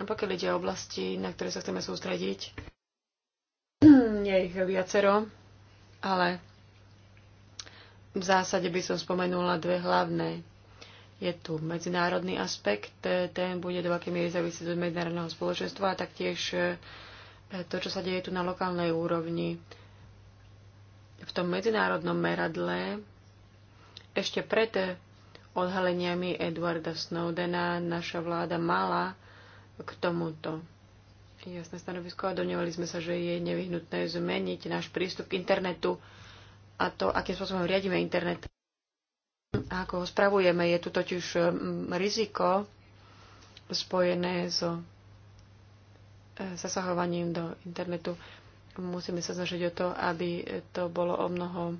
A pokiaľ ide o oblasti, na ktoré sa chceme sústrediť, je ich viacero, ale v zásade by som spomenula dve hlavné. Je tu medzinárodný aspekt, ten bude do akej miery závisieť od medzinárodného spoločenstva a taktiež e, to, čo sa deje tu na lokálnej úrovni. V tom medzinárodnom meradle ešte pred odhaleniami Edwarda Snowdena naša vláda mala k tomuto jasné stanovisko a doňovali sme sa, že je nevyhnutné zmeniť náš prístup k internetu a to, akým spôsobom riadíme internet a ako ho spravujeme. Je tu totiž mm, riziko spojené so e, zasahovaním do internetu. Musíme sa snažiť o to, aby to bolo o mnoho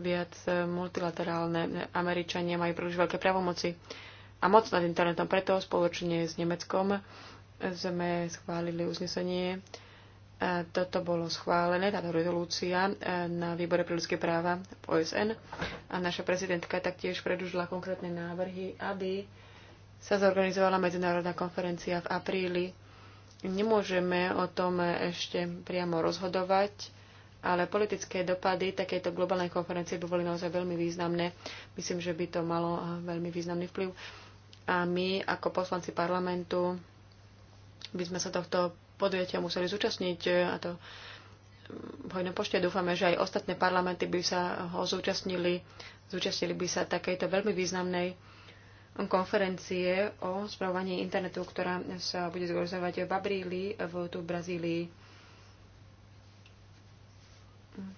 viac e, multilaterálne. Američania majú príliš veľké pravomoci a moc nad internetom. Preto spoločne s Nemeckom sme schválili uznesenie. E, toto bolo schválené, táto rezolúcia e, na výbore pre ľudské práva v OSN a naša prezidentka taktiež predúžila konkrétne návrhy, aby sa zorganizovala medzinárodná konferencia v apríli. Nemôžeme o tom ešte priamo rozhodovať, ale politické dopady takéto globálnej konferencie by boli naozaj veľmi významné. Myslím, že by to malo eh, veľmi významný vplyv. A my, ako poslanci parlamentu, by sme sa tohto podujatia museli zúčastniť eh, a to v hojnom pošte dúfame, že aj ostatné parlamenty by sa eh, ho zúčastnili, zúčastnili by sa takejto veľmi významnej konferencie o spravovaní internetu, ktorá sa bude zorganizovať v Abríli v tu Brazílii.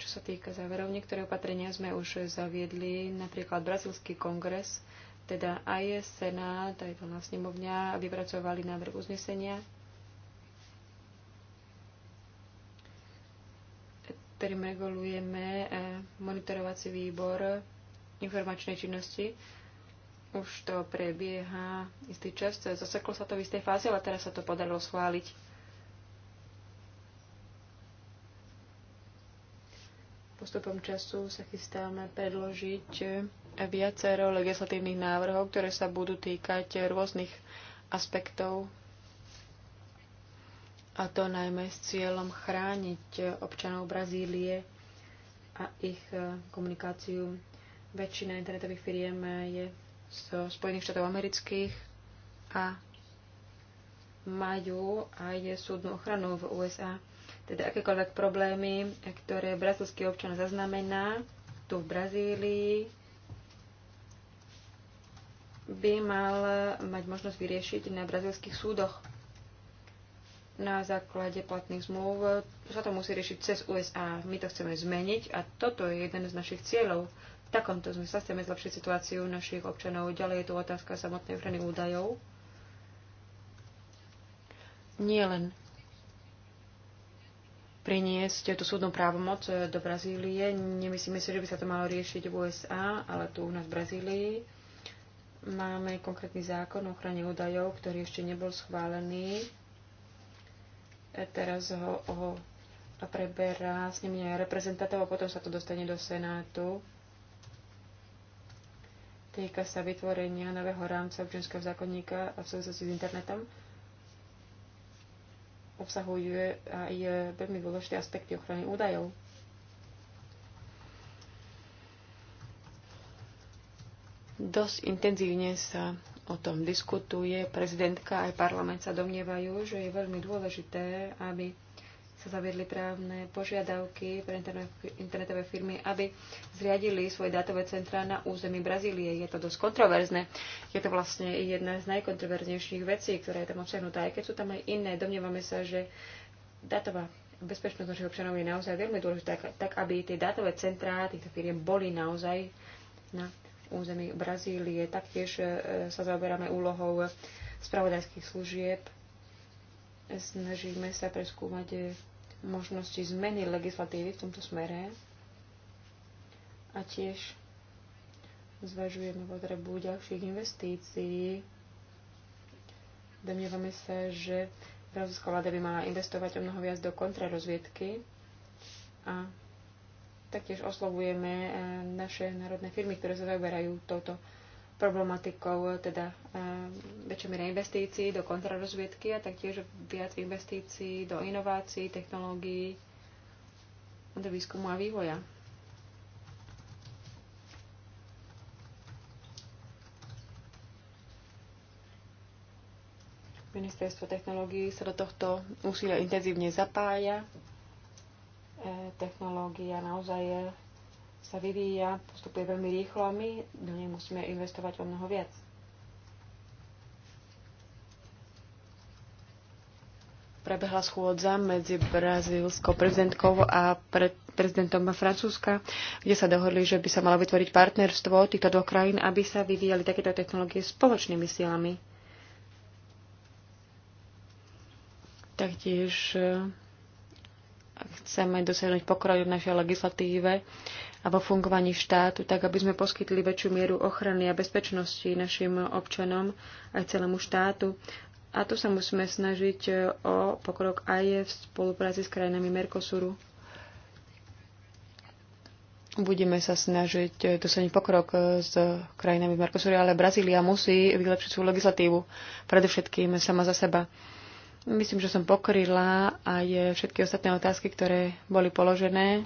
Čo sa týka záverov, niektoré opatrenia sme už zaviedli, napríklad Brazílsky kongres, teda aj Senát, aj plná snemovňa vypracovali návrh uznesenia, ktorým regulujeme eh, monitorovací výbor informačnej činnosti. Už to prebieha istý čas, zaseklo sa to v istej fáze, ale teraz sa to podarilo schváliť. Postupom času sa chystáme predložiť viacero legislatívnych návrhov, ktoré sa budú týkať rôznych aspektov a to najmä s cieľom chrániť občanov Brazílie a ich e, komunikáciu. Väčšina internetových firiem je z Spojených štátov amerických a majú aj súdnu ochranu v USA. Teda akékoľvek problémy, ktoré brazilský občan zaznamená tu v Brazílii, by mal mať možnosť vyriešiť na brazilských súdoch. Na základe platných zmluv sa to musí riešiť cez USA. My to chceme zmeniť a toto je jeden z našich cieľov. V takomto sme sa chceme zlepšiť situáciu našich občanov. Ďalej je tu otázka samotnej ochrany údajov. Nie len priniesť tú súdnu právomoc eh, do Brazílie. Nemyslíme si, že by sa to malo riešiť v USA, ale tu u nás v Brazílii máme konkrétny zákon o ochrane údajov, ktorý ešte nebol schválený. Eh, teraz ho, ho preberá s nimi aj reprezentantov a potom sa to dostane do Senátu. Týka sa vytvorenia nového rámca občianského zákonníka v súvislosti s internetom obsahuje aj e, veľmi dôležité aspekty ochrany údajov. Dosť intenzívne sa o tom diskutuje. Prezidentka aj parlament sa domnievajú, že je veľmi dôležité, aby sa zaviedli právne požiadavky pre internetové firmy, aby zriadili svoje dátové centrá na území Brazílie. Je to dosť kontroverzné. Je to vlastne jedna z najkontroverznejších vecí, ktorá je tam obsahnutá. Aj keď sú tam aj iné, domnievame sa, že dátová bezpečnosť našich občanov je naozaj veľmi dôležitá, tak, tak aby tie dátové centrá týchto firiem boli naozaj na území Brazílie. Taktiež e, sa zaoberáme úlohou spravodajských služieb snažíme sa preskúmať e, možnosti zmeny legislatívy v tomto smere a tiež zvažujeme potrebu ďalších investícií. Domnievame sa, že Brazilská vláda by mala investovať o mnoho viac do kontrarozviedky a taktiež oslovujeme eh, naše národné firmy, ktoré sa zaoberajú touto problematikou eh, teda eh, väčšej miery investícií do kontrarozviedky a taktiež viac investícií do inovácií, technológií, do výskumu a vývoja. Ministerstvo technológií sa do tohto úsilia intenzívne zapája. Eh, technológia naozaj je sa vyvíja, postupuje veľmi rýchlo a my do nej musíme investovať o mnoho viac. Prebehla schôdza medzi brazílskou prezidentkou a pre, prezidentom Francúzska, kde sa dohodli, že by sa malo vytvoriť partnerstvo týchto dvoch krajín, aby sa vyvíjali takéto technológie spoločnými silami. Taktiež eh, chceme dosiahnuť pokroj v našej legislatíve a vo fungovaní štátu, tak aby sme poskytli väčšiu mieru ochrany a bezpečnosti našim občanom aj celému štátu. A tu sa musíme snažiť e, o pokrok aj v spolupráci s krajinami Mercosuru. Budeme sa snažiť e, dosadniť pokrok e, s krajinami Mercosuru, ale Brazília musí vylepšiť svoju legislatívu, predovšetkým sama za seba. Myslím, že som pokryla aj všetky ostatné otázky, ktoré boli položené.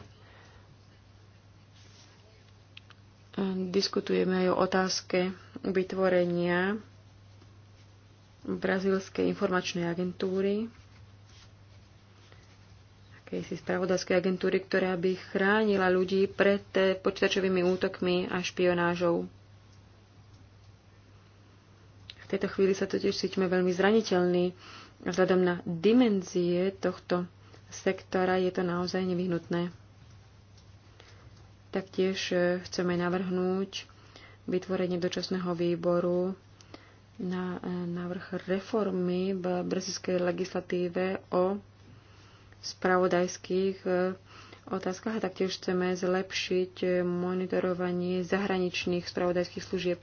diskutujeme aj o otázke vytvorenia Brazílskej informačnej agentúry, akejsi spravodajskej agentúry, ktorá by chránila ľudí pred eh, počítačovými útokmi a špionážou. V tejto chvíli sa totiž cítime veľmi zraniteľní. Vzhľadom na dimenzie tohto sektora je to naozaj nevyhnutné. Taktiež e, chceme navrhnúť vytvorenie dočasného výboru na e, návrh reformy v brzyskej legislatíve o spravodajských e, otázkach a taktiež chceme zlepšiť monitorovanie zahraničných spravodajských služieb.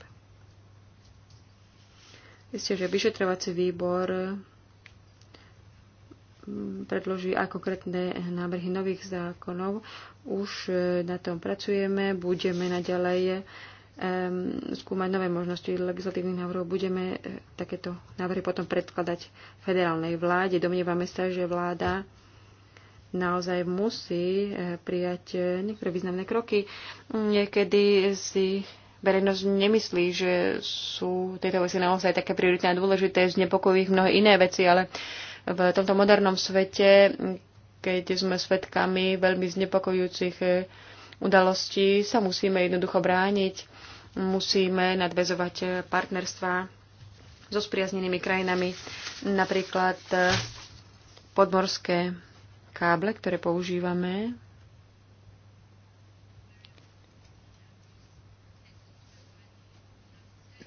Isté, že vyšetrovací výbor Mm, predloží aj konkrétne návrhy nových zákonov. Už e, na tom pracujeme, budeme naďalej e, skúmať nové možnosti legislatívnych návrhov. Budeme e, takéto návrhy potom predkladať federálnej vláde. Domnievame sa, že vláda naozaj musí prijať niektoré významné kroky. Niekedy si verejnosť nemyslí, že sú tieto veci naozaj také prioritné a dôležité, znepokojí ich mnohé iné veci, ale v tomto modernom svete, keď sme svetkami veľmi znepokojujúcich eh, udalostí, sa musíme jednoducho brániť. Musíme nadvezovať eh, partnerstva so spriaznenými krajinami, napríklad eh, podmorské káble, ktoré používame.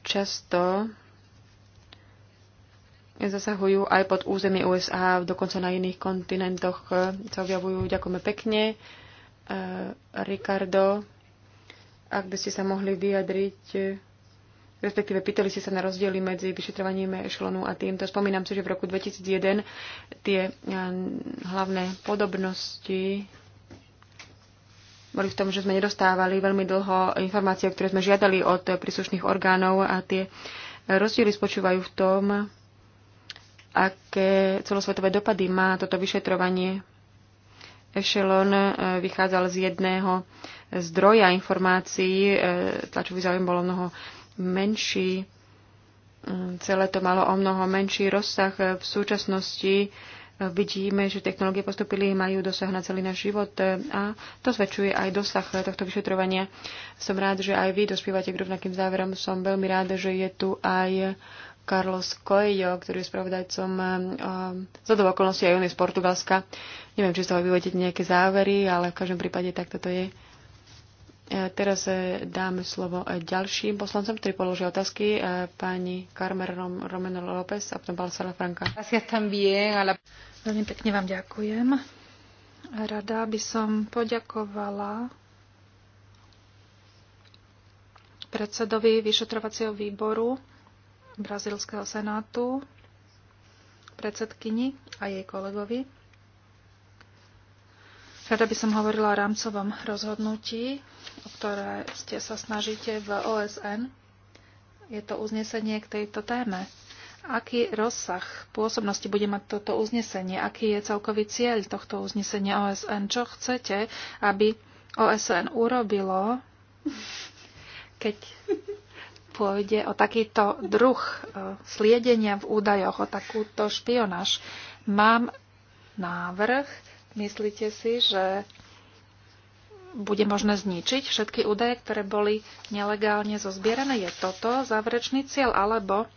Často zasahujú aj pod územie USA, dokonca na iných kontinentoch e, sa objavujú. Ďakujeme pekne. E, Ricardo, ak by ste sa mohli vyjadriť, e, respektíve pýtali ste sa na rozdiely medzi vyšetrovaním ešlonu a týmto. Spomínam si, že v roku 2001 tie hlavné podobnosti boli v tom, že sme nedostávali veľmi dlho informácie, ktoré sme žiadali od príslušných orgánov a tie rozdiely spočívajú v tom, aké celosvetové dopady má toto vyšetrovanie. Echelon e, vychádzal z jedného zdroja informácií, e, tlačový záujem bolo mnoho menší, e, celé to malo o mnoho menší rozsah. V súčasnosti vidíme, že technológie postupili, majú dosah na celý náš život a to zväčšuje aj dosah tohto vyšetrovania. Som rád, že aj vy dospívate k rovnakým záverom. Som veľmi rád, že je tu aj Carlos Coelho, ktorý je spravodajcom eh, eh, za do okolností aj on je z Portugalska. Neviem, či z toho vyvodíte nejaké závery, ale v každom prípade takto to je. Eh, teraz dáme slovo ďalším poslancom, ktorí položia otázky. Pani Carmen Rom- Romeno López a potom Balsala Franka. Veľmi pekne vám ďakujem. Rada by som poďakovala predsedovi vyšetrovacieho výboru Brazilského senátu, predsedkyni a jej kolegovi. Rada by som hovorila o rámcovom rozhodnutí, o ktoré ste sa snažíte v OSN. Je to uznesenie k tejto téme. Aký rozsah pôsobnosti bude mať toto uznesenie? Aký je celkový cieľ tohto uznesenia OSN? Čo chcete, aby OSN urobilo, keď pôjde o takýto druh e, sliedenia v údajoch, o takúto špionáž. Mám návrh. Myslíte si, že bude možné zničiť všetky údaje, ktoré boli nelegálne zozbierané? Je toto záverečný cieľ? Alebo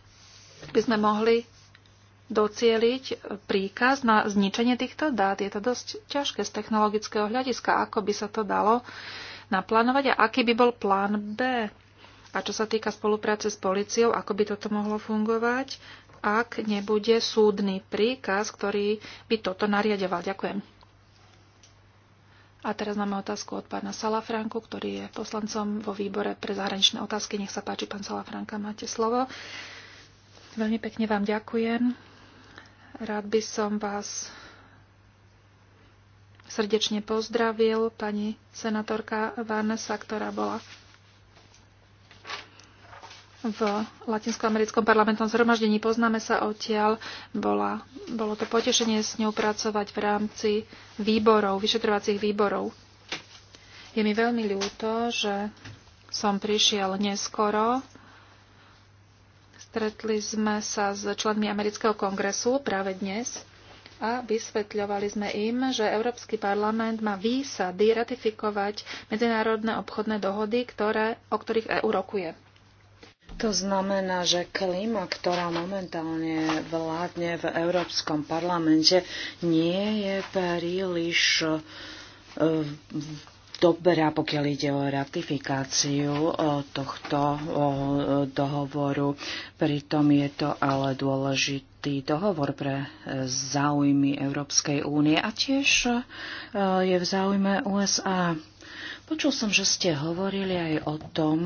by sme mohli docieliť príkaz na zničenie týchto dát? Je to dosť ťažké z technologického hľadiska. Ako by sa to dalo naplánovať a aký by bol plán B? A čo sa týka spolupráce s policiou, ako by toto mohlo fungovať, ak nebude súdny príkaz, ktorý by toto nariadoval. Ďakujem. A teraz máme otázku od pána Salafranku, ktorý je poslancom vo výbore pre zahraničné otázky. Nech sa páči, pán Salafranka, máte slovo. Veľmi pekne vám ďakujem. Rád by som vás srdečne pozdravil, pani senatorka Vanessa, ktorá bola v Latinskoamerickom parlamentnom zhromaždení. Poznáme sa odtiaľ. Bola, bolo to potešenie s ňou pracovať v rámci výborov, vyšetrovacích výborov. Je mi veľmi ľúto, že som prišiel neskoro. Stretli sme sa s členmi Amerického kongresu práve dnes a vysvetľovali sme im, že Európsky parlament má výsady ratifikovať medzinárodné obchodné dohody, ktoré, o ktorých EU rokuje. To znamená, že klíma, ktorá momentálne vládne v Európskom parlamente, nie je príliš eh, dobrá, pokiaľ ide o ratifikáciu eh, tohto eh, dohovoru. Pritom je to ale dôležitý dohovor pre záujmy Európskej únie a tiež je v záujme USA. Počul som, že ste hovorili aj o tom,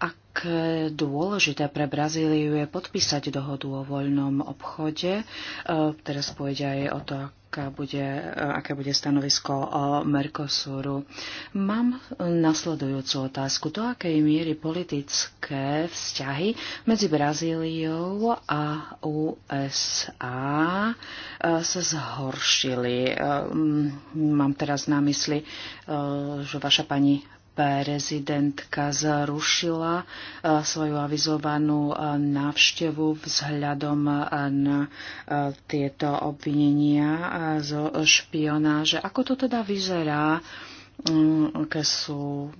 aké dôležité pre Brazíliu je podpísať dohodu o voľnom obchode. E, teraz pôjde aj o to, aká bude, e, aké bude stanovisko o Mercosuru. Mám nasledujúcu otázku. Do akej miery politické vzťahy medzi Brazíliou a USA e, sa zhoršili? Mám teraz na mysli, že vaša pani prezidentka zrušila e, svoju avizovanú e, návštevu vzhľadom e, na tieto obvinenia zo špionáže. Ako to teda vyzerá, aké mm, sú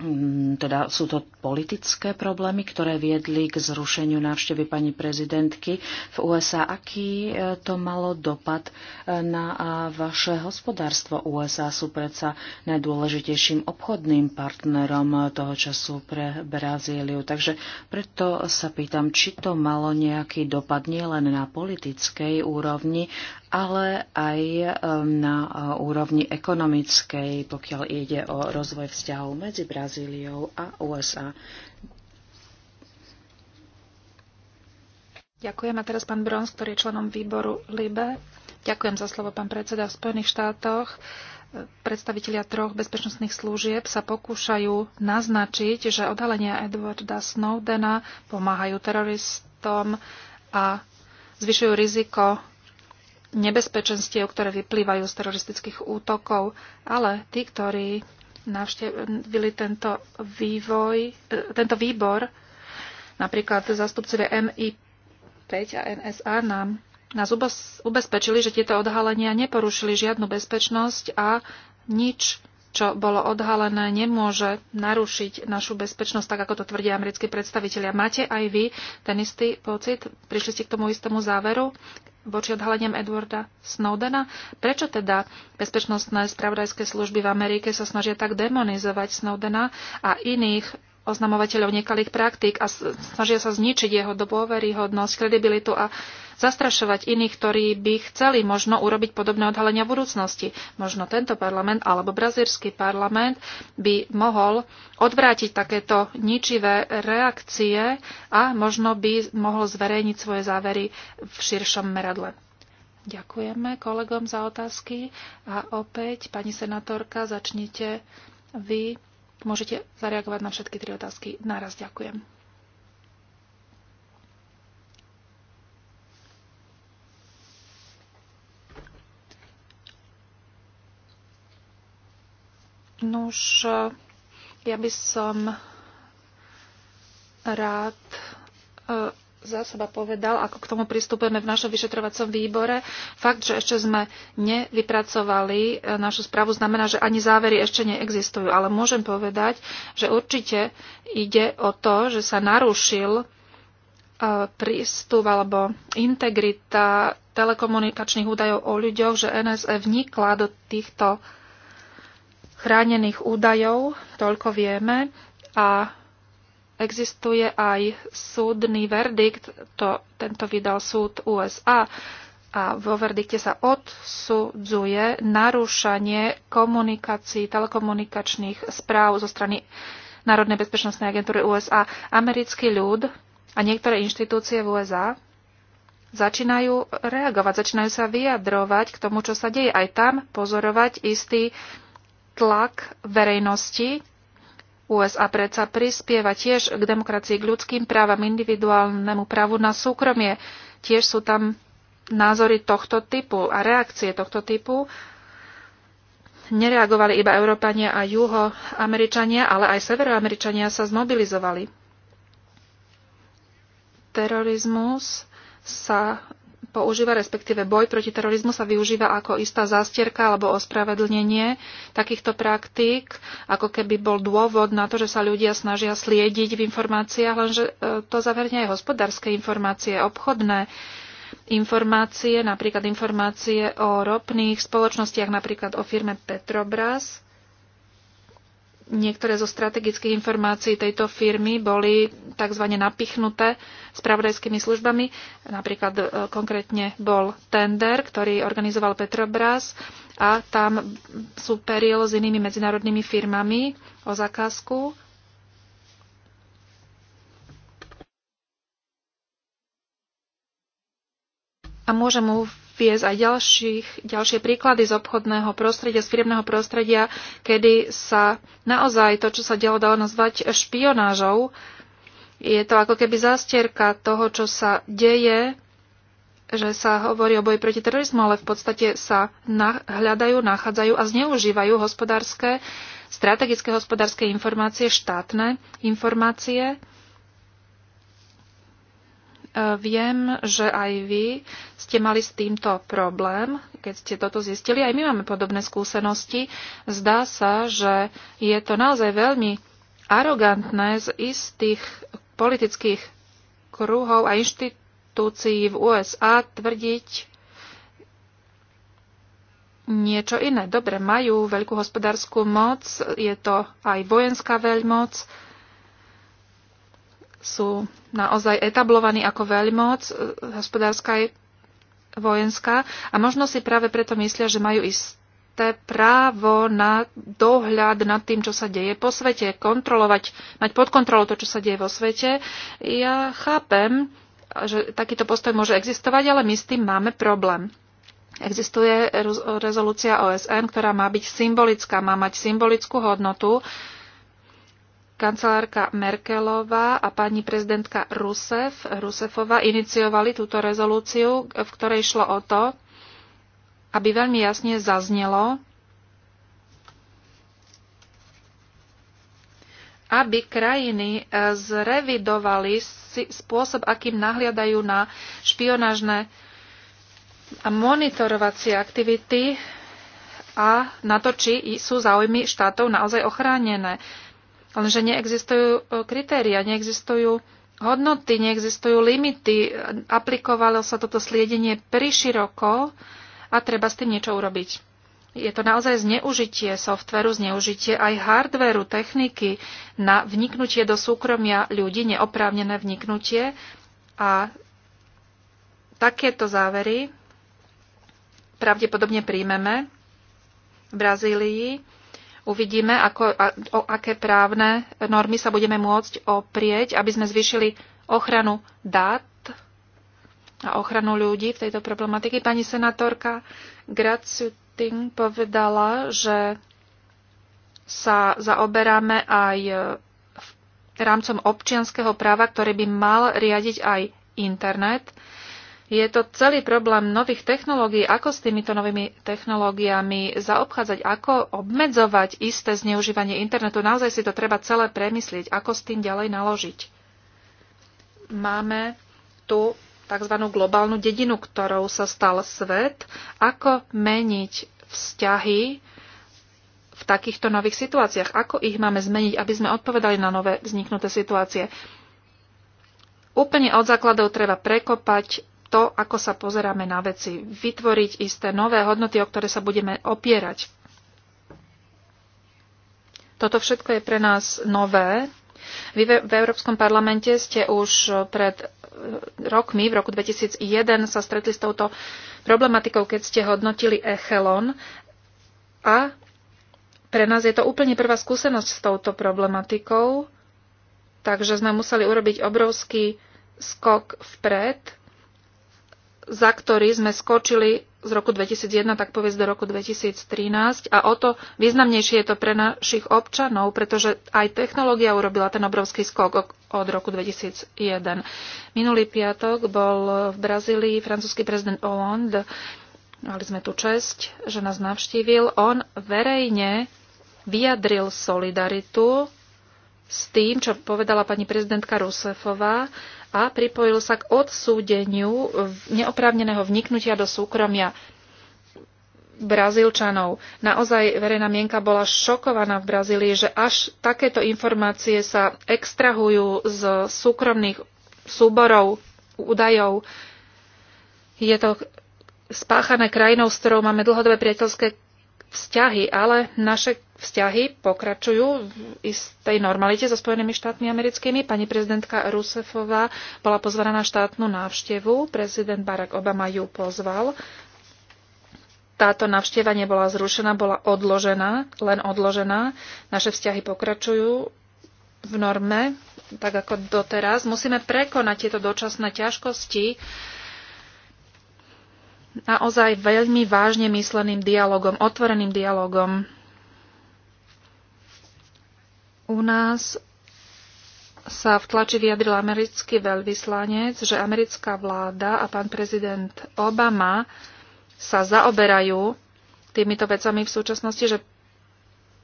Mm, teda sú to politické problémy, ktoré viedli k zrušeniu návštevy pani prezidentky v USA. Aký e, to malo dopad e, na vaše hospodárstvo? USA sú predsa najdôležitejším obchodným partnerom e, toho času pre Brazíliu. Takže preto sa pýtam, či to malo nejaký dopad nielen na politickej úrovni, ale aj um, na uh, úrovni ekonomickej, pokiaľ ide o rozvoj vzťahov medzi Brazíliou a USA. Ďakujem. A teraz pán Brons, ktorý je členom výboru LIBE. Ďakujem za slovo, pán predseda. V Spojených štátoch eh, predstavitelia troch bezpečnostných služieb sa pokúšajú naznačiť, že odhalenia Edwarda Snowdena pomáhajú teroristom a zvyšujú riziko nebezpečenstiev, ktoré vyplývajú z teroristických útokov, ale tí, ktorí navštívili tento vývoj, e, tento výbor, napríklad zastupcovia MI5 a NSA nám nás ubezpečili, že tieto odhalenia neporušili žiadnu bezpečnosť a nič čo bolo odhalené, nemôže narušiť našu bezpečnosť, tak ako to tvrdia americkí predstavitelia. Máte aj vy ten istý pocit? Prišli ste k tomu istému záveru voči odhaleniam Edwarda Snowdena? Prečo teda bezpečnostné spravodajské služby v Amerike sa snažia tak demonizovať Snowdena a iných oznamovateľov nekalých praktík a snažia sa zničiť jeho dôveryhodnosť, kredibilitu a zastrašovať iných, ktorí by chceli možno urobiť podobné odhalenia v budúcnosti. Možno tento parlament alebo brazírsky parlament by mohol odvrátiť takéto ničivé reakcie a možno by mohol zverejniť svoje závery v širšom meradle. Ďakujeme kolegom za otázky a opäť, pani senatorka, začnite vy Môžete zareagovať na všetky tri otázky. Naraz ďakujem. Nuž, ja by som rád e, za seba povedal, ako k tomu pristupujeme v našom vyšetrovacom výbore. Fakt, že ešte sme nevypracovali e, našu správu, znamená, že ani závery ešte neexistujú. Ale môžem povedať, že určite ide o to, že sa narušil e, prístup alebo integrita telekomunikačných údajov o ľuďoch, že NSE vnikla do týchto chránených údajov, toľko vieme, a existuje aj súdny verdikt, to, tento vydal súd USA a vo verdikte sa odsudzuje narúšanie komunikácií, telekomunikačných správ zo strany Národnej bezpečnostnej agentúry USA. Americký ľud a niektoré inštitúcie v USA začínajú reagovať, začínajú sa vyjadrovať k tomu, čo sa deje. Aj tam pozorovať istý tlak verejnosti USA predsa prispieva tiež k demokracii, k ľudským právam, individuálnemu právu na súkromie. Tiež sú tam názory tohto typu a reakcie tohto typu. Nereagovali iba Európania a Juhoameričania, ale aj Severoameričania sa zmobilizovali. Terorizmus sa používa, respektíve boj proti terorizmu sa využíva ako istá zástierka alebo ospravedlnenie takýchto praktík, ako keby bol dôvod na to, že sa ľudia snažia sliediť v informáciách, lenže e, to zahrňa aj hospodárske informácie, obchodné informácie, napríklad informácie o ropných spoločnostiach, napríklad o firme Petrobras, niektoré zo strategických informácií tejto firmy boli tzv. napichnuté spravodajskými službami. Napríklad e, konkrétne bol tender, ktorý organizoval Petrobras a tam superil s inými medzinárodnými firmami o zakázku. A môžem Pies a ďalších, ďalšie príklady z obchodného prostredia, z firmného prostredia, kedy sa naozaj to, čo sa dialo, dalo nazvať špionážou. Je to ako keby zástierka toho, čo sa deje, že sa hovorí o boji proti terorizmu, ale v podstate sa hľadajú, nachádzajú a zneužívajú hospodárske, strategické hospodárske informácie, štátne informácie, E, viem, že aj vy ste mali s týmto problém, keď ste toto zistili. Aj my máme podobné skúsenosti. Zdá sa, že je to naozaj veľmi arogantné z istých politických kruhov a inštitúcií v USA tvrdiť niečo iné. Dobre, majú veľkú hospodárskú moc, je to aj vojenská veľmoc, sú naozaj etablovaní ako veľmoc, e, hospodárska aj vojenská, a možno si práve preto myslia, že majú isté právo na dohľad nad tým, čo sa deje po svete, kontrolovať, mať pod kontrolou to, čo sa deje vo svete. Ja chápem, že takýto postoj môže existovať, ale my s tým máme problém. Existuje rezolúcia OSN, ktorá má byť symbolická, má mať symbolickú hodnotu, kancelárka Merkelová a pani prezidentka Rusev, Rusefova iniciovali túto rezolúciu, v ktorej šlo o to, aby veľmi jasne zaznelo, aby krajiny e, zrevidovali spôsob, akým nahliadajú na špionážne a monitorovacie aktivity a na to, či sú záujmy štátov naozaj ochránené lenže neexistujú e, kritéria, neexistujú hodnoty, neexistujú limity. Aplikovalo sa toto sliedenie priširoko a treba s tým niečo urobiť. Je to naozaj zneužitie softveru, zneužitie aj hardveru, techniky na vniknutie do súkromia ľudí, neoprávnené vniknutie. A takéto závery pravdepodobne príjmeme v Brazílii Uvidíme, ako, a, o aké právne normy sa budeme môcť oprieť, aby sme zvýšili ochranu dát a ochranu ľudí v tejto problematiky. Pani senátorka Gracutin povedala, že sa zaoberáme aj rámcom občianského práva, ktorý by mal riadiť aj internet. Je to celý problém nových technológií, ako s týmito novými technológiami zaobchádzať, ako obmedzovať isté zneužívanie internetu. Naozaj si to treba celé premyslieť, ako s tým ďalej naložiť. Máme tu tzv. globálnu dedinu, ktorou sa stal svet, ako meniť vzťahy v takýchto nových situáciách, ako ich máme zmeniť, aby sme odpovedali na nové vzniknuté situácie. Úplne od základov treba prekopať to, ako sa pozeráme na veci. Vytvoriť isté nové hodnoty, o ktoré sa budeme opierať. Toto všetko je pre nás nové. Vy v Európskom parlamente ste už pred eh, rokmi, v roku 2001, sa stretli s touto problematikou, keď ste hodnotili Echelon. A pre nás je to úplne prvá skúsenosť s touto problematikou, takže sme museli urobiť obrovský skok vpred za ktorý sme skočili z roku 2001, tak povedz do roku 2013. A o to významnejšie je to pre našich občanov, pretože aj technológia urobila ten obrovský skok od roku 2001. Minulý piatok bol v Brazílii francúzsky prezident Hollande. Mali sme tu čest, že nás navštívil. On verejne vyjadril solidaritu s tým, čo povedala pani prezidentka Rusefová, a pripojil sa k odsúdeniu neoprávneného vniknutia do súkromia Brazílčanov. Naozaj verejná mienka bola šokovaná v Brazílii, že až takéto informácie sa extrahujú z súkromných súborov, údajov. Je to spáchané krajinou, s ktorou máme dlhodobé priateľské vzťahy, ale naše vzťahy pokračujú v istej normalite so Spojenými štátmi americkými. Pani prezidentka Rusefová bola pozvaná na štátnu návštevu. Prezident Barack Obama ju pozval. Táto návšteva nebola zrušená, bola odložená, len odložená. Naše vzťahy pokračujú v norme, tak ako doteraz. Musíme prekonať tieto dočasné ťažkosti, naozaj veľmi vážne mysleným dialogom, otvoreným dialogom. U nás sa v tlači vyjadril americký veľvyslanec, že americká vláda a pán prezident Obama sa zaoberajú týmito vecami v súčasnosti, že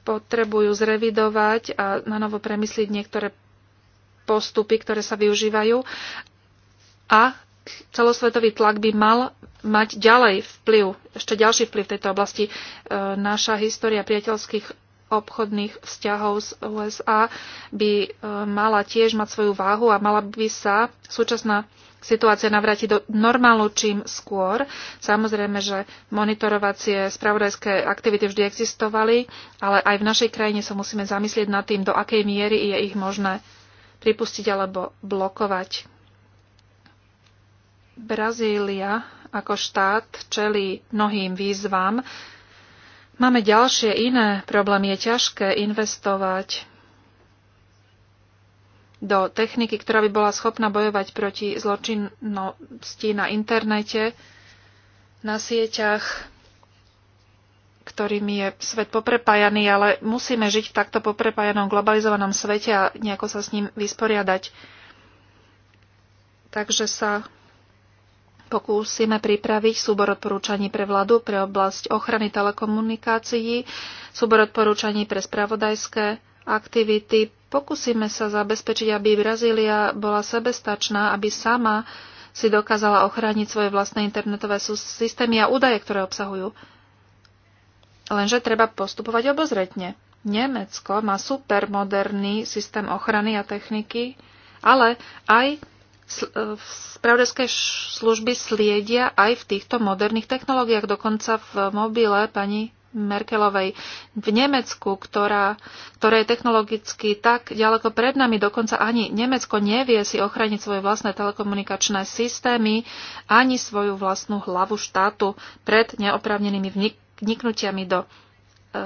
potrebujú zrevidovať a na novo premysliť niektoré postupy, ktoré sa využívajú a celosvetový tlak by mal mať ďalej vplyv, ešte ďalší vplyv v tejto oblasti. E, naša história priateľských obchodných vzťahov z USA by e, mala tiež mať svoju váhu a mala by sa súčasná situácia navráti do normálu čím skôr. Samozrejme, že monitorovacie spravodajské aktivity vždy existovali, ale aj v našej krajine sa musíme zamyslieť nad tým, do akej miery je ich možné pripustiť alebo blokovať. Brazília ako štát čelí mnohým výzvam. Máme ďalšie iné problémy. Je ťažké investovať do techniky, ktorá by bola schopná bojovať proti zločinnosti na internete, na sieťach, ktorými je svet poprepájaný, ale musíme žiť v takto poprepájanom globalizovanom svete a nejako sa s ním vysporiadať. Takže sa pokúsime pripraviť súbor odporúčaní pre vládu pre oblasť ochrany telekomunikácií, súbor odporúčaní pre spravodajské aktivity. Pokúsime sa zabezpečiť, aby Brazília bola sebestačná, aby sama si dokázala ochrániť svoje vlastné internetové systémy a údaje, ktoré obsahujú. Lenže treba postupovať obozretne. Nemecko má supermoderný systém ochrany a techniky, ale aj E, spravodajské služby sliedia aj v týchto moderných technológiách, dokonca v mobile pani Merkelovej v Nemecku, ktorá, ktoré je technologicky tak ďaleko pred nami, dokonca ani Nemecko nevie si ochraniť svoje vlastné telekomunikačné systémy, ani svoju vlastnú hlavu štátu pred neoprávnenými vniknutiami do e,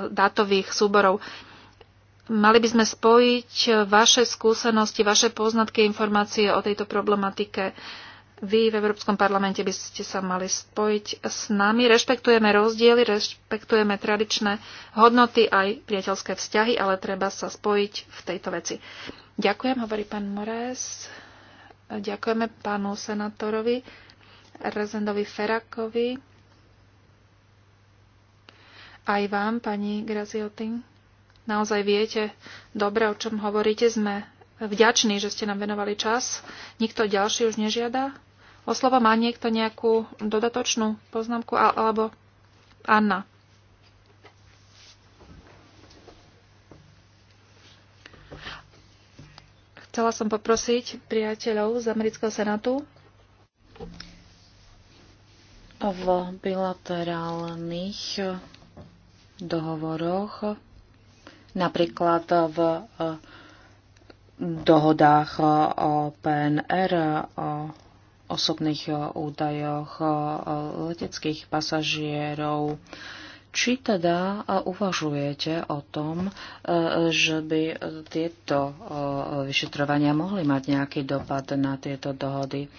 dátových súborov. E, Mali by sme spojiť vaše skúsenosti, vaše poznatky, informácie o tejto problematike. Vy v Európskom parlamente by ste sa mali spojiť s nami. Rešpektujeme rozdiely, rešpektujeme tradičné hodnoty aj priateľské vzťahy, ale treba sa spojiť v tejto veci. Ďakujem, hovorí pán Moraes. Ďakujeme pánu senátorovi Rezendovi Ferakovi. Aj vám, pani Graziotin naozaj viete dobre, o čom hovoríte. Sme vďační, že ste nám venovali čas. Nikto ďalší už nežiada. O slovo má niekto nejakú dodatočnú poznámku alebo Anna. Chcela som poprosiť priateľov z amerického senátu v bilaterálnych dohovoroch Napríklad v e, dohodách e, o PNR, e, o osobných údajoch leteckých pasažierov, či teda uvažujete o tom, e, že by tieto e, vyšetrovania mohli mať nejaký dopad na tieto dohody?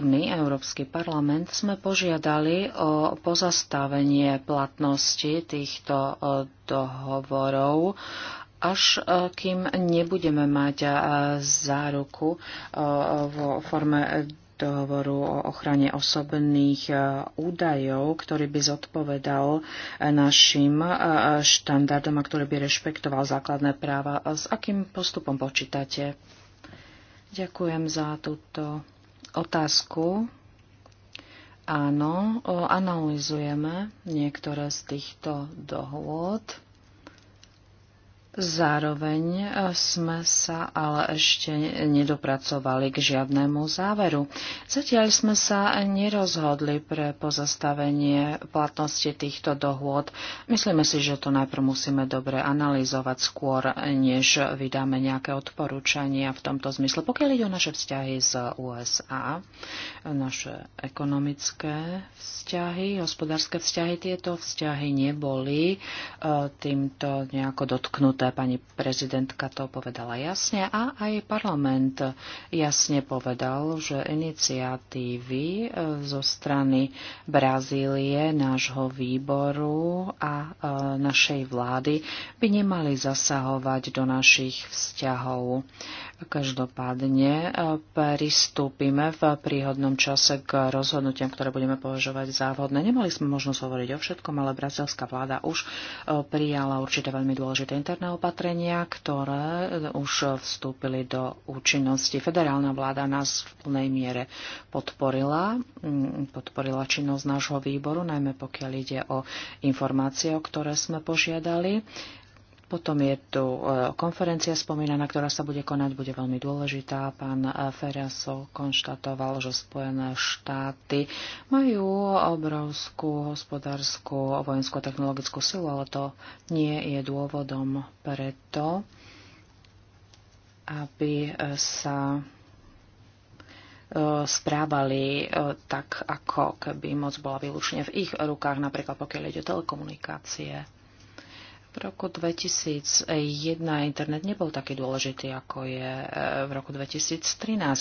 My, Európsky parlament, sme požiadali o pozastavenie platnosti týchto e, dohovorov až kým nebudeme mať záruku vo forme dohovoru o ochrane osobných e, údajov, ktorý by zodpovedal e, našim e, štandardom a ktorý by rešpektoval základné práva. S akým postupom počítate? Ďakujem za túto otázku. Áno, analyzujeme niektoré z týchto dohôd Zároveň e, sme sa ale ešte nedopracovali k žiadnemu záveru. Zatiaľ sme sa nerozhodli pre pozastavenie platnosti týchto dohôd. Myslíme si, že to najprv musíme dobre analyzovať skôr, než vydáme nejaké odporúčania v tomto zmysle. Pokiaľ ide o naše vzťahy z USA, naše ekonomické vzťahy, hospodárske vzťahy, tieto vzťahy neboli e, týmto nejako dotknuté teda Pani prezidentka to povedala jasne a aj parlament jasne povedal, že iniciatívy eh, zo strany Brazílie, nášho výboru a eh, našej vlády by nemali zasahovať do našich vzťahov. Každopádne e, pristúpime v príhodnom čase k rozhodnutiam, ktoré budeme považovať za vhodné. Nemali sme možnosť hovoriť o všetkom, ale brazilská vláda už e, prijala určité veľmi dôležité interné opatrenia, ktoré e, už vstúpili do účinnosti. Federálna vláda nás v plnej miere podporila, mm, podporila činnosť nášho výboru, najmä pokiaľ ide o informácie, o ktoré sme požiadali. Potom je tu e, konferencia spomínaná, ktorá sa bude konať, bude veľmi dôležitá. Pán e, Feriaso konštatoval, že Spojené štáty majú obrovskú hospodárskú, vojenskú a technologickú silu, ale to nie je dôvodom preto, aby e, sa správali tak, ako keby moc bola výlučne v ich rukách, napríklad pokiaľ ide o telekomunikácie. V roku 2001 internet nebol taký dôležitý, ako je e, v roku 2013.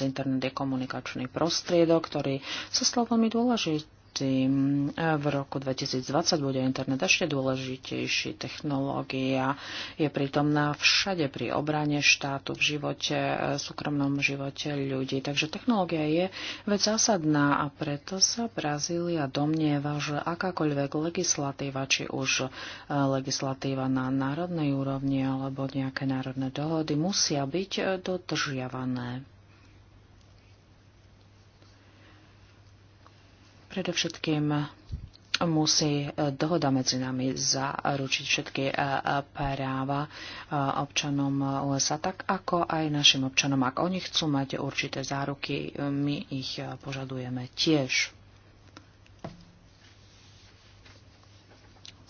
Internet je komunikačný prostriedok, ktorý sa stal veľmi dôležitý tým e, V roku 2020 bude internet ešte dôležitejší. Technológia je prítomná všade pri obrane štátu, v živote, e, súkromnom živote ľudí. Takže technológia je vec zásadná a preto sa Brazília domnieva, že akákoľvek legislatíva, či už e, legislatíva na národnej úrovni alebo nejaké národné dohody, musia byť dodržiavané. Predovšetkým musí dohoda medzi nami zaručiť všetky eh, práva eh, občanom USA, tak ako aj našim občanom. Ak oni chcú mať určité záruky, my ich eh, požadujeme tiež.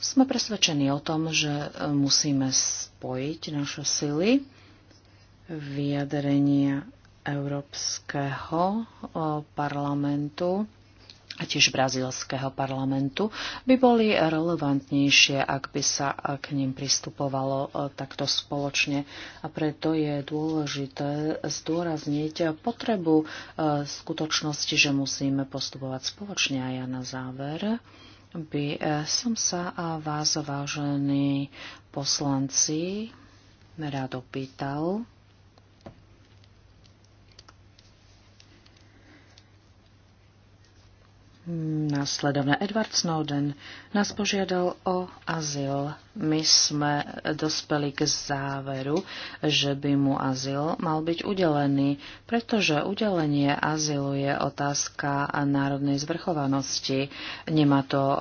Sme presvedčení o tom, že musíme spojiť naše sily vyjadrenia Európskeho parlamentu a tiež brazilského parlamentu, by boli relevantnejšie, ak by sa k ním pristupovalo e, takto spoločne. A preto je dôležité zdôrazniť potrebu e, skutočnosti, že musíme postupovať spoločne. A ja na záver by e, som sa vás, vážení poslanci, rád opýtal, Následovne Edward Snowden nás požiadal o azyl. My sme dospeli k záveru, že by mu azyl mal byť udelený, pretože udelenie azylu je otázka národnej zvrchovanosti. Nemá to e,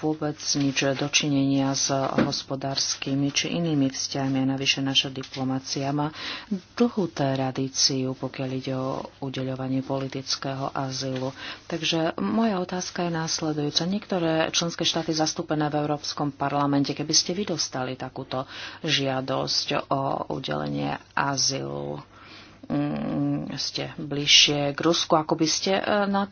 vôbec nič dočinenia s hospodárskymi či inými vzťahmi. A navyše naša diplomácia má dlhú tradíciu, pokiaľ ide o udeľovanie politického azylu. Takže moja otázka je následujúca. Niektoré členské štáty zastúpené v Európskom parlamente, keby ste vy dostali takúto žiadosť o udelenie azylu, mm, ste bližšie k Rusku, ako by ste eh, na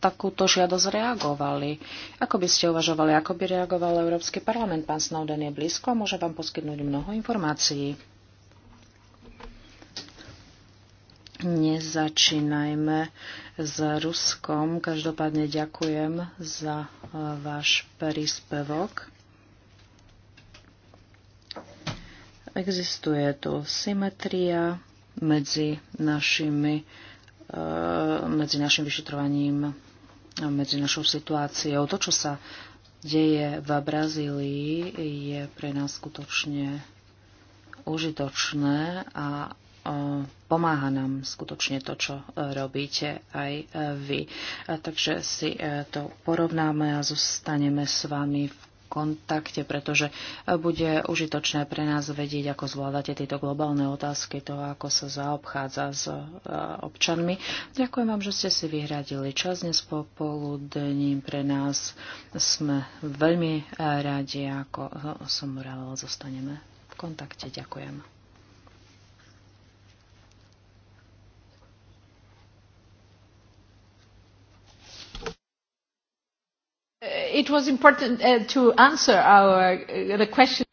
takúto žiadosť reagovali. Ako by ste uvažovali, ako by reagoval Európsky parlament? Pán Snowden je blízko a môže vám poskytnúť mnoho informácií. Nezačínajme s Ruskom. Každopádne ďakujem za e, váš príspevok. Existuje tu symetria medzi, našimi, e, medzi našim vyšetrovaním medzi našou situáciou. To, čo sa deje v Brazílii, je pre nás skutočne užitočné a e, pomáha nám skutočne to, čo e, robíte aj e, vy. Takže si to porovnáme a zostaneme s vami v kontakte, pretože bude užitočné pre nás vedieť, ako zvládate tieto globálne otázky, to, ako sa zaobchádza s e, občanmi. Ďakujem vám, že ste si vyhradili čas dnes popoludním pre nás. Sme veľmi e, radi, ako e, som Morelova, zostaneme v kontakte. Ďakujem. it was important uh, to answer our uh, the question.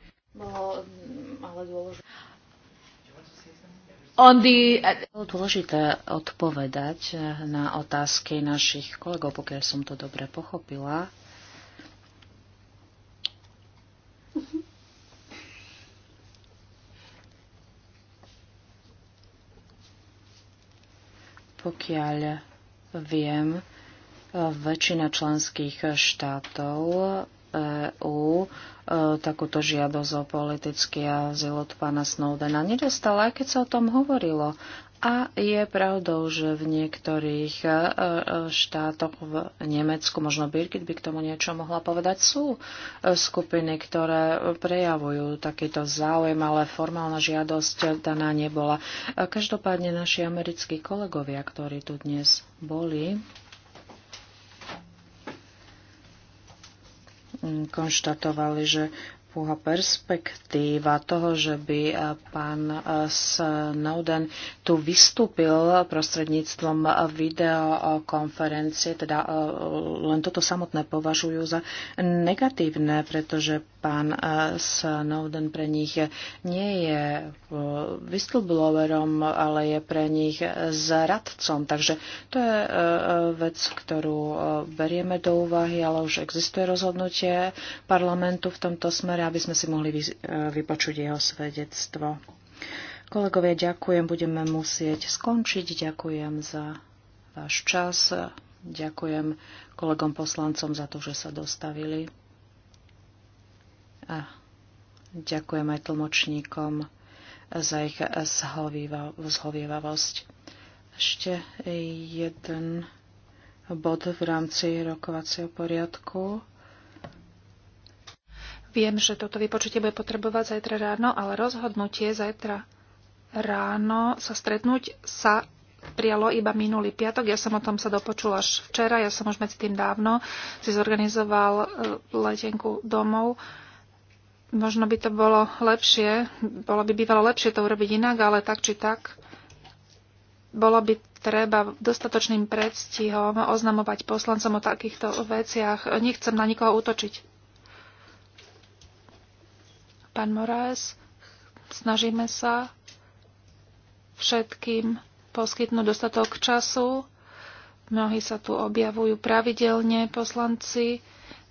On the... Uh, Bolo dôležité odpovedať uh, na otázky našich kolegov, pokiaľ som to dobre pochopila. Pokiaľ viem, Väčšina členských štátov EU e, takúto žiadosť o politický azyl od pána Snowdena nedostala, aj keď sa o tom hovorilo. A je pravdou, že v niektorých e, e, štátoch v Nemecku, možno Birgit by k tomu niečo mohla povedať, sú skupiny, ktoré prejavujú takýto záujem, ale formálna žiadosť daná nebola. Každopádne naši americkí kolegovia, ktorí tu dnes boli, Mm, konštatovali, že pouhá perspektíva toho, že by eh, pán eh, Snowden tu vystúpil prostredníctvom eh, videokonferencie, teda len toto samotné považujú za negatívne, pretože pán Snowden pre nich nie je whistleblowerom, ale je pre nich zradcom. Takže to je vec, ktorú berieme do úvahy, ale už existuje rozhodnutie parlamentu v tomto smere ale aby sme si mohli e, vypočuť jeho svedectvo. Kolegovia, ďakujem, budeme musieť skončiť. Ďakujem za váš čas. Ďakujem kolegom poslancom za to, že sa dostavili. A ďakujem aj tlmočníkom za ich zhovievavosť. Ešte jeden bod v rámci rokovacieho poriadku. Viem, že toto vypočutie bude potrebovať zajtra ráno, ale rozhodnutie zajtra ráno sa stretnúť sa prijalo iba minulý piatok. Ja som o tom sa dopočula až včera, ja som už medzi tým dávno si zorganizoval e, letenku domov. Možno by to bolo lepšie, bolo by bývalo lepšie to urobiť inak, ale tak či tak bolo by treba dostatočným predstihom oznamovať poslancom o takýchto veciach. Nechcem na nikoho útočiť. Pán Moraes, snažíme sa všetkým poskytnúť dostatok času. Mnohí sa tu objavujú pravidelne poslanci.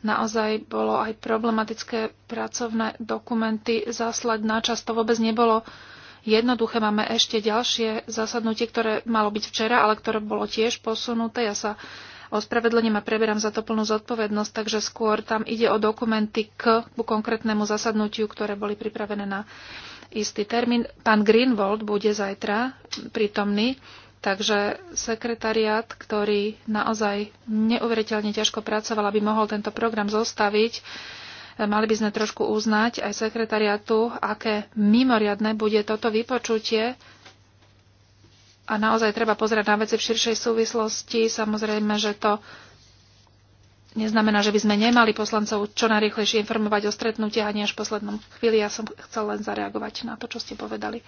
Naozaj bolo aj problematické pracovné dokumenty zaslať na čas. To vôbec nebolo jednoduché. Máme ešte ďalšie zasadnutie, ktoré malo byť včera, ale ktoré bolo tiež posunuté. Ja sa ospravedlením a preberám za to plnú zodpovednosť, takže skôr tam ide o dokumenty k konkrétnemu zasadnutiu, ktoré boli pripravené na istý termín. Pán Greenwald bude zajtra prítomný, takže sekretariat, ktorý naozaj neuveriteľne ťažko pracoval, aby mohol tento program zostaviť, mali by sme trošku uznať aj sekretariatu, aké mimoriadne bude toto vypočutie a naozaj treba pozerať na veci v širšej súvislosti. Samozrejme, že to neznamená, že by sme nemali poslancov čo najrýchlejšie informovať o stretnutiach, ani až v poslednom chvíli. Ja som chcel len zareagovať na to, čo ste povedali.